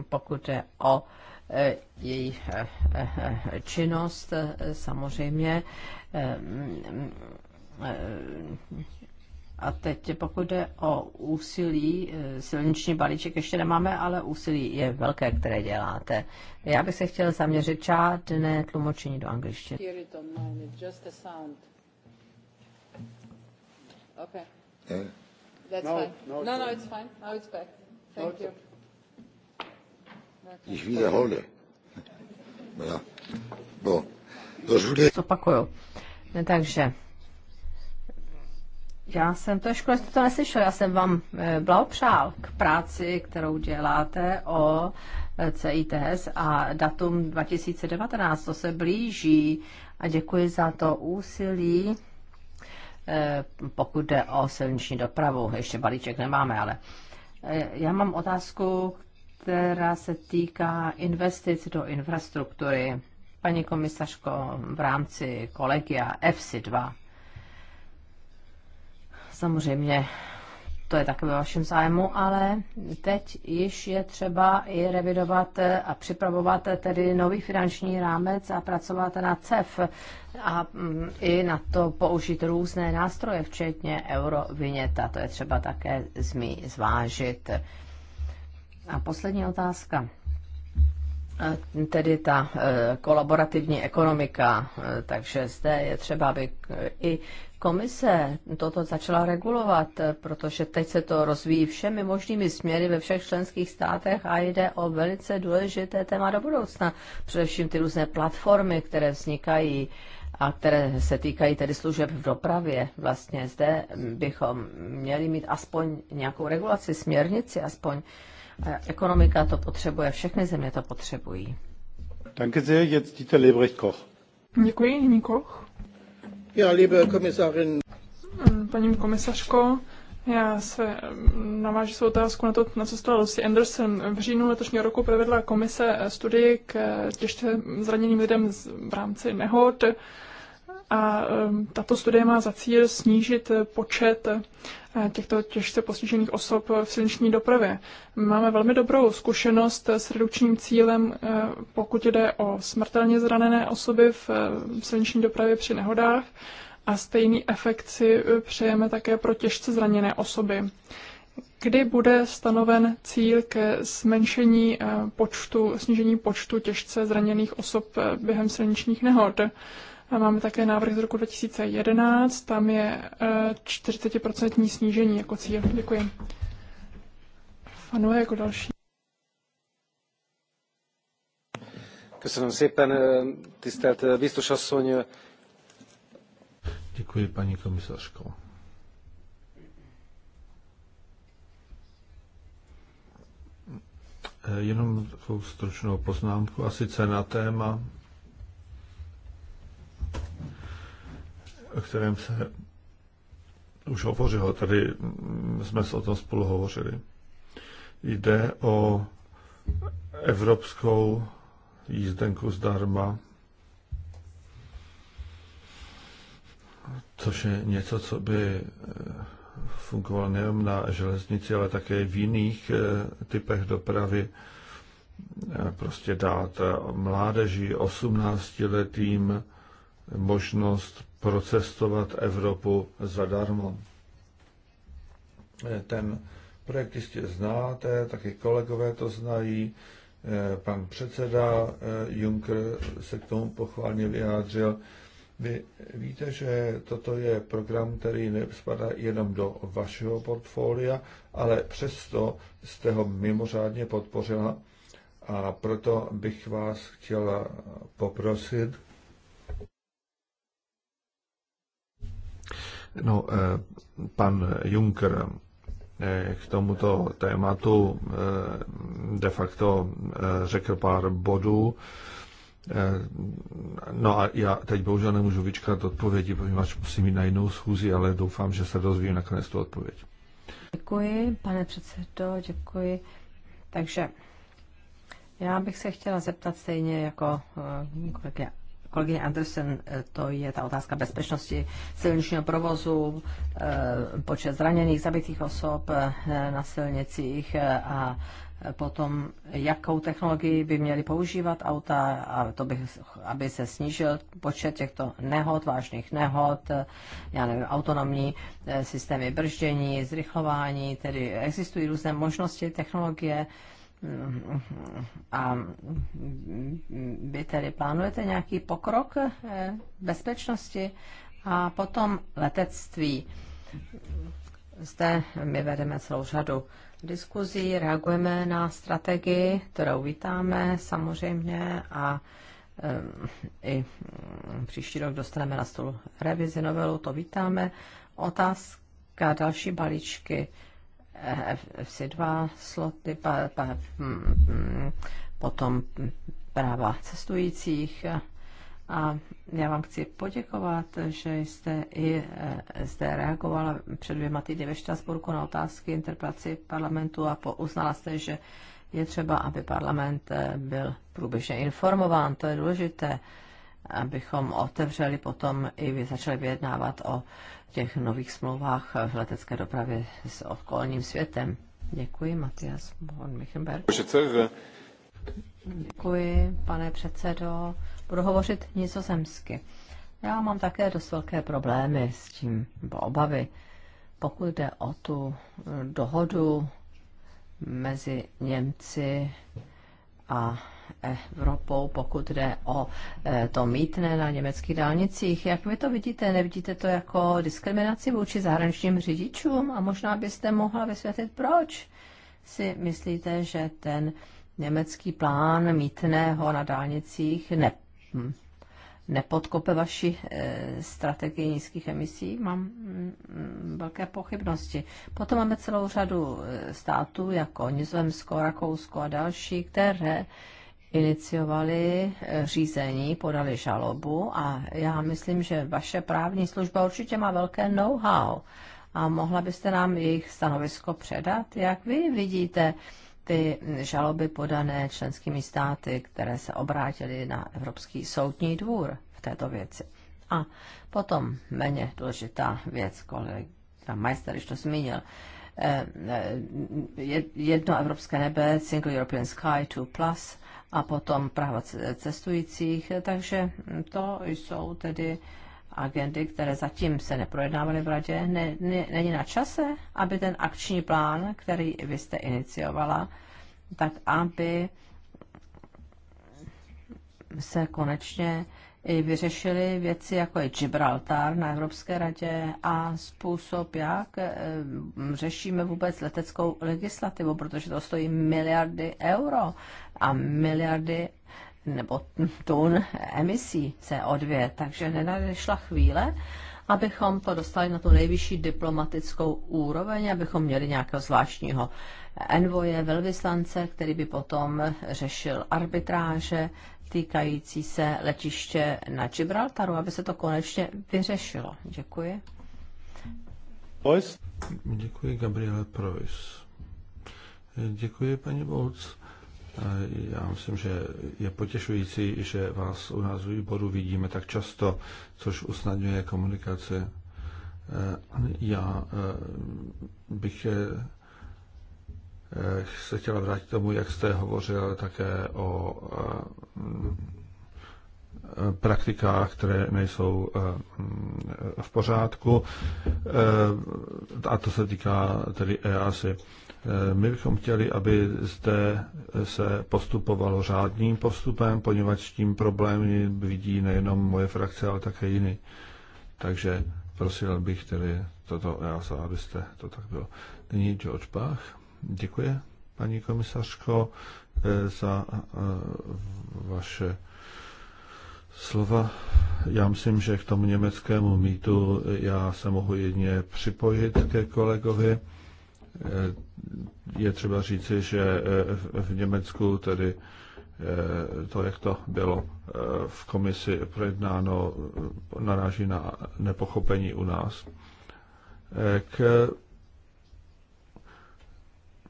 pokud je o její eh, eh, činnost eh, samozřejmě. Mm, a teď pokud jde o úsilí, silniční balíček ještě nemáme, ale úsilí je velké, které děláte. Já bych se chtěl zaměřit čádné tlumočení do angličtiny. Okay. That's no, fine. No, no, it's no, fine. Now it's back. No, Thank no, you. Ich wiederhole. Ja. No. no. Zopakuju. No, takže já jsem, to ještě jste to neslyšel, já jsem vám eh, blahopřál k práci, kterou děláte o eh, CITS a datum 2019, to se blíží a děkuji za to úsilí, eh, pokud jde o silniční dopravu. Ještě balíček nemáme, ale já mám otázku která se týká investic do infrastruktury. Paní komisařko, v rámci kolegia fc 2. Samozřejmě to je také ve vašem zájmu, ale teď již je třeba i revidovat a připravovat tedy nový finanční rámec a pracovat na CEF a mm, i na to použít různé nástroje, včetně euroviněta. To je třeba také zmi zvážit. A poslední otázka. E, tedy ta e, kolaborativní ekonomika, e, takže zde je třeba, aby i komise toto začala regulovat, protože teď se to rozvíjí všemi možnými směry ve všech členských státech a jde o velice důležité téma do budoucna. Především ty různé platformy, které vznikají a které se týkají tedy služeb v dopravě. Vlastně zde bychom měli mít aspoň nějakou regulaci, směrnici aspoň, Ekonomika to potřebuje, všechny země to potřebují. Danke sehr, jetzt Dieter Lebrecht Koch. Děkuji, Jiní Koch. Ja, liebe Kommissarin. Paní komisařko, já se mm, navážu svou otázku na to, na co stala Lucy Anderson. V říjnu letošního roku provedla komise studii k eh, těžce zraněným lidem v rámci nehod. A ehm, tato studie má za cíl snížit eh, počet Eh, těchto těžce postižených osob v silniční dopravě. Máme velmi dobrou zkušenost s redukčním cílem, eh, pokud jde o smrtelně zraněné osoby eh, v silniční dopravě při nehodách a stejný efekt si přejeme také pro těžce zraněné osoby. Kdy bude stanoven cíl ke zmenšení počtu, snížení počtu těžce zraněných osob během silničních nehod? A máme také návrh z roku 2011, tam je 40% eh, snížení jako cíl. Děkuji. Fanové jako další. Köszönöm szépen, eh, tisztelt eh, biztos asszony. Děkuji, paní komisařko. Jenom takovou stručnou poznámku, a sice na téma o kterém se už hovořilo, tady jsme se o tom spolu hovořili. Jde o evropskou jízdenku zdarma, což je něco, co by eh, fungovalo nejen na železnici, ale také v jiných eh, typech dopravy. Eh, prostě dát mládeži 18-letým možnost procestovat Evropu zadarmo. Eh, ten projekt jistě znáte, taky kolegové to znají. Eh, pan předseda eh, Juncker se k tomu pochválně vyjádřil. Vy víte, že toto je program, který nespadá jenom do vašeho portfolia, ale přesto jste ho mimořádně podpořila a proto bych vás chtěla poprosit, No, eh, pan Juncker eh, k tomuto tématu eh, de facto řekl pár bodů. No a já teď bohužel nemůžu vyčkat odpovědi, poněvadž musím jít na jinou schůzi, ale doufám, že se dozvím nakonec tu odpověď. Děkuji, pane předsedo, děkuji. Takže já bych se chtěla zeptat stejně jako kolega kolegyně Andersen, eh, to je ta otázka bezpečnosti silničního provozu, eh, počet zraněných, zabitých osob eh, na silnicích a potom jakou technologii by měly používat auta, a to aby se snížil počet těchto nehod, vážných nehod, já nevím, autonomní systémy brždění, zrychlování, tedy existují různé možnosti, technologie, a vy tedy plánujete nějaký pokrok eh, bezpečnosti a potom letectví. Zde my vedeme celou řadu diskuzí, reagujeme na strategii, kterou vítáme samozřejmě a eh, i mm, příští rok dostaneme na stůl revizi novelu, to vítáme. Otázka další balíčky FC2 sloty, pa, pa, mm, potom práva cestujících. A já vám chci poděkovat, že jste i e, zde reagovala před dvěma týdny ve Štrasburku na otázky interpelaci parlamentu a uznala jste, že je třeba, aby parlament e, byl průběžně informován. To je důležité abychom otevřeli potom i začali vyjednávat o těch nových smlouvách v letecké dopravě s okolním světem. Děkuji, Matias von Michenberg. Děkuji, pane předsedo. Budu hovořit nizozemsky. Já mám také dost velké problémy s tím, nebo obavy, pokud jde o tu dohodu mezi Němci a Evropou, pokud jde o e, to mítné na německých dálnicích. Jak vy to vidíte? Nevidíte to jako diskriminaci vůči zahraničním řidičům? A možná byste mohla vysvětlit, proč si myslíte, že ten německý plán mítného na dálnicích ne, hm, nepodkope vaši e, strategii nízkých emisí, mám mm, velké pochybnosti. Potom máme celou řadu e, států, jako Nizozemsko, Rakousko a další, které iniciovali eh, řízení, podali žalobu a já myslím, že vaše právní služba určitě má velké know-how a mohla byste nám jejich stanovisko předat, jak vy vidíte ty žaloby podané členskými státy, které se obrátily na Evropský soudní dvůr v této věci. A potom méně důležitá věc, kolega Majster když to zmínil, eh, eh, jedno evropské nebe, Single European Sky 2+, Plus, a potom práva cestujících. Takže to jsou tedy agendy, které zatím se neprojednávaly v radě. Ne, ne, není na čase, aby ten akční plán, který vy jste iniciovala, tak aby se konečně i vyřešili věci, jako je Gibraltar na Evropské radě a způsob, jak eh, řešíme vůbec leteckou legislativu, protože to stojí miliardy euro a miliardy nebo tun emisí CO2. Takže nenadešla chvíle, abychom to dostali na tu nejvyšší diplomatickou úroveň, abychom měli nějakého zvláštního envoje, velvyslance, který by potom řešil arbitráže týkající se letiště na Gibraltaru, aby se to konečně vyřešilo. Děkuji. Preuss. Děkuji, Gabriele Provis. Děkuji, paní Bolc. Já myslím, že je potěšující, že vás u nás v výboru vidíme tak často, což usnadňuje komunikaci. E, já e, bych e, se chtěla vrátit k tomu, jak jste hovořil také o praktikách, které nejsou v pořádku. A to se týká tedy EASY. Eh, my bychom chtěli, aby zde eh, se postupovalo řádným postupem, poněvadž tím problémy vidí nejenom moje frakce, ale také jiný. Takže prosil bych tedy toto já se, abyste to tak bylo. Nyní George Bach. Děkuji, paní komisařko, eh, za vaše slova. Já myslím, že k tomu německému mýtu já se mohu jedně připojit ke kolegovi. Eh, je třeba říci, že eh, v Německu tedy eh, to, jak to bylo v komisi projednáno, naráží na nepochopení u nás. K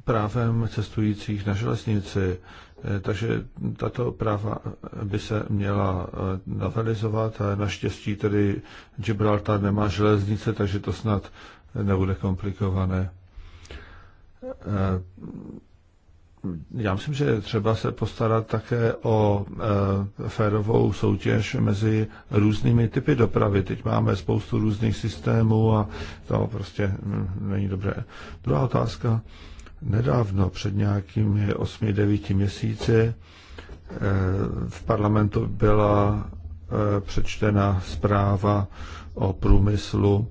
právem cestujících na železnici. Takže tato práva by se měla novelizovat. Naštěstí tedy Gibraltar nemá železnice, takže to snad nebude komplikované. Eh, já myslím, že je třeba se postarat také o eh, férovou soutěž mezi různými typy dopravy. Teď máme spoustu různých systémů a to prostě hm, není dobré. Druhá otázka. Nedávno, před nějakými 8-9 měsíci, eh, v parlamentu byla přečtena zpráva o průmyslu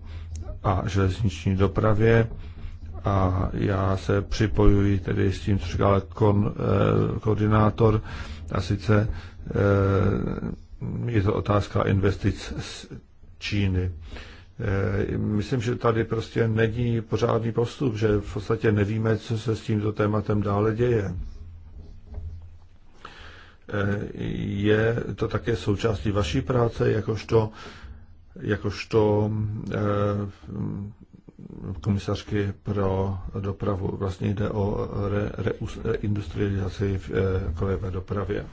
a železniční dopravě a já se připojuji tedy s tím, co říkal kon, eh, koordinátor, a sice eh, je to otázka investic z Číny. Eh, myslím, že tady prostě není pořádný postup, že v podstatě nevíme, co se s tímto tématem dále děje. Eh, je to také součástí vaší práce, jakožto, jakožto eh, komisařky pro dopravu. Vlastně jde o re, re, v e, kolejové dopravě.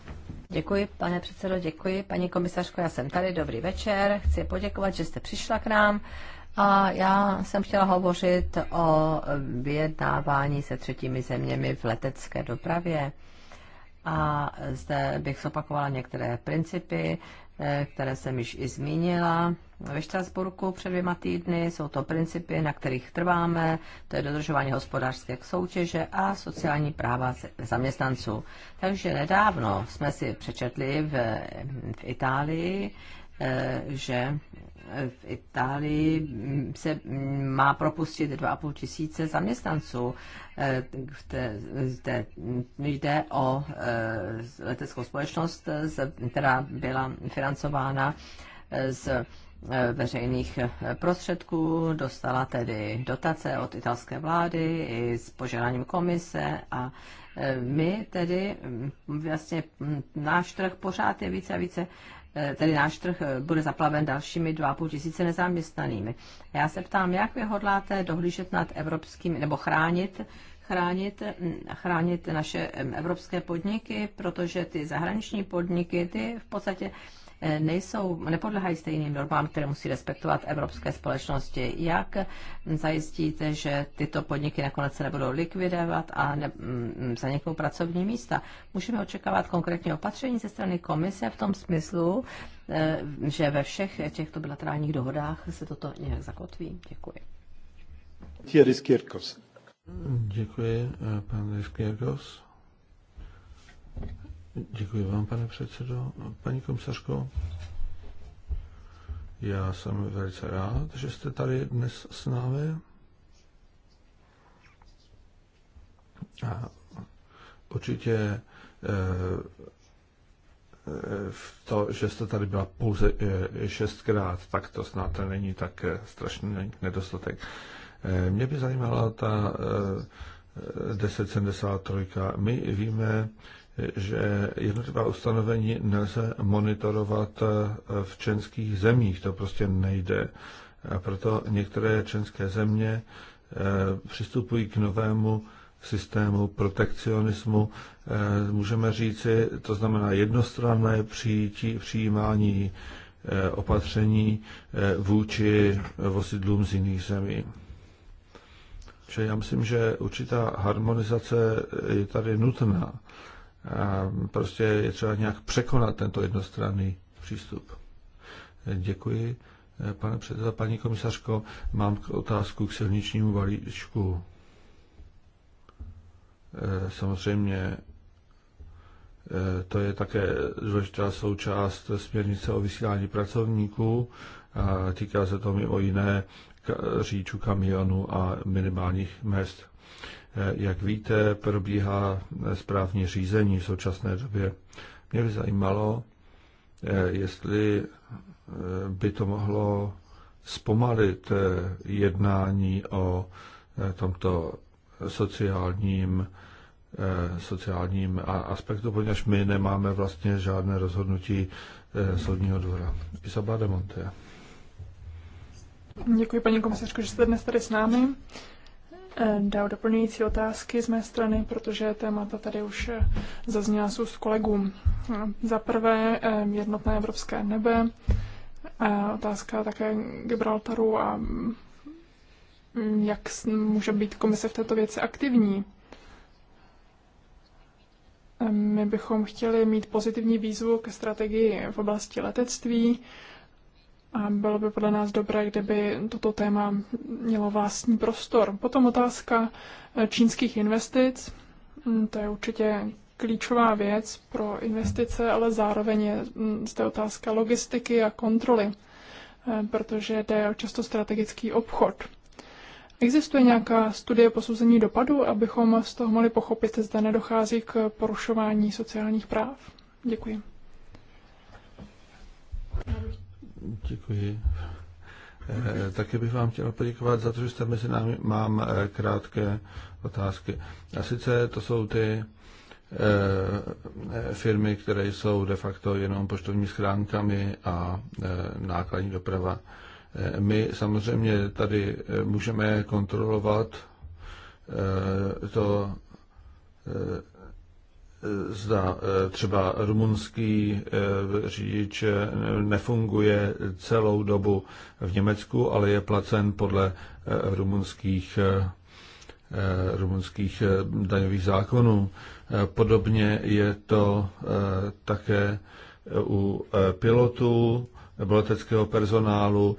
Děkuji, pane předsedo, děkuji. Paní komisařko, já jsem tady, dobrý večer. Chci poděkovat, že jste přišla k nám. A já jsem chtěla hovořit o vyjednávání se třetími zeměmi v letecké dopravě. A zde bych zopakovala některé principy, eh, které jsem již i zmínila ve Štrasburku před dvěma týdny. Jsou to principy, na kterých trváme, to je dodržování hospodářské soutěže a sociální práva zaměstnanců. Takže nedávno jsme si přečetli v, v Itálii, eh, že v Itálii mm, se mm, má propustit 2,5 tisíce zaměstnanců. Eh, zde jde o eh, leteckou společnost, která byla financována z Eh, veřejných eh, prostředků, dostala tedy dotace od italské vlády i s požádáním komise a eh, my tedy mm, vlastně mm, náš trh pořád je více a více tedy náš trh bude zaplaven dalšími 2,5 tisíce nezaměstnanými. Já se ptám, jak vy hodláte dohlížet nad evropským nebo chránit chránit, mm, chránit naše evropské podniky, protože ty zahraniční podniky, ty v podstatě Eh, nejsou, nepodlehají stejným normám, které musí respektovat evropské společnosti. Jak zajistíte, že tyto podniky nakonec se nebudou likvidovat a ne, mm, zaniknou pracovní místa? Můžeme očekávat konkrétní opatření ze strany komise v tom smyslu, eh, že ve všech těchto bilaterálních dohodách se toto nějak zakotví. Děkuji. Děkuji, eh, pan Kirkos. Děkuji vám, pane předsedo. Paní komisařko, já jsem velice rád, že jste tady dnes s námi. A určitě eh, eh, v to, že jste tady byla pouze eh, šestkrát, tak to snad není tak strašný nedostatek. Mě by zajímala ta 1073. My víme, že jednotlivá ustanovení nelze monitorovat eh, v členských zemích. To prostě nejde. A proto některé členské země eh, přistupují k novému systému protekcionismu. Eh, můžeme říci, to znamená jednostranné přijetí, přijímání opatření vůči vozidlům z jiných zemí. Čili já myslím, že určitá harmonizace je tady nutná prostě je třeba nějak překonat tento jednostranný přístup. Děkuji. Pane předseda, paní komisařko, mám otázku k silničnímu balíčku. E, samozřejmě e, to je také důležitá součást směrnice o vysílání pracovníků. Týká se to mimo jiné říčů kamionů a minimálních mest. Jak víte, probíhá správní řízení v současné době. Mě by zajímalo, eh, jestli eh, by to mohlo zpomalit eh, jednání o tomto sociálním, sociálním aspektu, poněvadž my nemáme vlastně žádné rozhodnutí soudního dvora. Isabela de Monte. Děkuji, paní komisařko, že jste dnes tady s námi. Eh, dal doplňující otázky z mé strany, protože témata tady už eh, zazněla z úst eh, Za prvé jednotné evropské nebe, otázka také Gibraltaru a mm, jak může být komise v této věci aktivní. My bychom chtěli mít pozitivní výzvu ke strategii v oblasti letectví, a bylo by podle nás dobré, kdyby toto téma mělo vlastní prostor. Potom otázka eh, čínských investic. Mm, to je určitě klíčová věc pro investice, ale zároveň je mm, zde otázka logistiky a kontroly, eh, protože jde o často strategický obchod. Existuje nějaká studie posouzení dopadu, abychom z toho mohli pochopit, zda nedochází k porušování sociálních práv? Děkuji. Děkuji. Eh, Také bych vám chtěl poděkovat za to, že jste mezi námi. Mám eh, krátké otázky. A sice to jsou ty eh, firmy, které jsou de facto jenom poštovní schránkami a nákladní doprava. My samozřejmě tady můžeme kontrolovat to zda eh, třeba rumunský eh, řidič eh, nefunguje celou dobu v Německu, ale je placen podle rumunských, rumunských daňových zákonů. Podobně je to také u pilotů nebo leteckého personálu,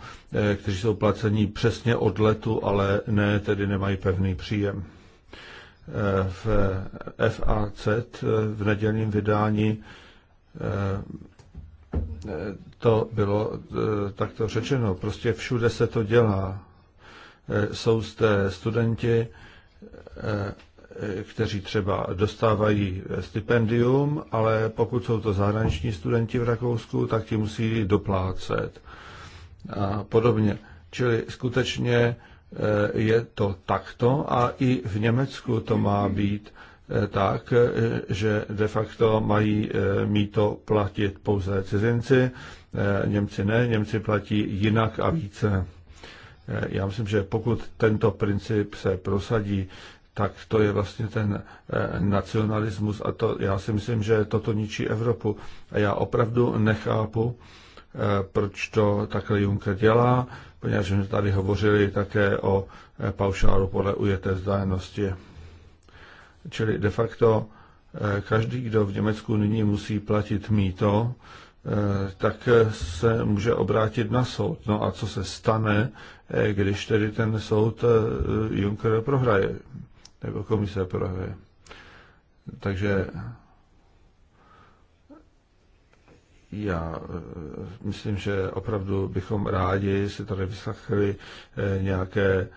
kteří jsou placení přesně od letu, ale ne, tedy nemají pevný příjem v FAZ v nedělním vydání eh, to bylo eh, takto řečeno. Prostě všude se to dělá. Eh, jsou zde studenti, kteří třeba dostávají stipendium, ale pokud jsou to zahraniční studenti v Rakousku, tak ti musí doplácet a podobně. Čili skutečně Eh, je to takto a i v Německu to má být eh, tak, eh, že de facto mají to platit pouze cizinci, Němci ne, Němci platí jinak a více. Já myslím, že pokud tento princip se prosadí, tak to je vlastně ten nacionalismus a to, já si myslím, že toto ničí Evropu. A já opravdu nechápu, proč to takhle Juncker dělá poněvadž jsme tady hovořili také o eh, paušálu podle ujeté vzdálenosti. Čili de facto eh, každý, kdo v Německu nyní musí platit mýto, eh, tak se může obrátit na soud. No a co se stane, když tedy ten soud Juncker prohraje, nebo komise prohraje. Takže já e, myslím, že opravdu bychom rádi si tady vyslechli e, nějaké e,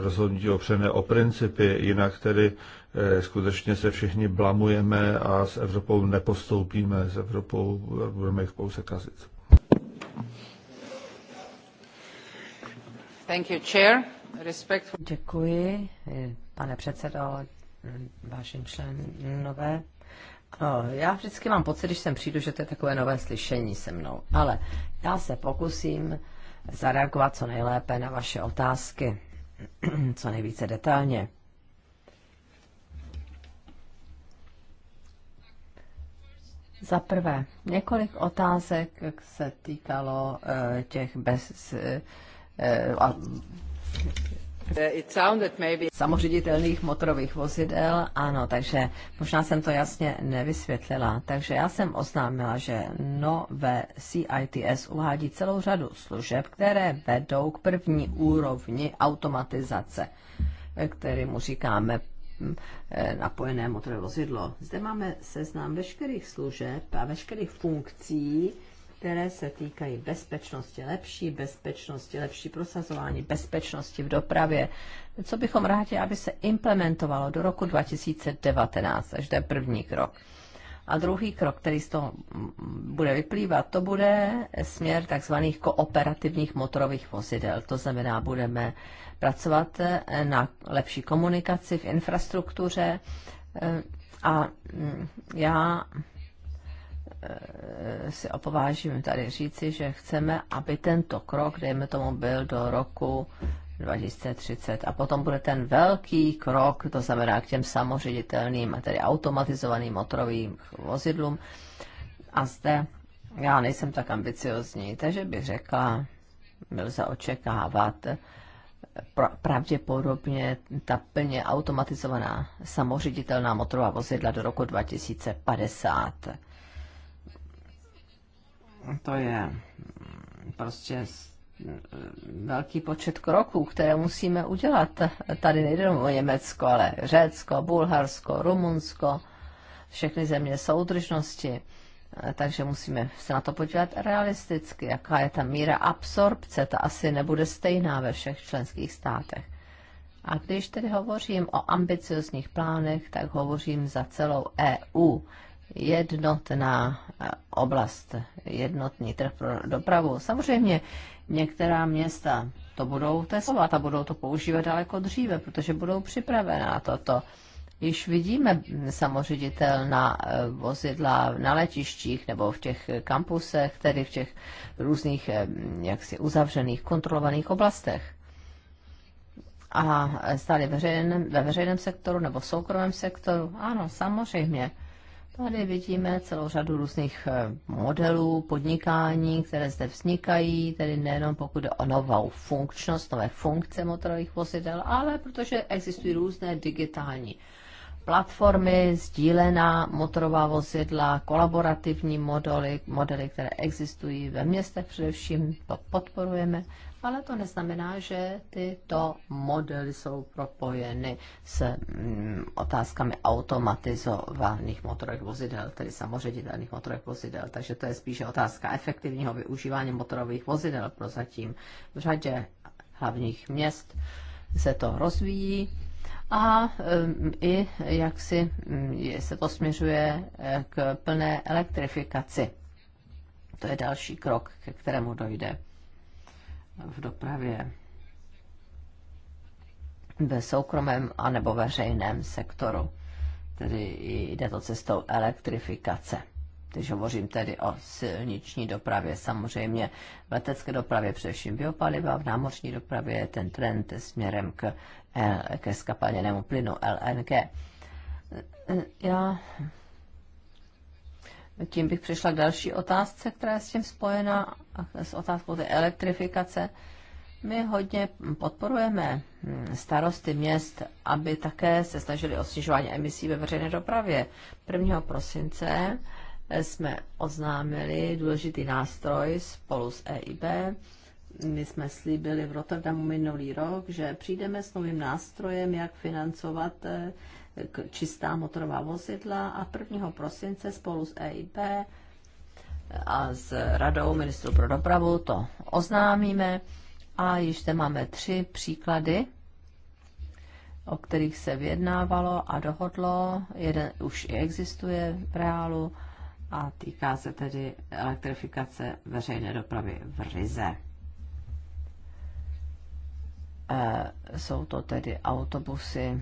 rozhodnutí opřené o principy, jinak tedy skutečně se všichni blamujeme a s Evropou nepostoupíme, s Evropou budeme jich pouze kazit. Thank you, chair. Respect... Děkuji, pane předsedo, vážení členové Oh, já vždycky mám pocit, když sem přijdu, že to je takové nové slyšení se mnou, ale já se pokusím zareagovat co nejlépe na vaše otázky, (clears throat) co nejvíce detailně. Za prvé, několik otázek se týkalo eh, těch bez, eh, samoředitelných motorových vozidel, ano, takže možná jsem to jasně nevysvětlila. Takže já jsem oznámila, že nové CITS uvádí celou řadu služeb, které vedou k první úrovni automatizace, kterému říkáme mm, eh, napojené motorové vozidlo. Zde máme seznam veškerých služeb a veškerých funkcí, které se týkají bezpečnosti lepší, bezpečnosti lepší prosazování, bezpečnosti v dopravě. Co bychom rádi, aby se implementovalo do roku 2019, až to je první krok. A druhý krok, který z toho bude vyplývat, to bude směr takzvaných kooperativních motorových vozidel. To znamená, budeme pracovat na lepší komunikaci v infrastruktuře a já si opovážím tady říci, že chceme, aby tento krok, dejme tomu, byl do roku 2030. A potom bude ten velký krok, to znamená k těm samoředitelným a tedy automatizovaným motorovým vozidlům. A zde já nejsem tak ambiciozní, takže bych řekla, lze očekávat pravděpodobně ta plně automatizovaná samoředitelná motorová vozidla do roku 2050 to je mm, prostě eh, velký počet kroků, které musíme udělat. Tady nejde o Německo, ale Řecko, Bulharsko, Rumunsko, všechny země soudržnosti. Eh, takže musíme se na to podívat realisticky, jaká je ta míra absorpce, ta asi nebude stejná ve všech členských státech. A když tedy hovořím o ambiciozních plánech, tak hovořím za celou EU jednotná eh, oblast, jednotný trh pro dopravu. Samozřejmě některá města to budou testovat a budou to používat daleko dříve, protože budou připravená toto. Již vidíme samoředitel na eh, vozidla na letištích nebo v těch kampusech, tedy v těch různých eh, jaksi uzavřených, kontrolovaných oblastech. A stále veřejném, ve veřejném sektoru nebo v soukromém sektoru? Ano, samozřejmě. Tady vidíme celou řadu různých eh, modelů podnikání, které zde vznikají, tedy nejenom pokud jde o novou funkčnost, nové funkce motorových vozidel, ale protože existují různé digitální platformy, sdílená motorová vozidla, kolaborativní modely, modely, které existují ve městech především, to podporujeme ale to neznamená, že tyto modely jsou propojeny s mm, otázkami automatizovaných motorových vozidel, tedy samoředitelných motorových vozidel. Takže to je spíše otázka efektivního využívání motorových vozidel prozatím v řadě hlavních měst se to rozvíjí a mm, i jak si mm, se to směřuje eh, k plné elektrifikaci. To je další krok, ke kterému dojde v dopravě ve soukromém anebo veřejném sektoru. Tedy jde to cestou elektrifikace. Když hovořím tedy o silniční dopravě, samozřejmě v letecké dopravě především biopaliva, v námořní dopravě je ten trend směrem k, eh, ke skapaněnému plynu LNG. Já tím bych přišla k další otázce, která je s tím spojena, s otázkou té elektrifikace. My hodně podporujeme hm, starosty měst, aby také se snažili o snižování emisí ve veřejné dopravě. 1. prosince eh, jsme oznámili důležitý nástroj spolu s EIB. My jsme slíbili v Rotterdamu minulý rok, že přijdeme s novým nástrojem, jak financovat eh, čistá motorová vozidla a 1. prosince spolu s EIB a s radou ministru pro dopravu to oznámíme. A již zde máme tři příklady, o kterých se vyjednávalo a dohodlo. Jeden už i existuje v reálu a týká se tedy elektrifikace veřejné dopravy v Rize. E, jsou to tedy autobusy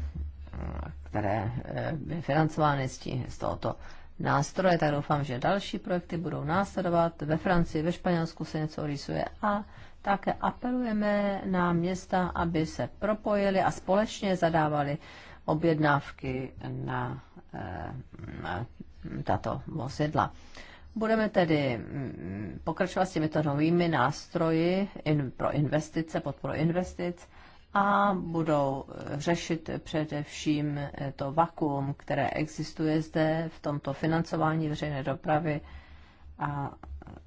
které eh, by financovány z, tí, z tohoto nástroje, tak doufám, že další projekty budou následovat. Ve Francii, ve Španělsku se něco rýsuje a také apelujeme na města, aby se propojili a společně zadávali objednávky na, eh, na tato vozidla. Budeme tedy mm, pokračovat s těmito novými nástroji in, pro investice, podporu investic a budou řešit především to vakuum, které existuje zde v tomto financování veřejné dopravy a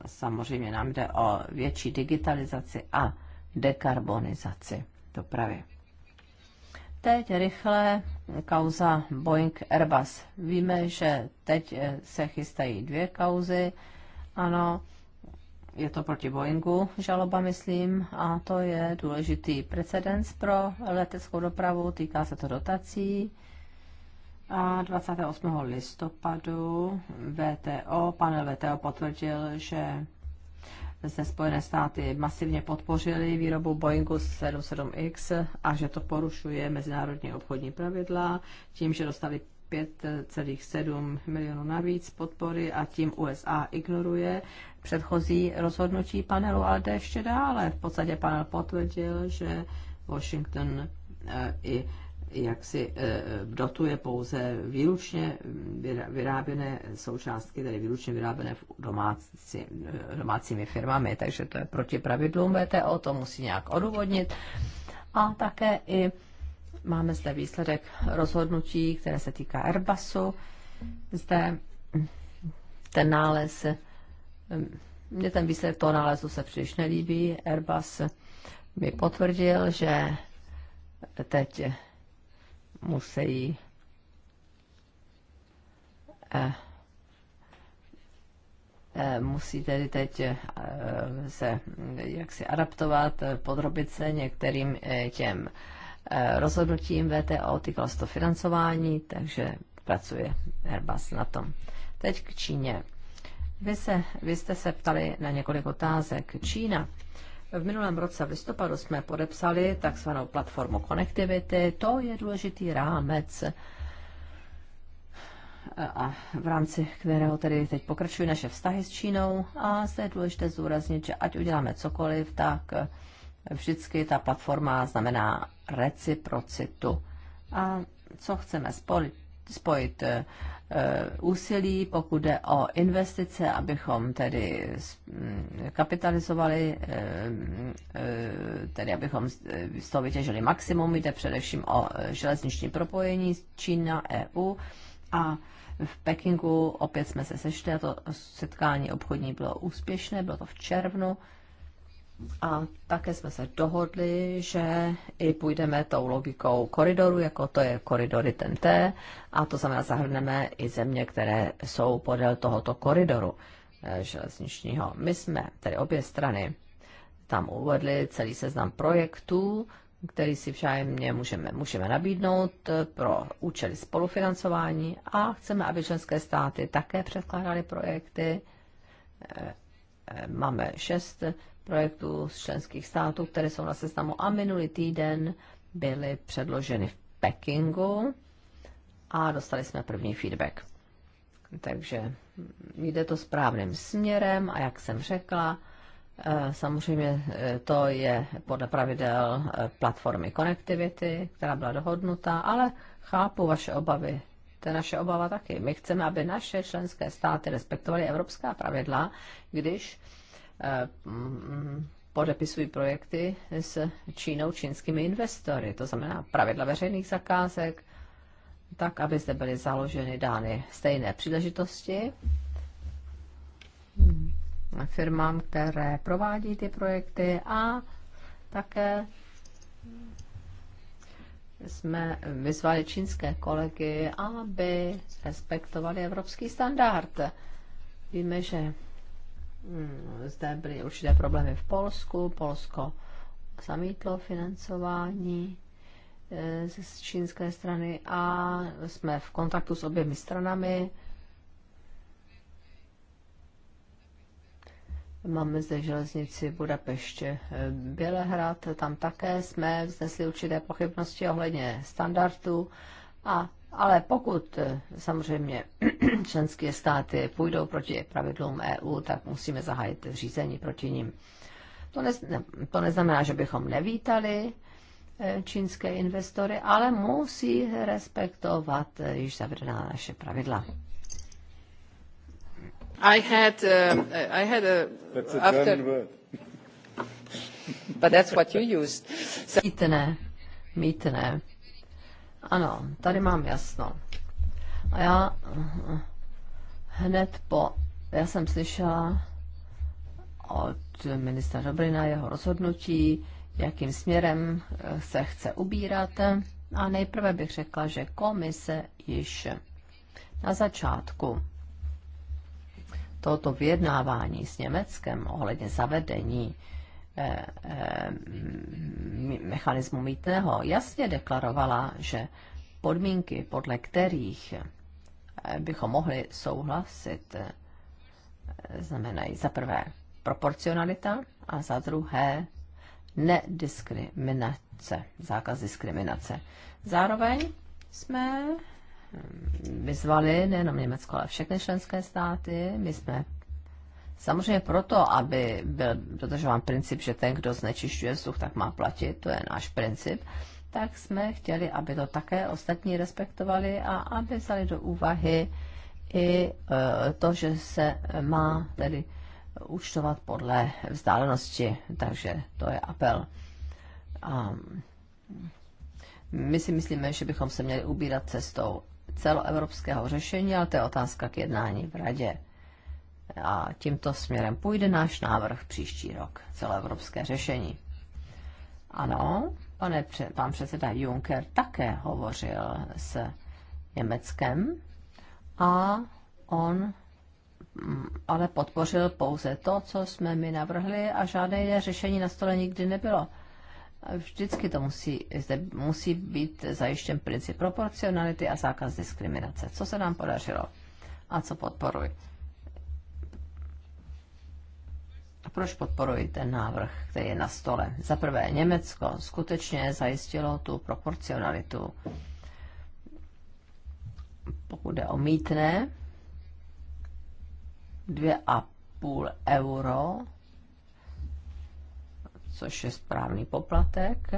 samozřejmě nám jde o větší digitalizaci a dekarbonizaci dopravy. Teď rychle kauza Boeing Airbus. Víme, že teď se chystají dvě kauzy. Ano, je to proti Boeingu žaloba, myslím, a to je důležitý precedens pro leteckou dopravu, týká se to dotací. A 28. listopadu VTO, panel VTO potvrdil, že se Spojené státy masivně podpořili výrobu Boeingu 77X a že to porušuje mezinárodní obchodní pravidla tím, že dostali 5,7 milionů navíc podpory a tím USA ignoruje předchozí rozhodnutí panelu, ale jde ještě dále. V podstatě panel potvrdil, že Washington eh, i jak si eh, dotuje pouze výlučně vyráběné součástky, tedy výlučně vyráběné v domácí, eh, domácími firmami, takže to je proti pravidlům VTO, to musí nějak odůvodnit. A také i máme zde výsledek rozhodnutí, které se týká Airbusu. Zde ten nález mně ten výsledek toho nálezu se příliš nelíbí. Airbus mi potvrdil, že teď musí eh, eh, musí tedy teď eh, se jaksi adaptovat, podrobit se některým těm rozhodnutím VTO, týkalo se to financování, takže pracuje Airbus na tom. Teď k Číně. Vy, se, vy jste se ptali na několik otázek. Čína. V minulém roce v listopadu jsme podepsali takzvanou platformu konektivity. To je důležitý rámec, a v rámci kterého tedy teď pokračují naše vztahy s Čínou. A zde je důležité zúraznit, že ať uděláme cokoliv, tak vždycky ta platforma znamená reciprocitu. A co chceme spojit? spojit Eh, úsilí, pokud jde o investice, abychom tedy mm, kapitalizovali, eh, eh, tedy abychom z toho vytěžili maximum. Jde především o železniční propojení Čína-EU a v Pekingu opět jsme se sešli a to setkání obchodní bylo úspěšné, bylo to v červnu a také jsme se dohodli, že i půjdeme tou logikou koridoru, jako to je koridory TNT, a to znamená zahrneme i země, které jsou podél tohoto koridoru eh, železničního. My jsme, tedy obě strany, tam uvedli celý seznam projektů, který si vzájemně můžeme, můžeme nabídnout eh, pro účely spolufinancování a chceme, aby členské státy také předkládaly projekty. Eh, máme šest projektů z členských států, které jsou na seznamu a minulý týden byly předloženy v Pekingu a dostali jsme první feedback. Takže jde to správným směrem a jak jsem řekla, eh, samozřejmě eh, to je podle pravidel eh, platformy Connectivity, která byla dohodnuta, ale chápu vaše obavy. To je naše obava taky. My chceme, aby naše členské státy respektovaly evropská pravidla, když Eh, mm, podepisují projekty s Čínou, čínskými investory, to znamená pravidla veřejných zakázek, tak, aby zde byly založeny dány stejné příležitosti mm, firmám, které provádí ty projekty a také jsme vyzvali čínské kolegy, aby respektovali evropský standard. Víme, že Hmm, zde byly určité problémy v Polsku. Polsko zamítlo financování eh, z čínské strany a jsme v kontaktu s oběmi stranami. Máme zde železnici Budapeště eh, Bělehrad, tam také jsme vznesli určité pochybnosti ohledně standardů, a, ale pokud eh, samozřejmě (clears throat) členské státy půjdou proti pravidlům EU, tak musíme zahájit řízení proti ním. To, ne, to neznamená, že bychom nevítali e, čínské investory, ale musí respektovat již zavedená naše pravidla. I had, uh, I had a, that's a after, word. but that's what you used. So... Mítné, mítné. Ano, tady mám jasno. A já eh, hned po, já jsem slyšela od ministra Dobrina jeho rozhodnutí, jakým směrem eh, se chce ubírat. A nejprve bych řekla, že komise již na začátku tohoto vyjednávání s Německem ohledně zavedení eh, mechanismu mítného jasně deklarovala, že podmínky, podle kterých bychom mohli souhlasit, eh, znamenají za prvé proporcionalita a za druhé nediskriminace, zákaz diskriminace. Zároveň jsme hm, vyzvali nejenom Německo, ale všechny členské státy. My jsme samozřejmě proto, aby byl dodržován princip, že ten, kdo znečišťuje vzduch, tak má platit. To je náš princip tak jsme chtěli, aby to také ostatní respektovali a aby vzali do úvahy i e, to, že se má tedy účtovat podle vzdálenosti. Takže to je apel. A my si myslíme, že bychom se měli ubírat cestou celoevropského řešení, ale to je otázka k jednání v radě. A tímto směrem půjde náš návrh příští rok, celoevropské řešení. Ano, Pane, pan předseda Juncker také hovořil s Německem a on mm, ale podpořil pouze to, co jsme mi navrhli a žádné řešení na stole nikdy nebylo. Vždycky to musí, zde musí být zajištěn princip proporcionality a zákaz diskriminace. Co se nám podařilo a co podporuji? proč podporuji ten návrh, který je na stole. Za prvé, Německo skutečně zajistilo tu proporcionalitu. Pokud jde o mítné, 2,5 euro, což je správný poplatek,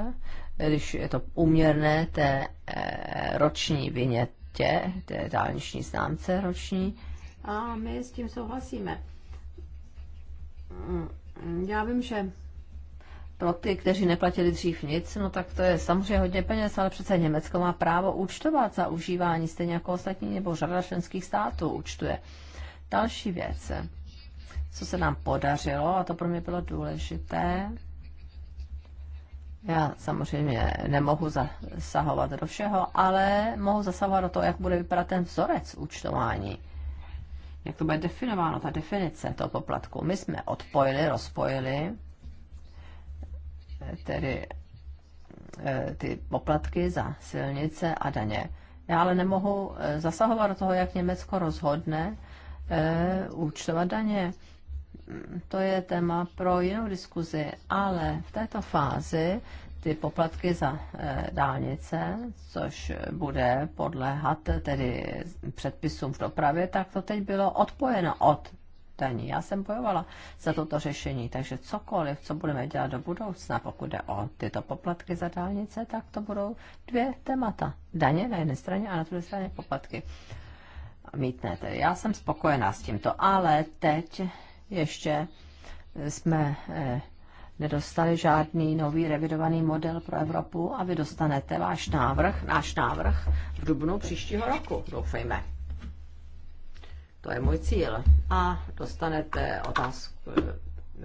když je to uměrné té eh, roční vinětě, té dálniční známce roční, a my s tím souhlasíme já vím, že pro ty, kteří neplatili dřív nic, no tak to je samozřejmě hodně peněz, ale přece Německo má právo účtovat za užívání, stejně jako ostatní nebo řada členských států účtuje. Další věc, co se nám podařilo, a to pro mě bylo důležité, já samozřejmě nemohu zasahovat do všeho, ale mohu zasahovat do toho, jak bude vypadat ten vzorec účtování jak to bude definováno, ta definice toho poplatku. My jsme odpojili, rozpojili eh, tedy eh, ty poplatky za silnice a daně. Já ale nemohu eh, zasahovat do toho, jak Německo rozhodne účtovat daně. To je téma pro jinou diskuzi, ale v této fázi ty poplatky za eh, dálnice, což bude podléhat tedy předpisům v dopravě, tak to teď bylo odpojeno od daní. Já jsem bojovala za toto řešení, takže cokoliv, co budeme dělat do budoucna, pokud jde o tyto poplatky za dálnice, tak to budou dvě témata. Daně na jedné straně a na druhé straně poplatky. Mítné tedy. Já jsem spokojená s tímto, ale teď ještě jsme eh, nedostali žádný nový revidovaný model pro Evropu a vy dostanete váš návrh, náš návrh v dubnu příštího roku, doufejme. To je můj cíl. A dostanete otázku,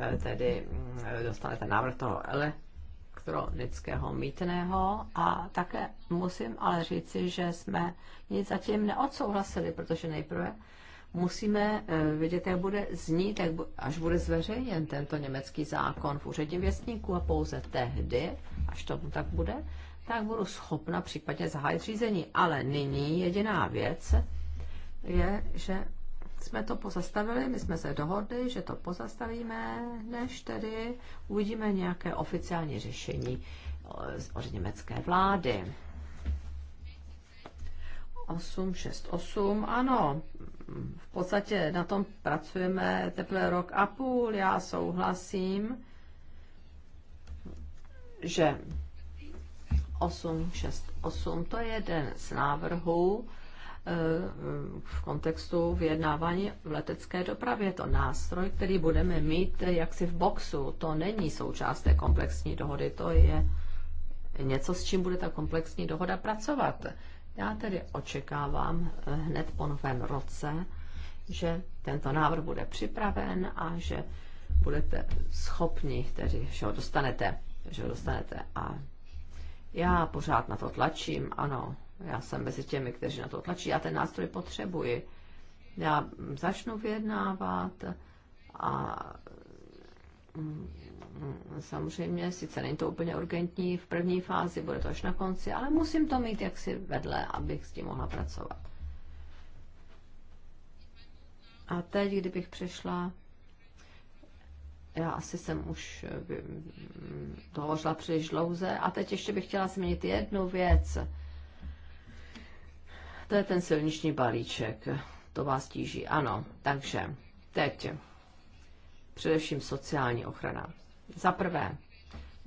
eh, tedy mm, dostanete návrh toho elektronického mítného a také musím ale říci, že jsme nic zatím neodsouhlasili, protože nejprve musíme eh, vědět, jak bude znít, jak až bude zveřejněn tento německý zákon v úředním věstníku a pouze tehdy, až to tak bude, tak budu schopna případně zahájit řízení. Ale nyní jediná věc je, že jsme to pozastavili, my jsme se dohodli, že to pozastavíme, než tedy uvidíme nějaké oficiální řešení eh, od německé vlády. 8, 6, 8, ano, v podstatě na tom pracujeme teprve rok a půl, já souhlasím, že 8, 6, 8, to je jeden z návrhů eh, v kontextu vyjednávání v letecké dopravě. Je to nástroj, který budeme mít jaksi v boxu. To není součást té komplexní dohody, to je něco, s čím bude ta komplexní dohoda pracovat. Já tedy očekávám eh, hned po novém roce, že tento návrh bude připraven a že budete schopni, tedy, že ho dostanete, že ho dostanete. A já pořád na to tlačím, ano, já jsem mezi těmi, kteří na to tlačí, já ten nástroj potřebuji. Já mm, začnu vyjednávat a mm, samozřejmě, sice není to úplně urgentní v první fázi, bude to až na konci, ale musím to mít jaksi vedle, abych s tím mohla pracovat. A teď, kdybych přešla, já asi jsem už eh, to příliš dlouze, a teď ještě bych chtěla změnit jednu věc. To je ten silniční balíček. To vás tíží, ano. Takže teď především sociální ochrana. Za prvé,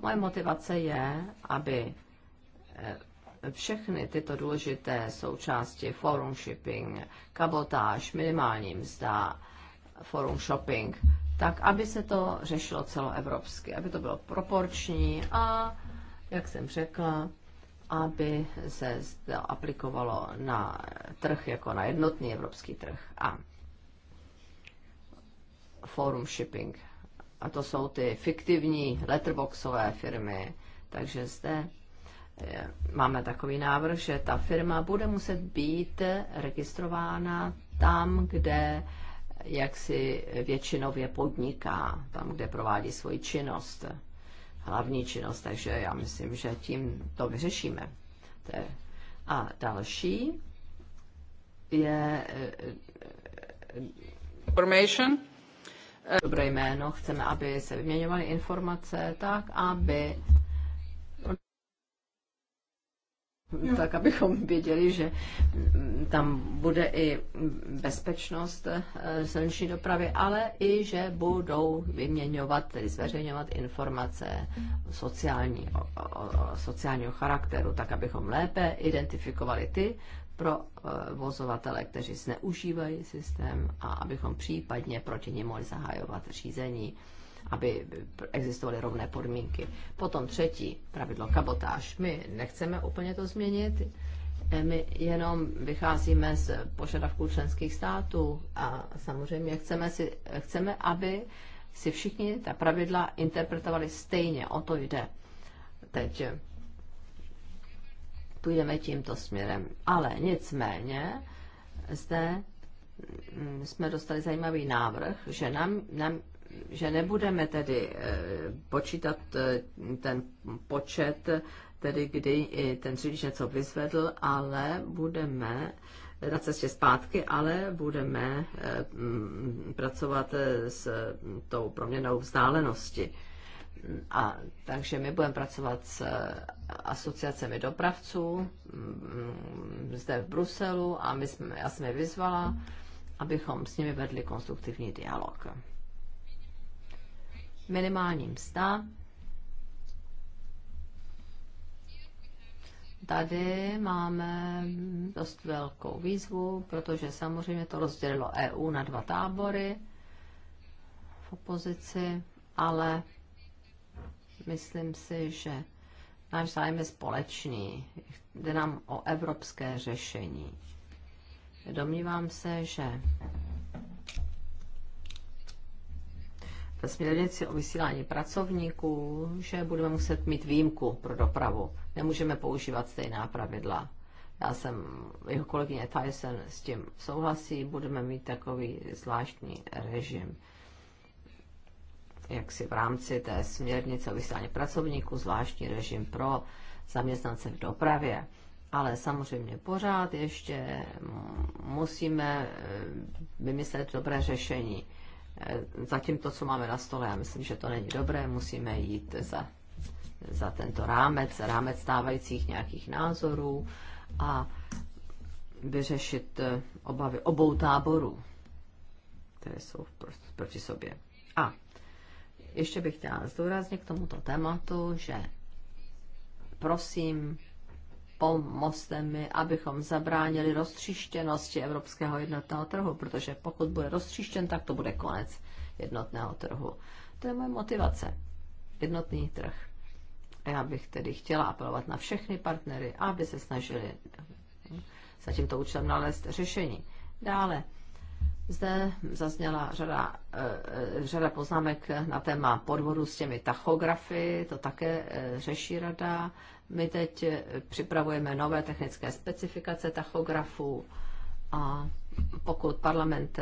moje motivace je, aby eh, všechny tyto důležité součásti forum shipping, kabotáž, minimální mzda, forum shopping, tak aby se to řešilo celoevropsky, aby to bylo proporční a, jak jsem řekla, aby se aplikovalo na trh jako na jednotný evropský trh. A forum shipping a to jsou ty fiktivní letterboxové firmy. Takže zde eh, máme takový návrh, že ta firma bude muset být registrována tam, kde eh, jak si většinově podniká, tam, kde provádí svoji činnost, hlavní činnost, takže já myslím, že tím to vyřešíme. To je. A další je eh, information dobré jméno, chceme, aby se vyměňovaly informace tak, aby tak abychom věděli, že tam bude i bezpečnost eh, silniční dopravy, ale i že budou vyměňovat, tedy zveřejňovat informace sociální, o, o, sociálního charakteru, tak abychom lépe identifikovali ty pro eh, vozovatele, kteří zneužívají systém a abychom případně proti ně mohli zahajovat řízení, aby existovaly rovné podmínky. Potom třetí pravidlo kabotáž. My nechceme úplně to změnit, eh, my jenom vycházíme z požadavků členských států a samozřejmě chceme, si, chceme aby si všichni ta pravidla interpretovali stejně. O to jde. Teď půjdeme tímto směrem. Ale nicméně zde mm, jsme dostali zajímavý návrh, že, nám, nám, že nebudeme tedy e, počítat e, ten počet, tedy kdy ten řidič něco vyzvedl, ale budeme na cestě zpátky, ale budeme e, pracovat s tou proměnou vzdálenosti. A takže my budeme pracovat s eh, asociacemi dopravců mm, zde v Bruselu a my jsme, já jsem je vyzvala, abychom s nimi vedli konstruktivní dialog. Minimální mzda. Tady máme dost velkou výzvu, protože samozřejmě to rozdělilo EU na dva tábory v opozici, ale Myslím si, že náš zájem je společný. Jde nám o evropské řešení. Domnívám se, že ve směrnici o vysílání pracovníků, že budeme muset mít výjimku pro dopravu. Nemůžeme používat stejná pravidla. Já jsem, jeho kolegyně Tyson s tím souhlasí, budeme mít takový zvláštní režim jak si v rámci té směrnice o vysílání pracovníků, zvláštní režim pro zaměstnance v dopravě. Ale samozřejmě pořád ještě musíme eh, vymyslet dobré řešení. Eh, zatím to, co máme na stole, já myslím, že to není dobré, musíme jít za, za tento rámec, rámec stávajících nějakých názorů a vyřešit eh, obavy obou táborů, které jsou proti sobě. A ještě bych chtěla zdůraznit k tomuto tématu, že prosím, pomozte mi, abychom zabránili roztříštěnosti evropského jednotného trhu, protože pokud bude roztříštěn, tak to bude konec jednotného trhu. To je moje motivace. Jednotný trh. A já bych tedy chtěla apelovat na všechny partnery, aby se snažili za tímto účelem nalézt řešení. Dále zde zazněla řada, eh, řada poznámek na téma podvodu s těmi tachografy, to také eh, řeší rada. My teď eh, připravujeme nové technické specifikace tachografů a pokud parlament,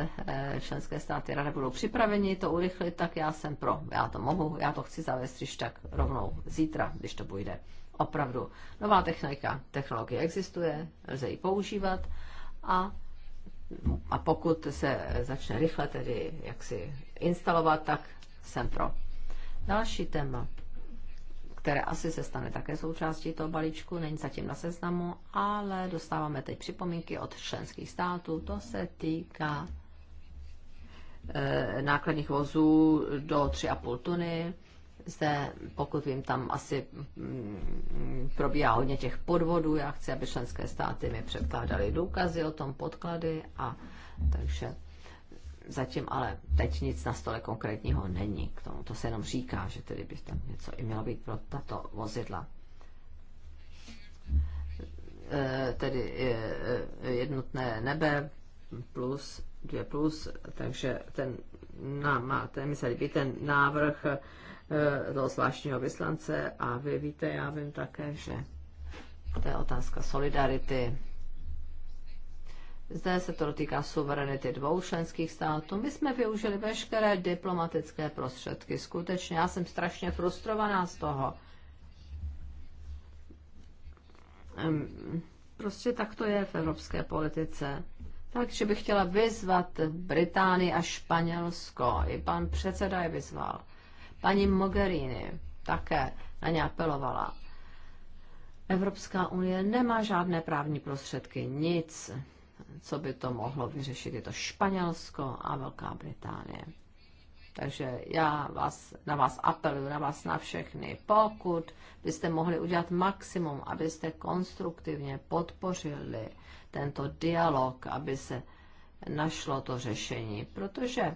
členské státy rada budou připraveni to urychlit, tak já jsem pro. Já to mohu, já to chci zavést, když tak rovnou zítra, když to půjde. Opravdu. Nová technika, technologie existuje, lze ji používat a a pokud se začne rychle tedy jaksi instalovat, tak jsem pro. Další téma, které asi se stane také součástí toho balíčku, není zatím na seznamu, ale dostáváme teď připomínky od členských států. To se týká eh, nákladních vozů do 3,5 tuny zde, pokud vím, tam asi mm, probíhá hodně těch podvodů. Já chci, aby členské státy mi předkládaly důkazy o tom, podklady a takže zatím ale teď nic na stole konkrétního není k tomu. To se jenom říká, že tedy by tam něco i mělo být pro tato vozidla. E, tedy e, e, jednotné nebe plus dvě plus, takže ten na má, ten mi se líbí ten návrh Eh, toho zvláštního vyslance a vy víte, já vím také, že to je otázka solidarity. Zde se to dotýká suverenity dvou členských států. My jsme využili veškeré diplomatické prostředky. Skutečně, já jsem strašně frustrovaná z toho. Prostě tak to je v evropské politice. Takže bych chtěla vyzvat Británii a Španělsko. I pan předseda je vyzval Paní Mogherini také na ně apelovala. Evropská unie nemá žádné právní prostředky, nic, co by to mohlo vyřešit. Je to Španělsko a Velká Británie. Takže já vás, na vás apeluju, na vás na všechny. Pokud byste mohli udělat maximum, abyste konstruktivně podpořili tento dialog, aby se našlo to řešení, protože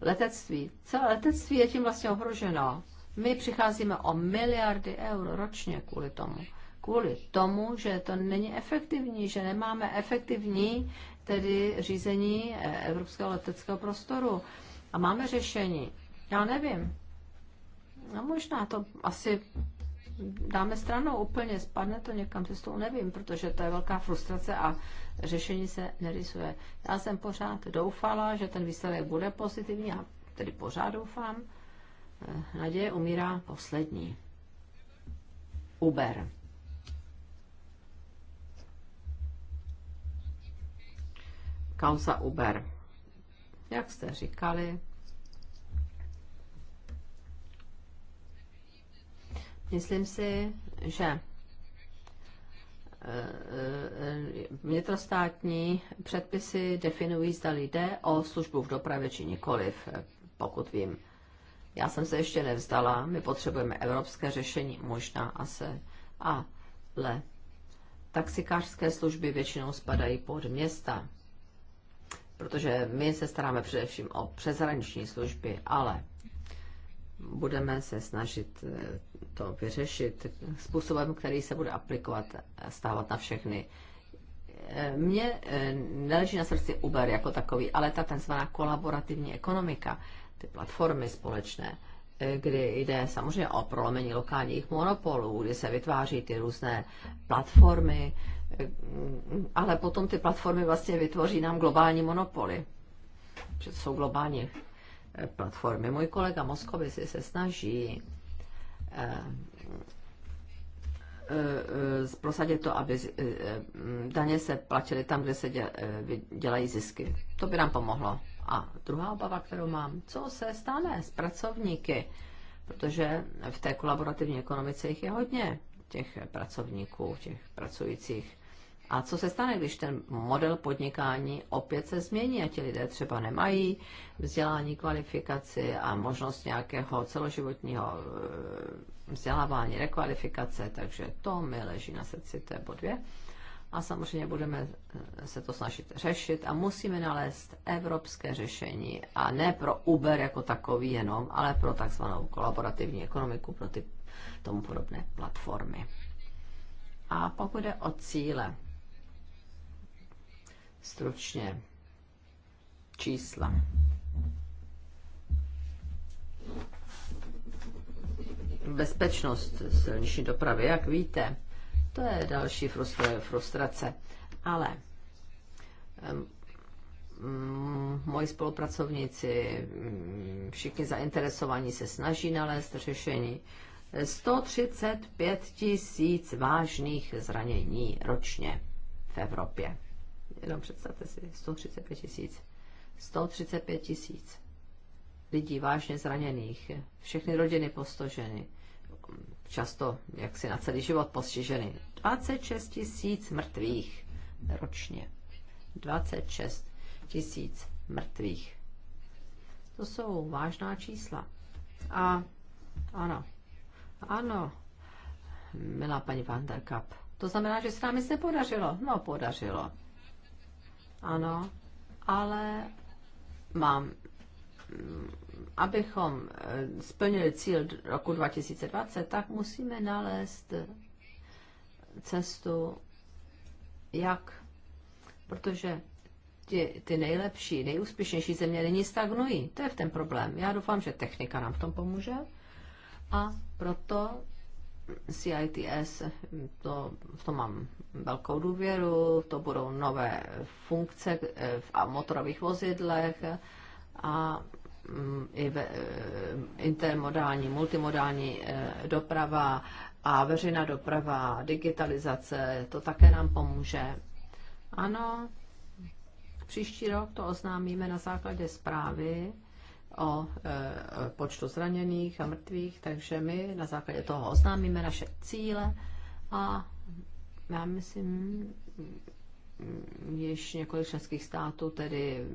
letectví. Celé letectví je tím vlastně ohroženo. My přicházíme o miliardy eur ročně kvůli tomu. Kvůli tomu, že to není efektivní, že nemáme efektivní tedy řízení eh, evropského leteckého prostoru. A máme řešení. Já nevím. No možná to asi dáme stranou úplně, spadne to někam cestou, nevím, protože to je velká frustrace a řešení se nerysuje. Já jsem pořád doufala, že ten výsledek bude pozitivní a tedy pořád doufám. Eh, naděje umírá poslední. Uber. Kausa Uber. Jak jste říkali, Myslím si, že eh, eh, vnitrostátní předpisy definují, zda jde o službu v dopravě či nikoliv, eh, pokud vím. Já jsem se ještě nevzdala, my potřebujeme evropské řešení, možná asi, ale taxikářské služby většinou spadají pod města, protože my se staráme především o přeshraniční služby, ale budeme se snažit eh, to vyřešit způsobem, který se bude aplikovat a stávat na všechny. Eh, mně eh, neleží na srdci Uber jako takový, ale ta tzv. kolaborativní ekonomika, ty platformy společné, kdy jde samozřejmě o prolomení lokálních monopolů, kdy se vytváří ty různé platformy, ale potom ty platformy vlastně vytvoří nám globální monopoly. Protože jsou globální platformy. Můj kolega si se snaží eh, eh, prosadit to, aby eh, daně se platily tam, kde se dělají zisky. To by nám pomohlo. A druhá obava, kterou mám, co se stane s pracovníky, protože v té kolaborativní ekonomice jich je hodně, těch pracovníků, těch pracujících. A co se stane, když ten model podnikání opět se změní a ti lidé třeba nemají vzdělání, kvalifikaci a možnost nějakého celoživotního eh, vzdělávání, rekvalifikace, takže to mi leží na srdci, to je bod dvě. A samozřejmě budeme eh, se to snažit řešit a musíme nalézt evropské řešení a ne pro Uber jako takový jenom, ale pro takzvanou kolaborativní ekonomiku, pro ty tomu podobné platformy. A pokud jde o cíle, stručně čísla. Bezpečnost silniční dopravy, jak víte, to je další frustrace. Ale mm, moji spolupracovníci, mm, všichni zainteresovaní se snaží nalézt řešení. 135 tisíc vážných zranění ročně v Evropě jenom představte si, 135 tisíc. 135 tisíc lidí vážně zraněných, všechny rodiny postoženy, často jaksi na celý život postiženy. 26 tisíc mrtvých ročně. 26 tisíc mrtvých. To jsou vážná čísla. A ano, ano, milá paní Vanderkap. To znamená, že se nám nic nepodařilo. No, podařilo ano, ale mám, abychom eh, splnili cíl roku 2020, tak musíme nalézt cestu, jak, protože ty, ty nejlepší, nejúspěšnější země nyní stagnují. To je v ten problém. Já doufám, že technika nám v tom pomůže a proto CITS, to, v to mám velkou důvěru, to budou nové funkce eh, v motorových vozidlech a mm, i ve, eh, intermodální, multimodální eh, doprava a veřejná doprava, digitalizace, to také nám pomůže. Ano, příští rok to oznámíme na základě zprávy o e, počtu zraněných a mrtvých, takže my na základě toho oznámíme naše cíle a já myslím, mm, již několik členských států tedy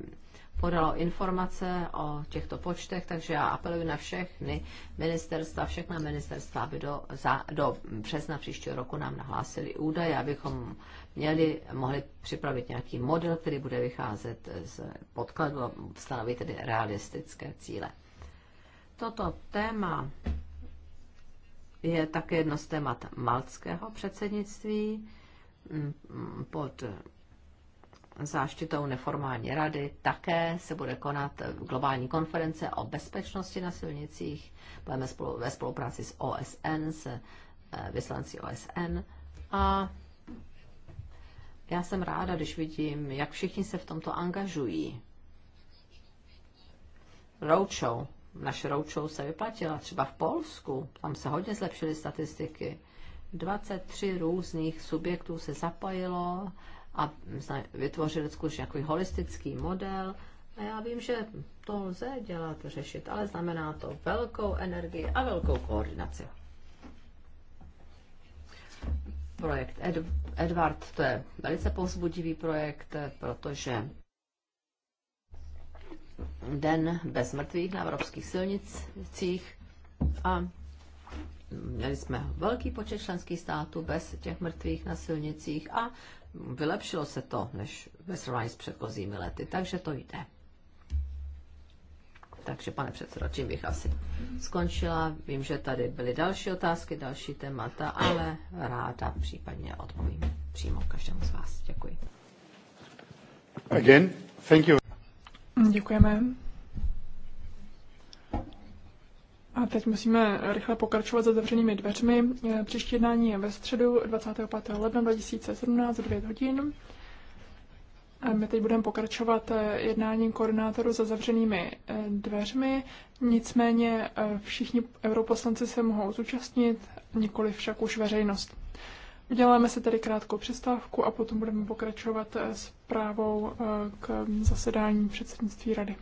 podalo informace o těchto počtech, takže já apeluji na všechny ministerstva, všechna ministerstva, aby do, za, do března příštího roku nám nahlásili údaje, abychom měli, mohli připravit nějaký model, který bude vycházet z podkladu a stanoví tedy realistické cíle. Toto téma je také jedno z témat maltského předsednictví pod záštitou neformální rady. Také se bude konat globální konference o bezpečnosti na silnicích. Budeme spolu, ve spolupráci s OSN, s eh, vyslanci OSN a já jsem ráda, když vidím, jak všichni se v tomto angažují. Roadshow. Naše roadshow se vyplatila třeba v Polsku. Tam se hodně zlepšily statistiky. 23 různých subjektů se zapojilo a vytvořili skutečně takový holistický model. A já vím, že to lze dělat, řešit, ale znamená to velkou energii a velkou koordinaci projekt Ed, Edward, to je velice povzbudivý projekt, protože den bez mrtvých na evropských silnicích a měli jsme velký počet členských států bez těch mrtvých na silnicích a vylepšilo se to než ve srovnání s předchozími lety, takže to jde. Takže, pane předsedo, tím bych asi skončila. Vím, že tady byly další otázky, další témata, ale ráda případně odpovím přímo každému z vás. Děkuji. Again, thank you. Děkujeme. A teď musíme rychle pokračovat za zavřenými dveřmi. Příští jednání je ve středu 25. ledna 2017 v 9 hodin. My teď budeme pokračovat eh, jednáním koordinátorů za zavřenými eh, dveřmi, nicméně eh, všichni europoslanci se mohou zúčastnit, nikoli však už veřejnost. Uděláme si tedy krátkou přestávku a potom budeme pokračovat s právou k zasedání předsednictví rady.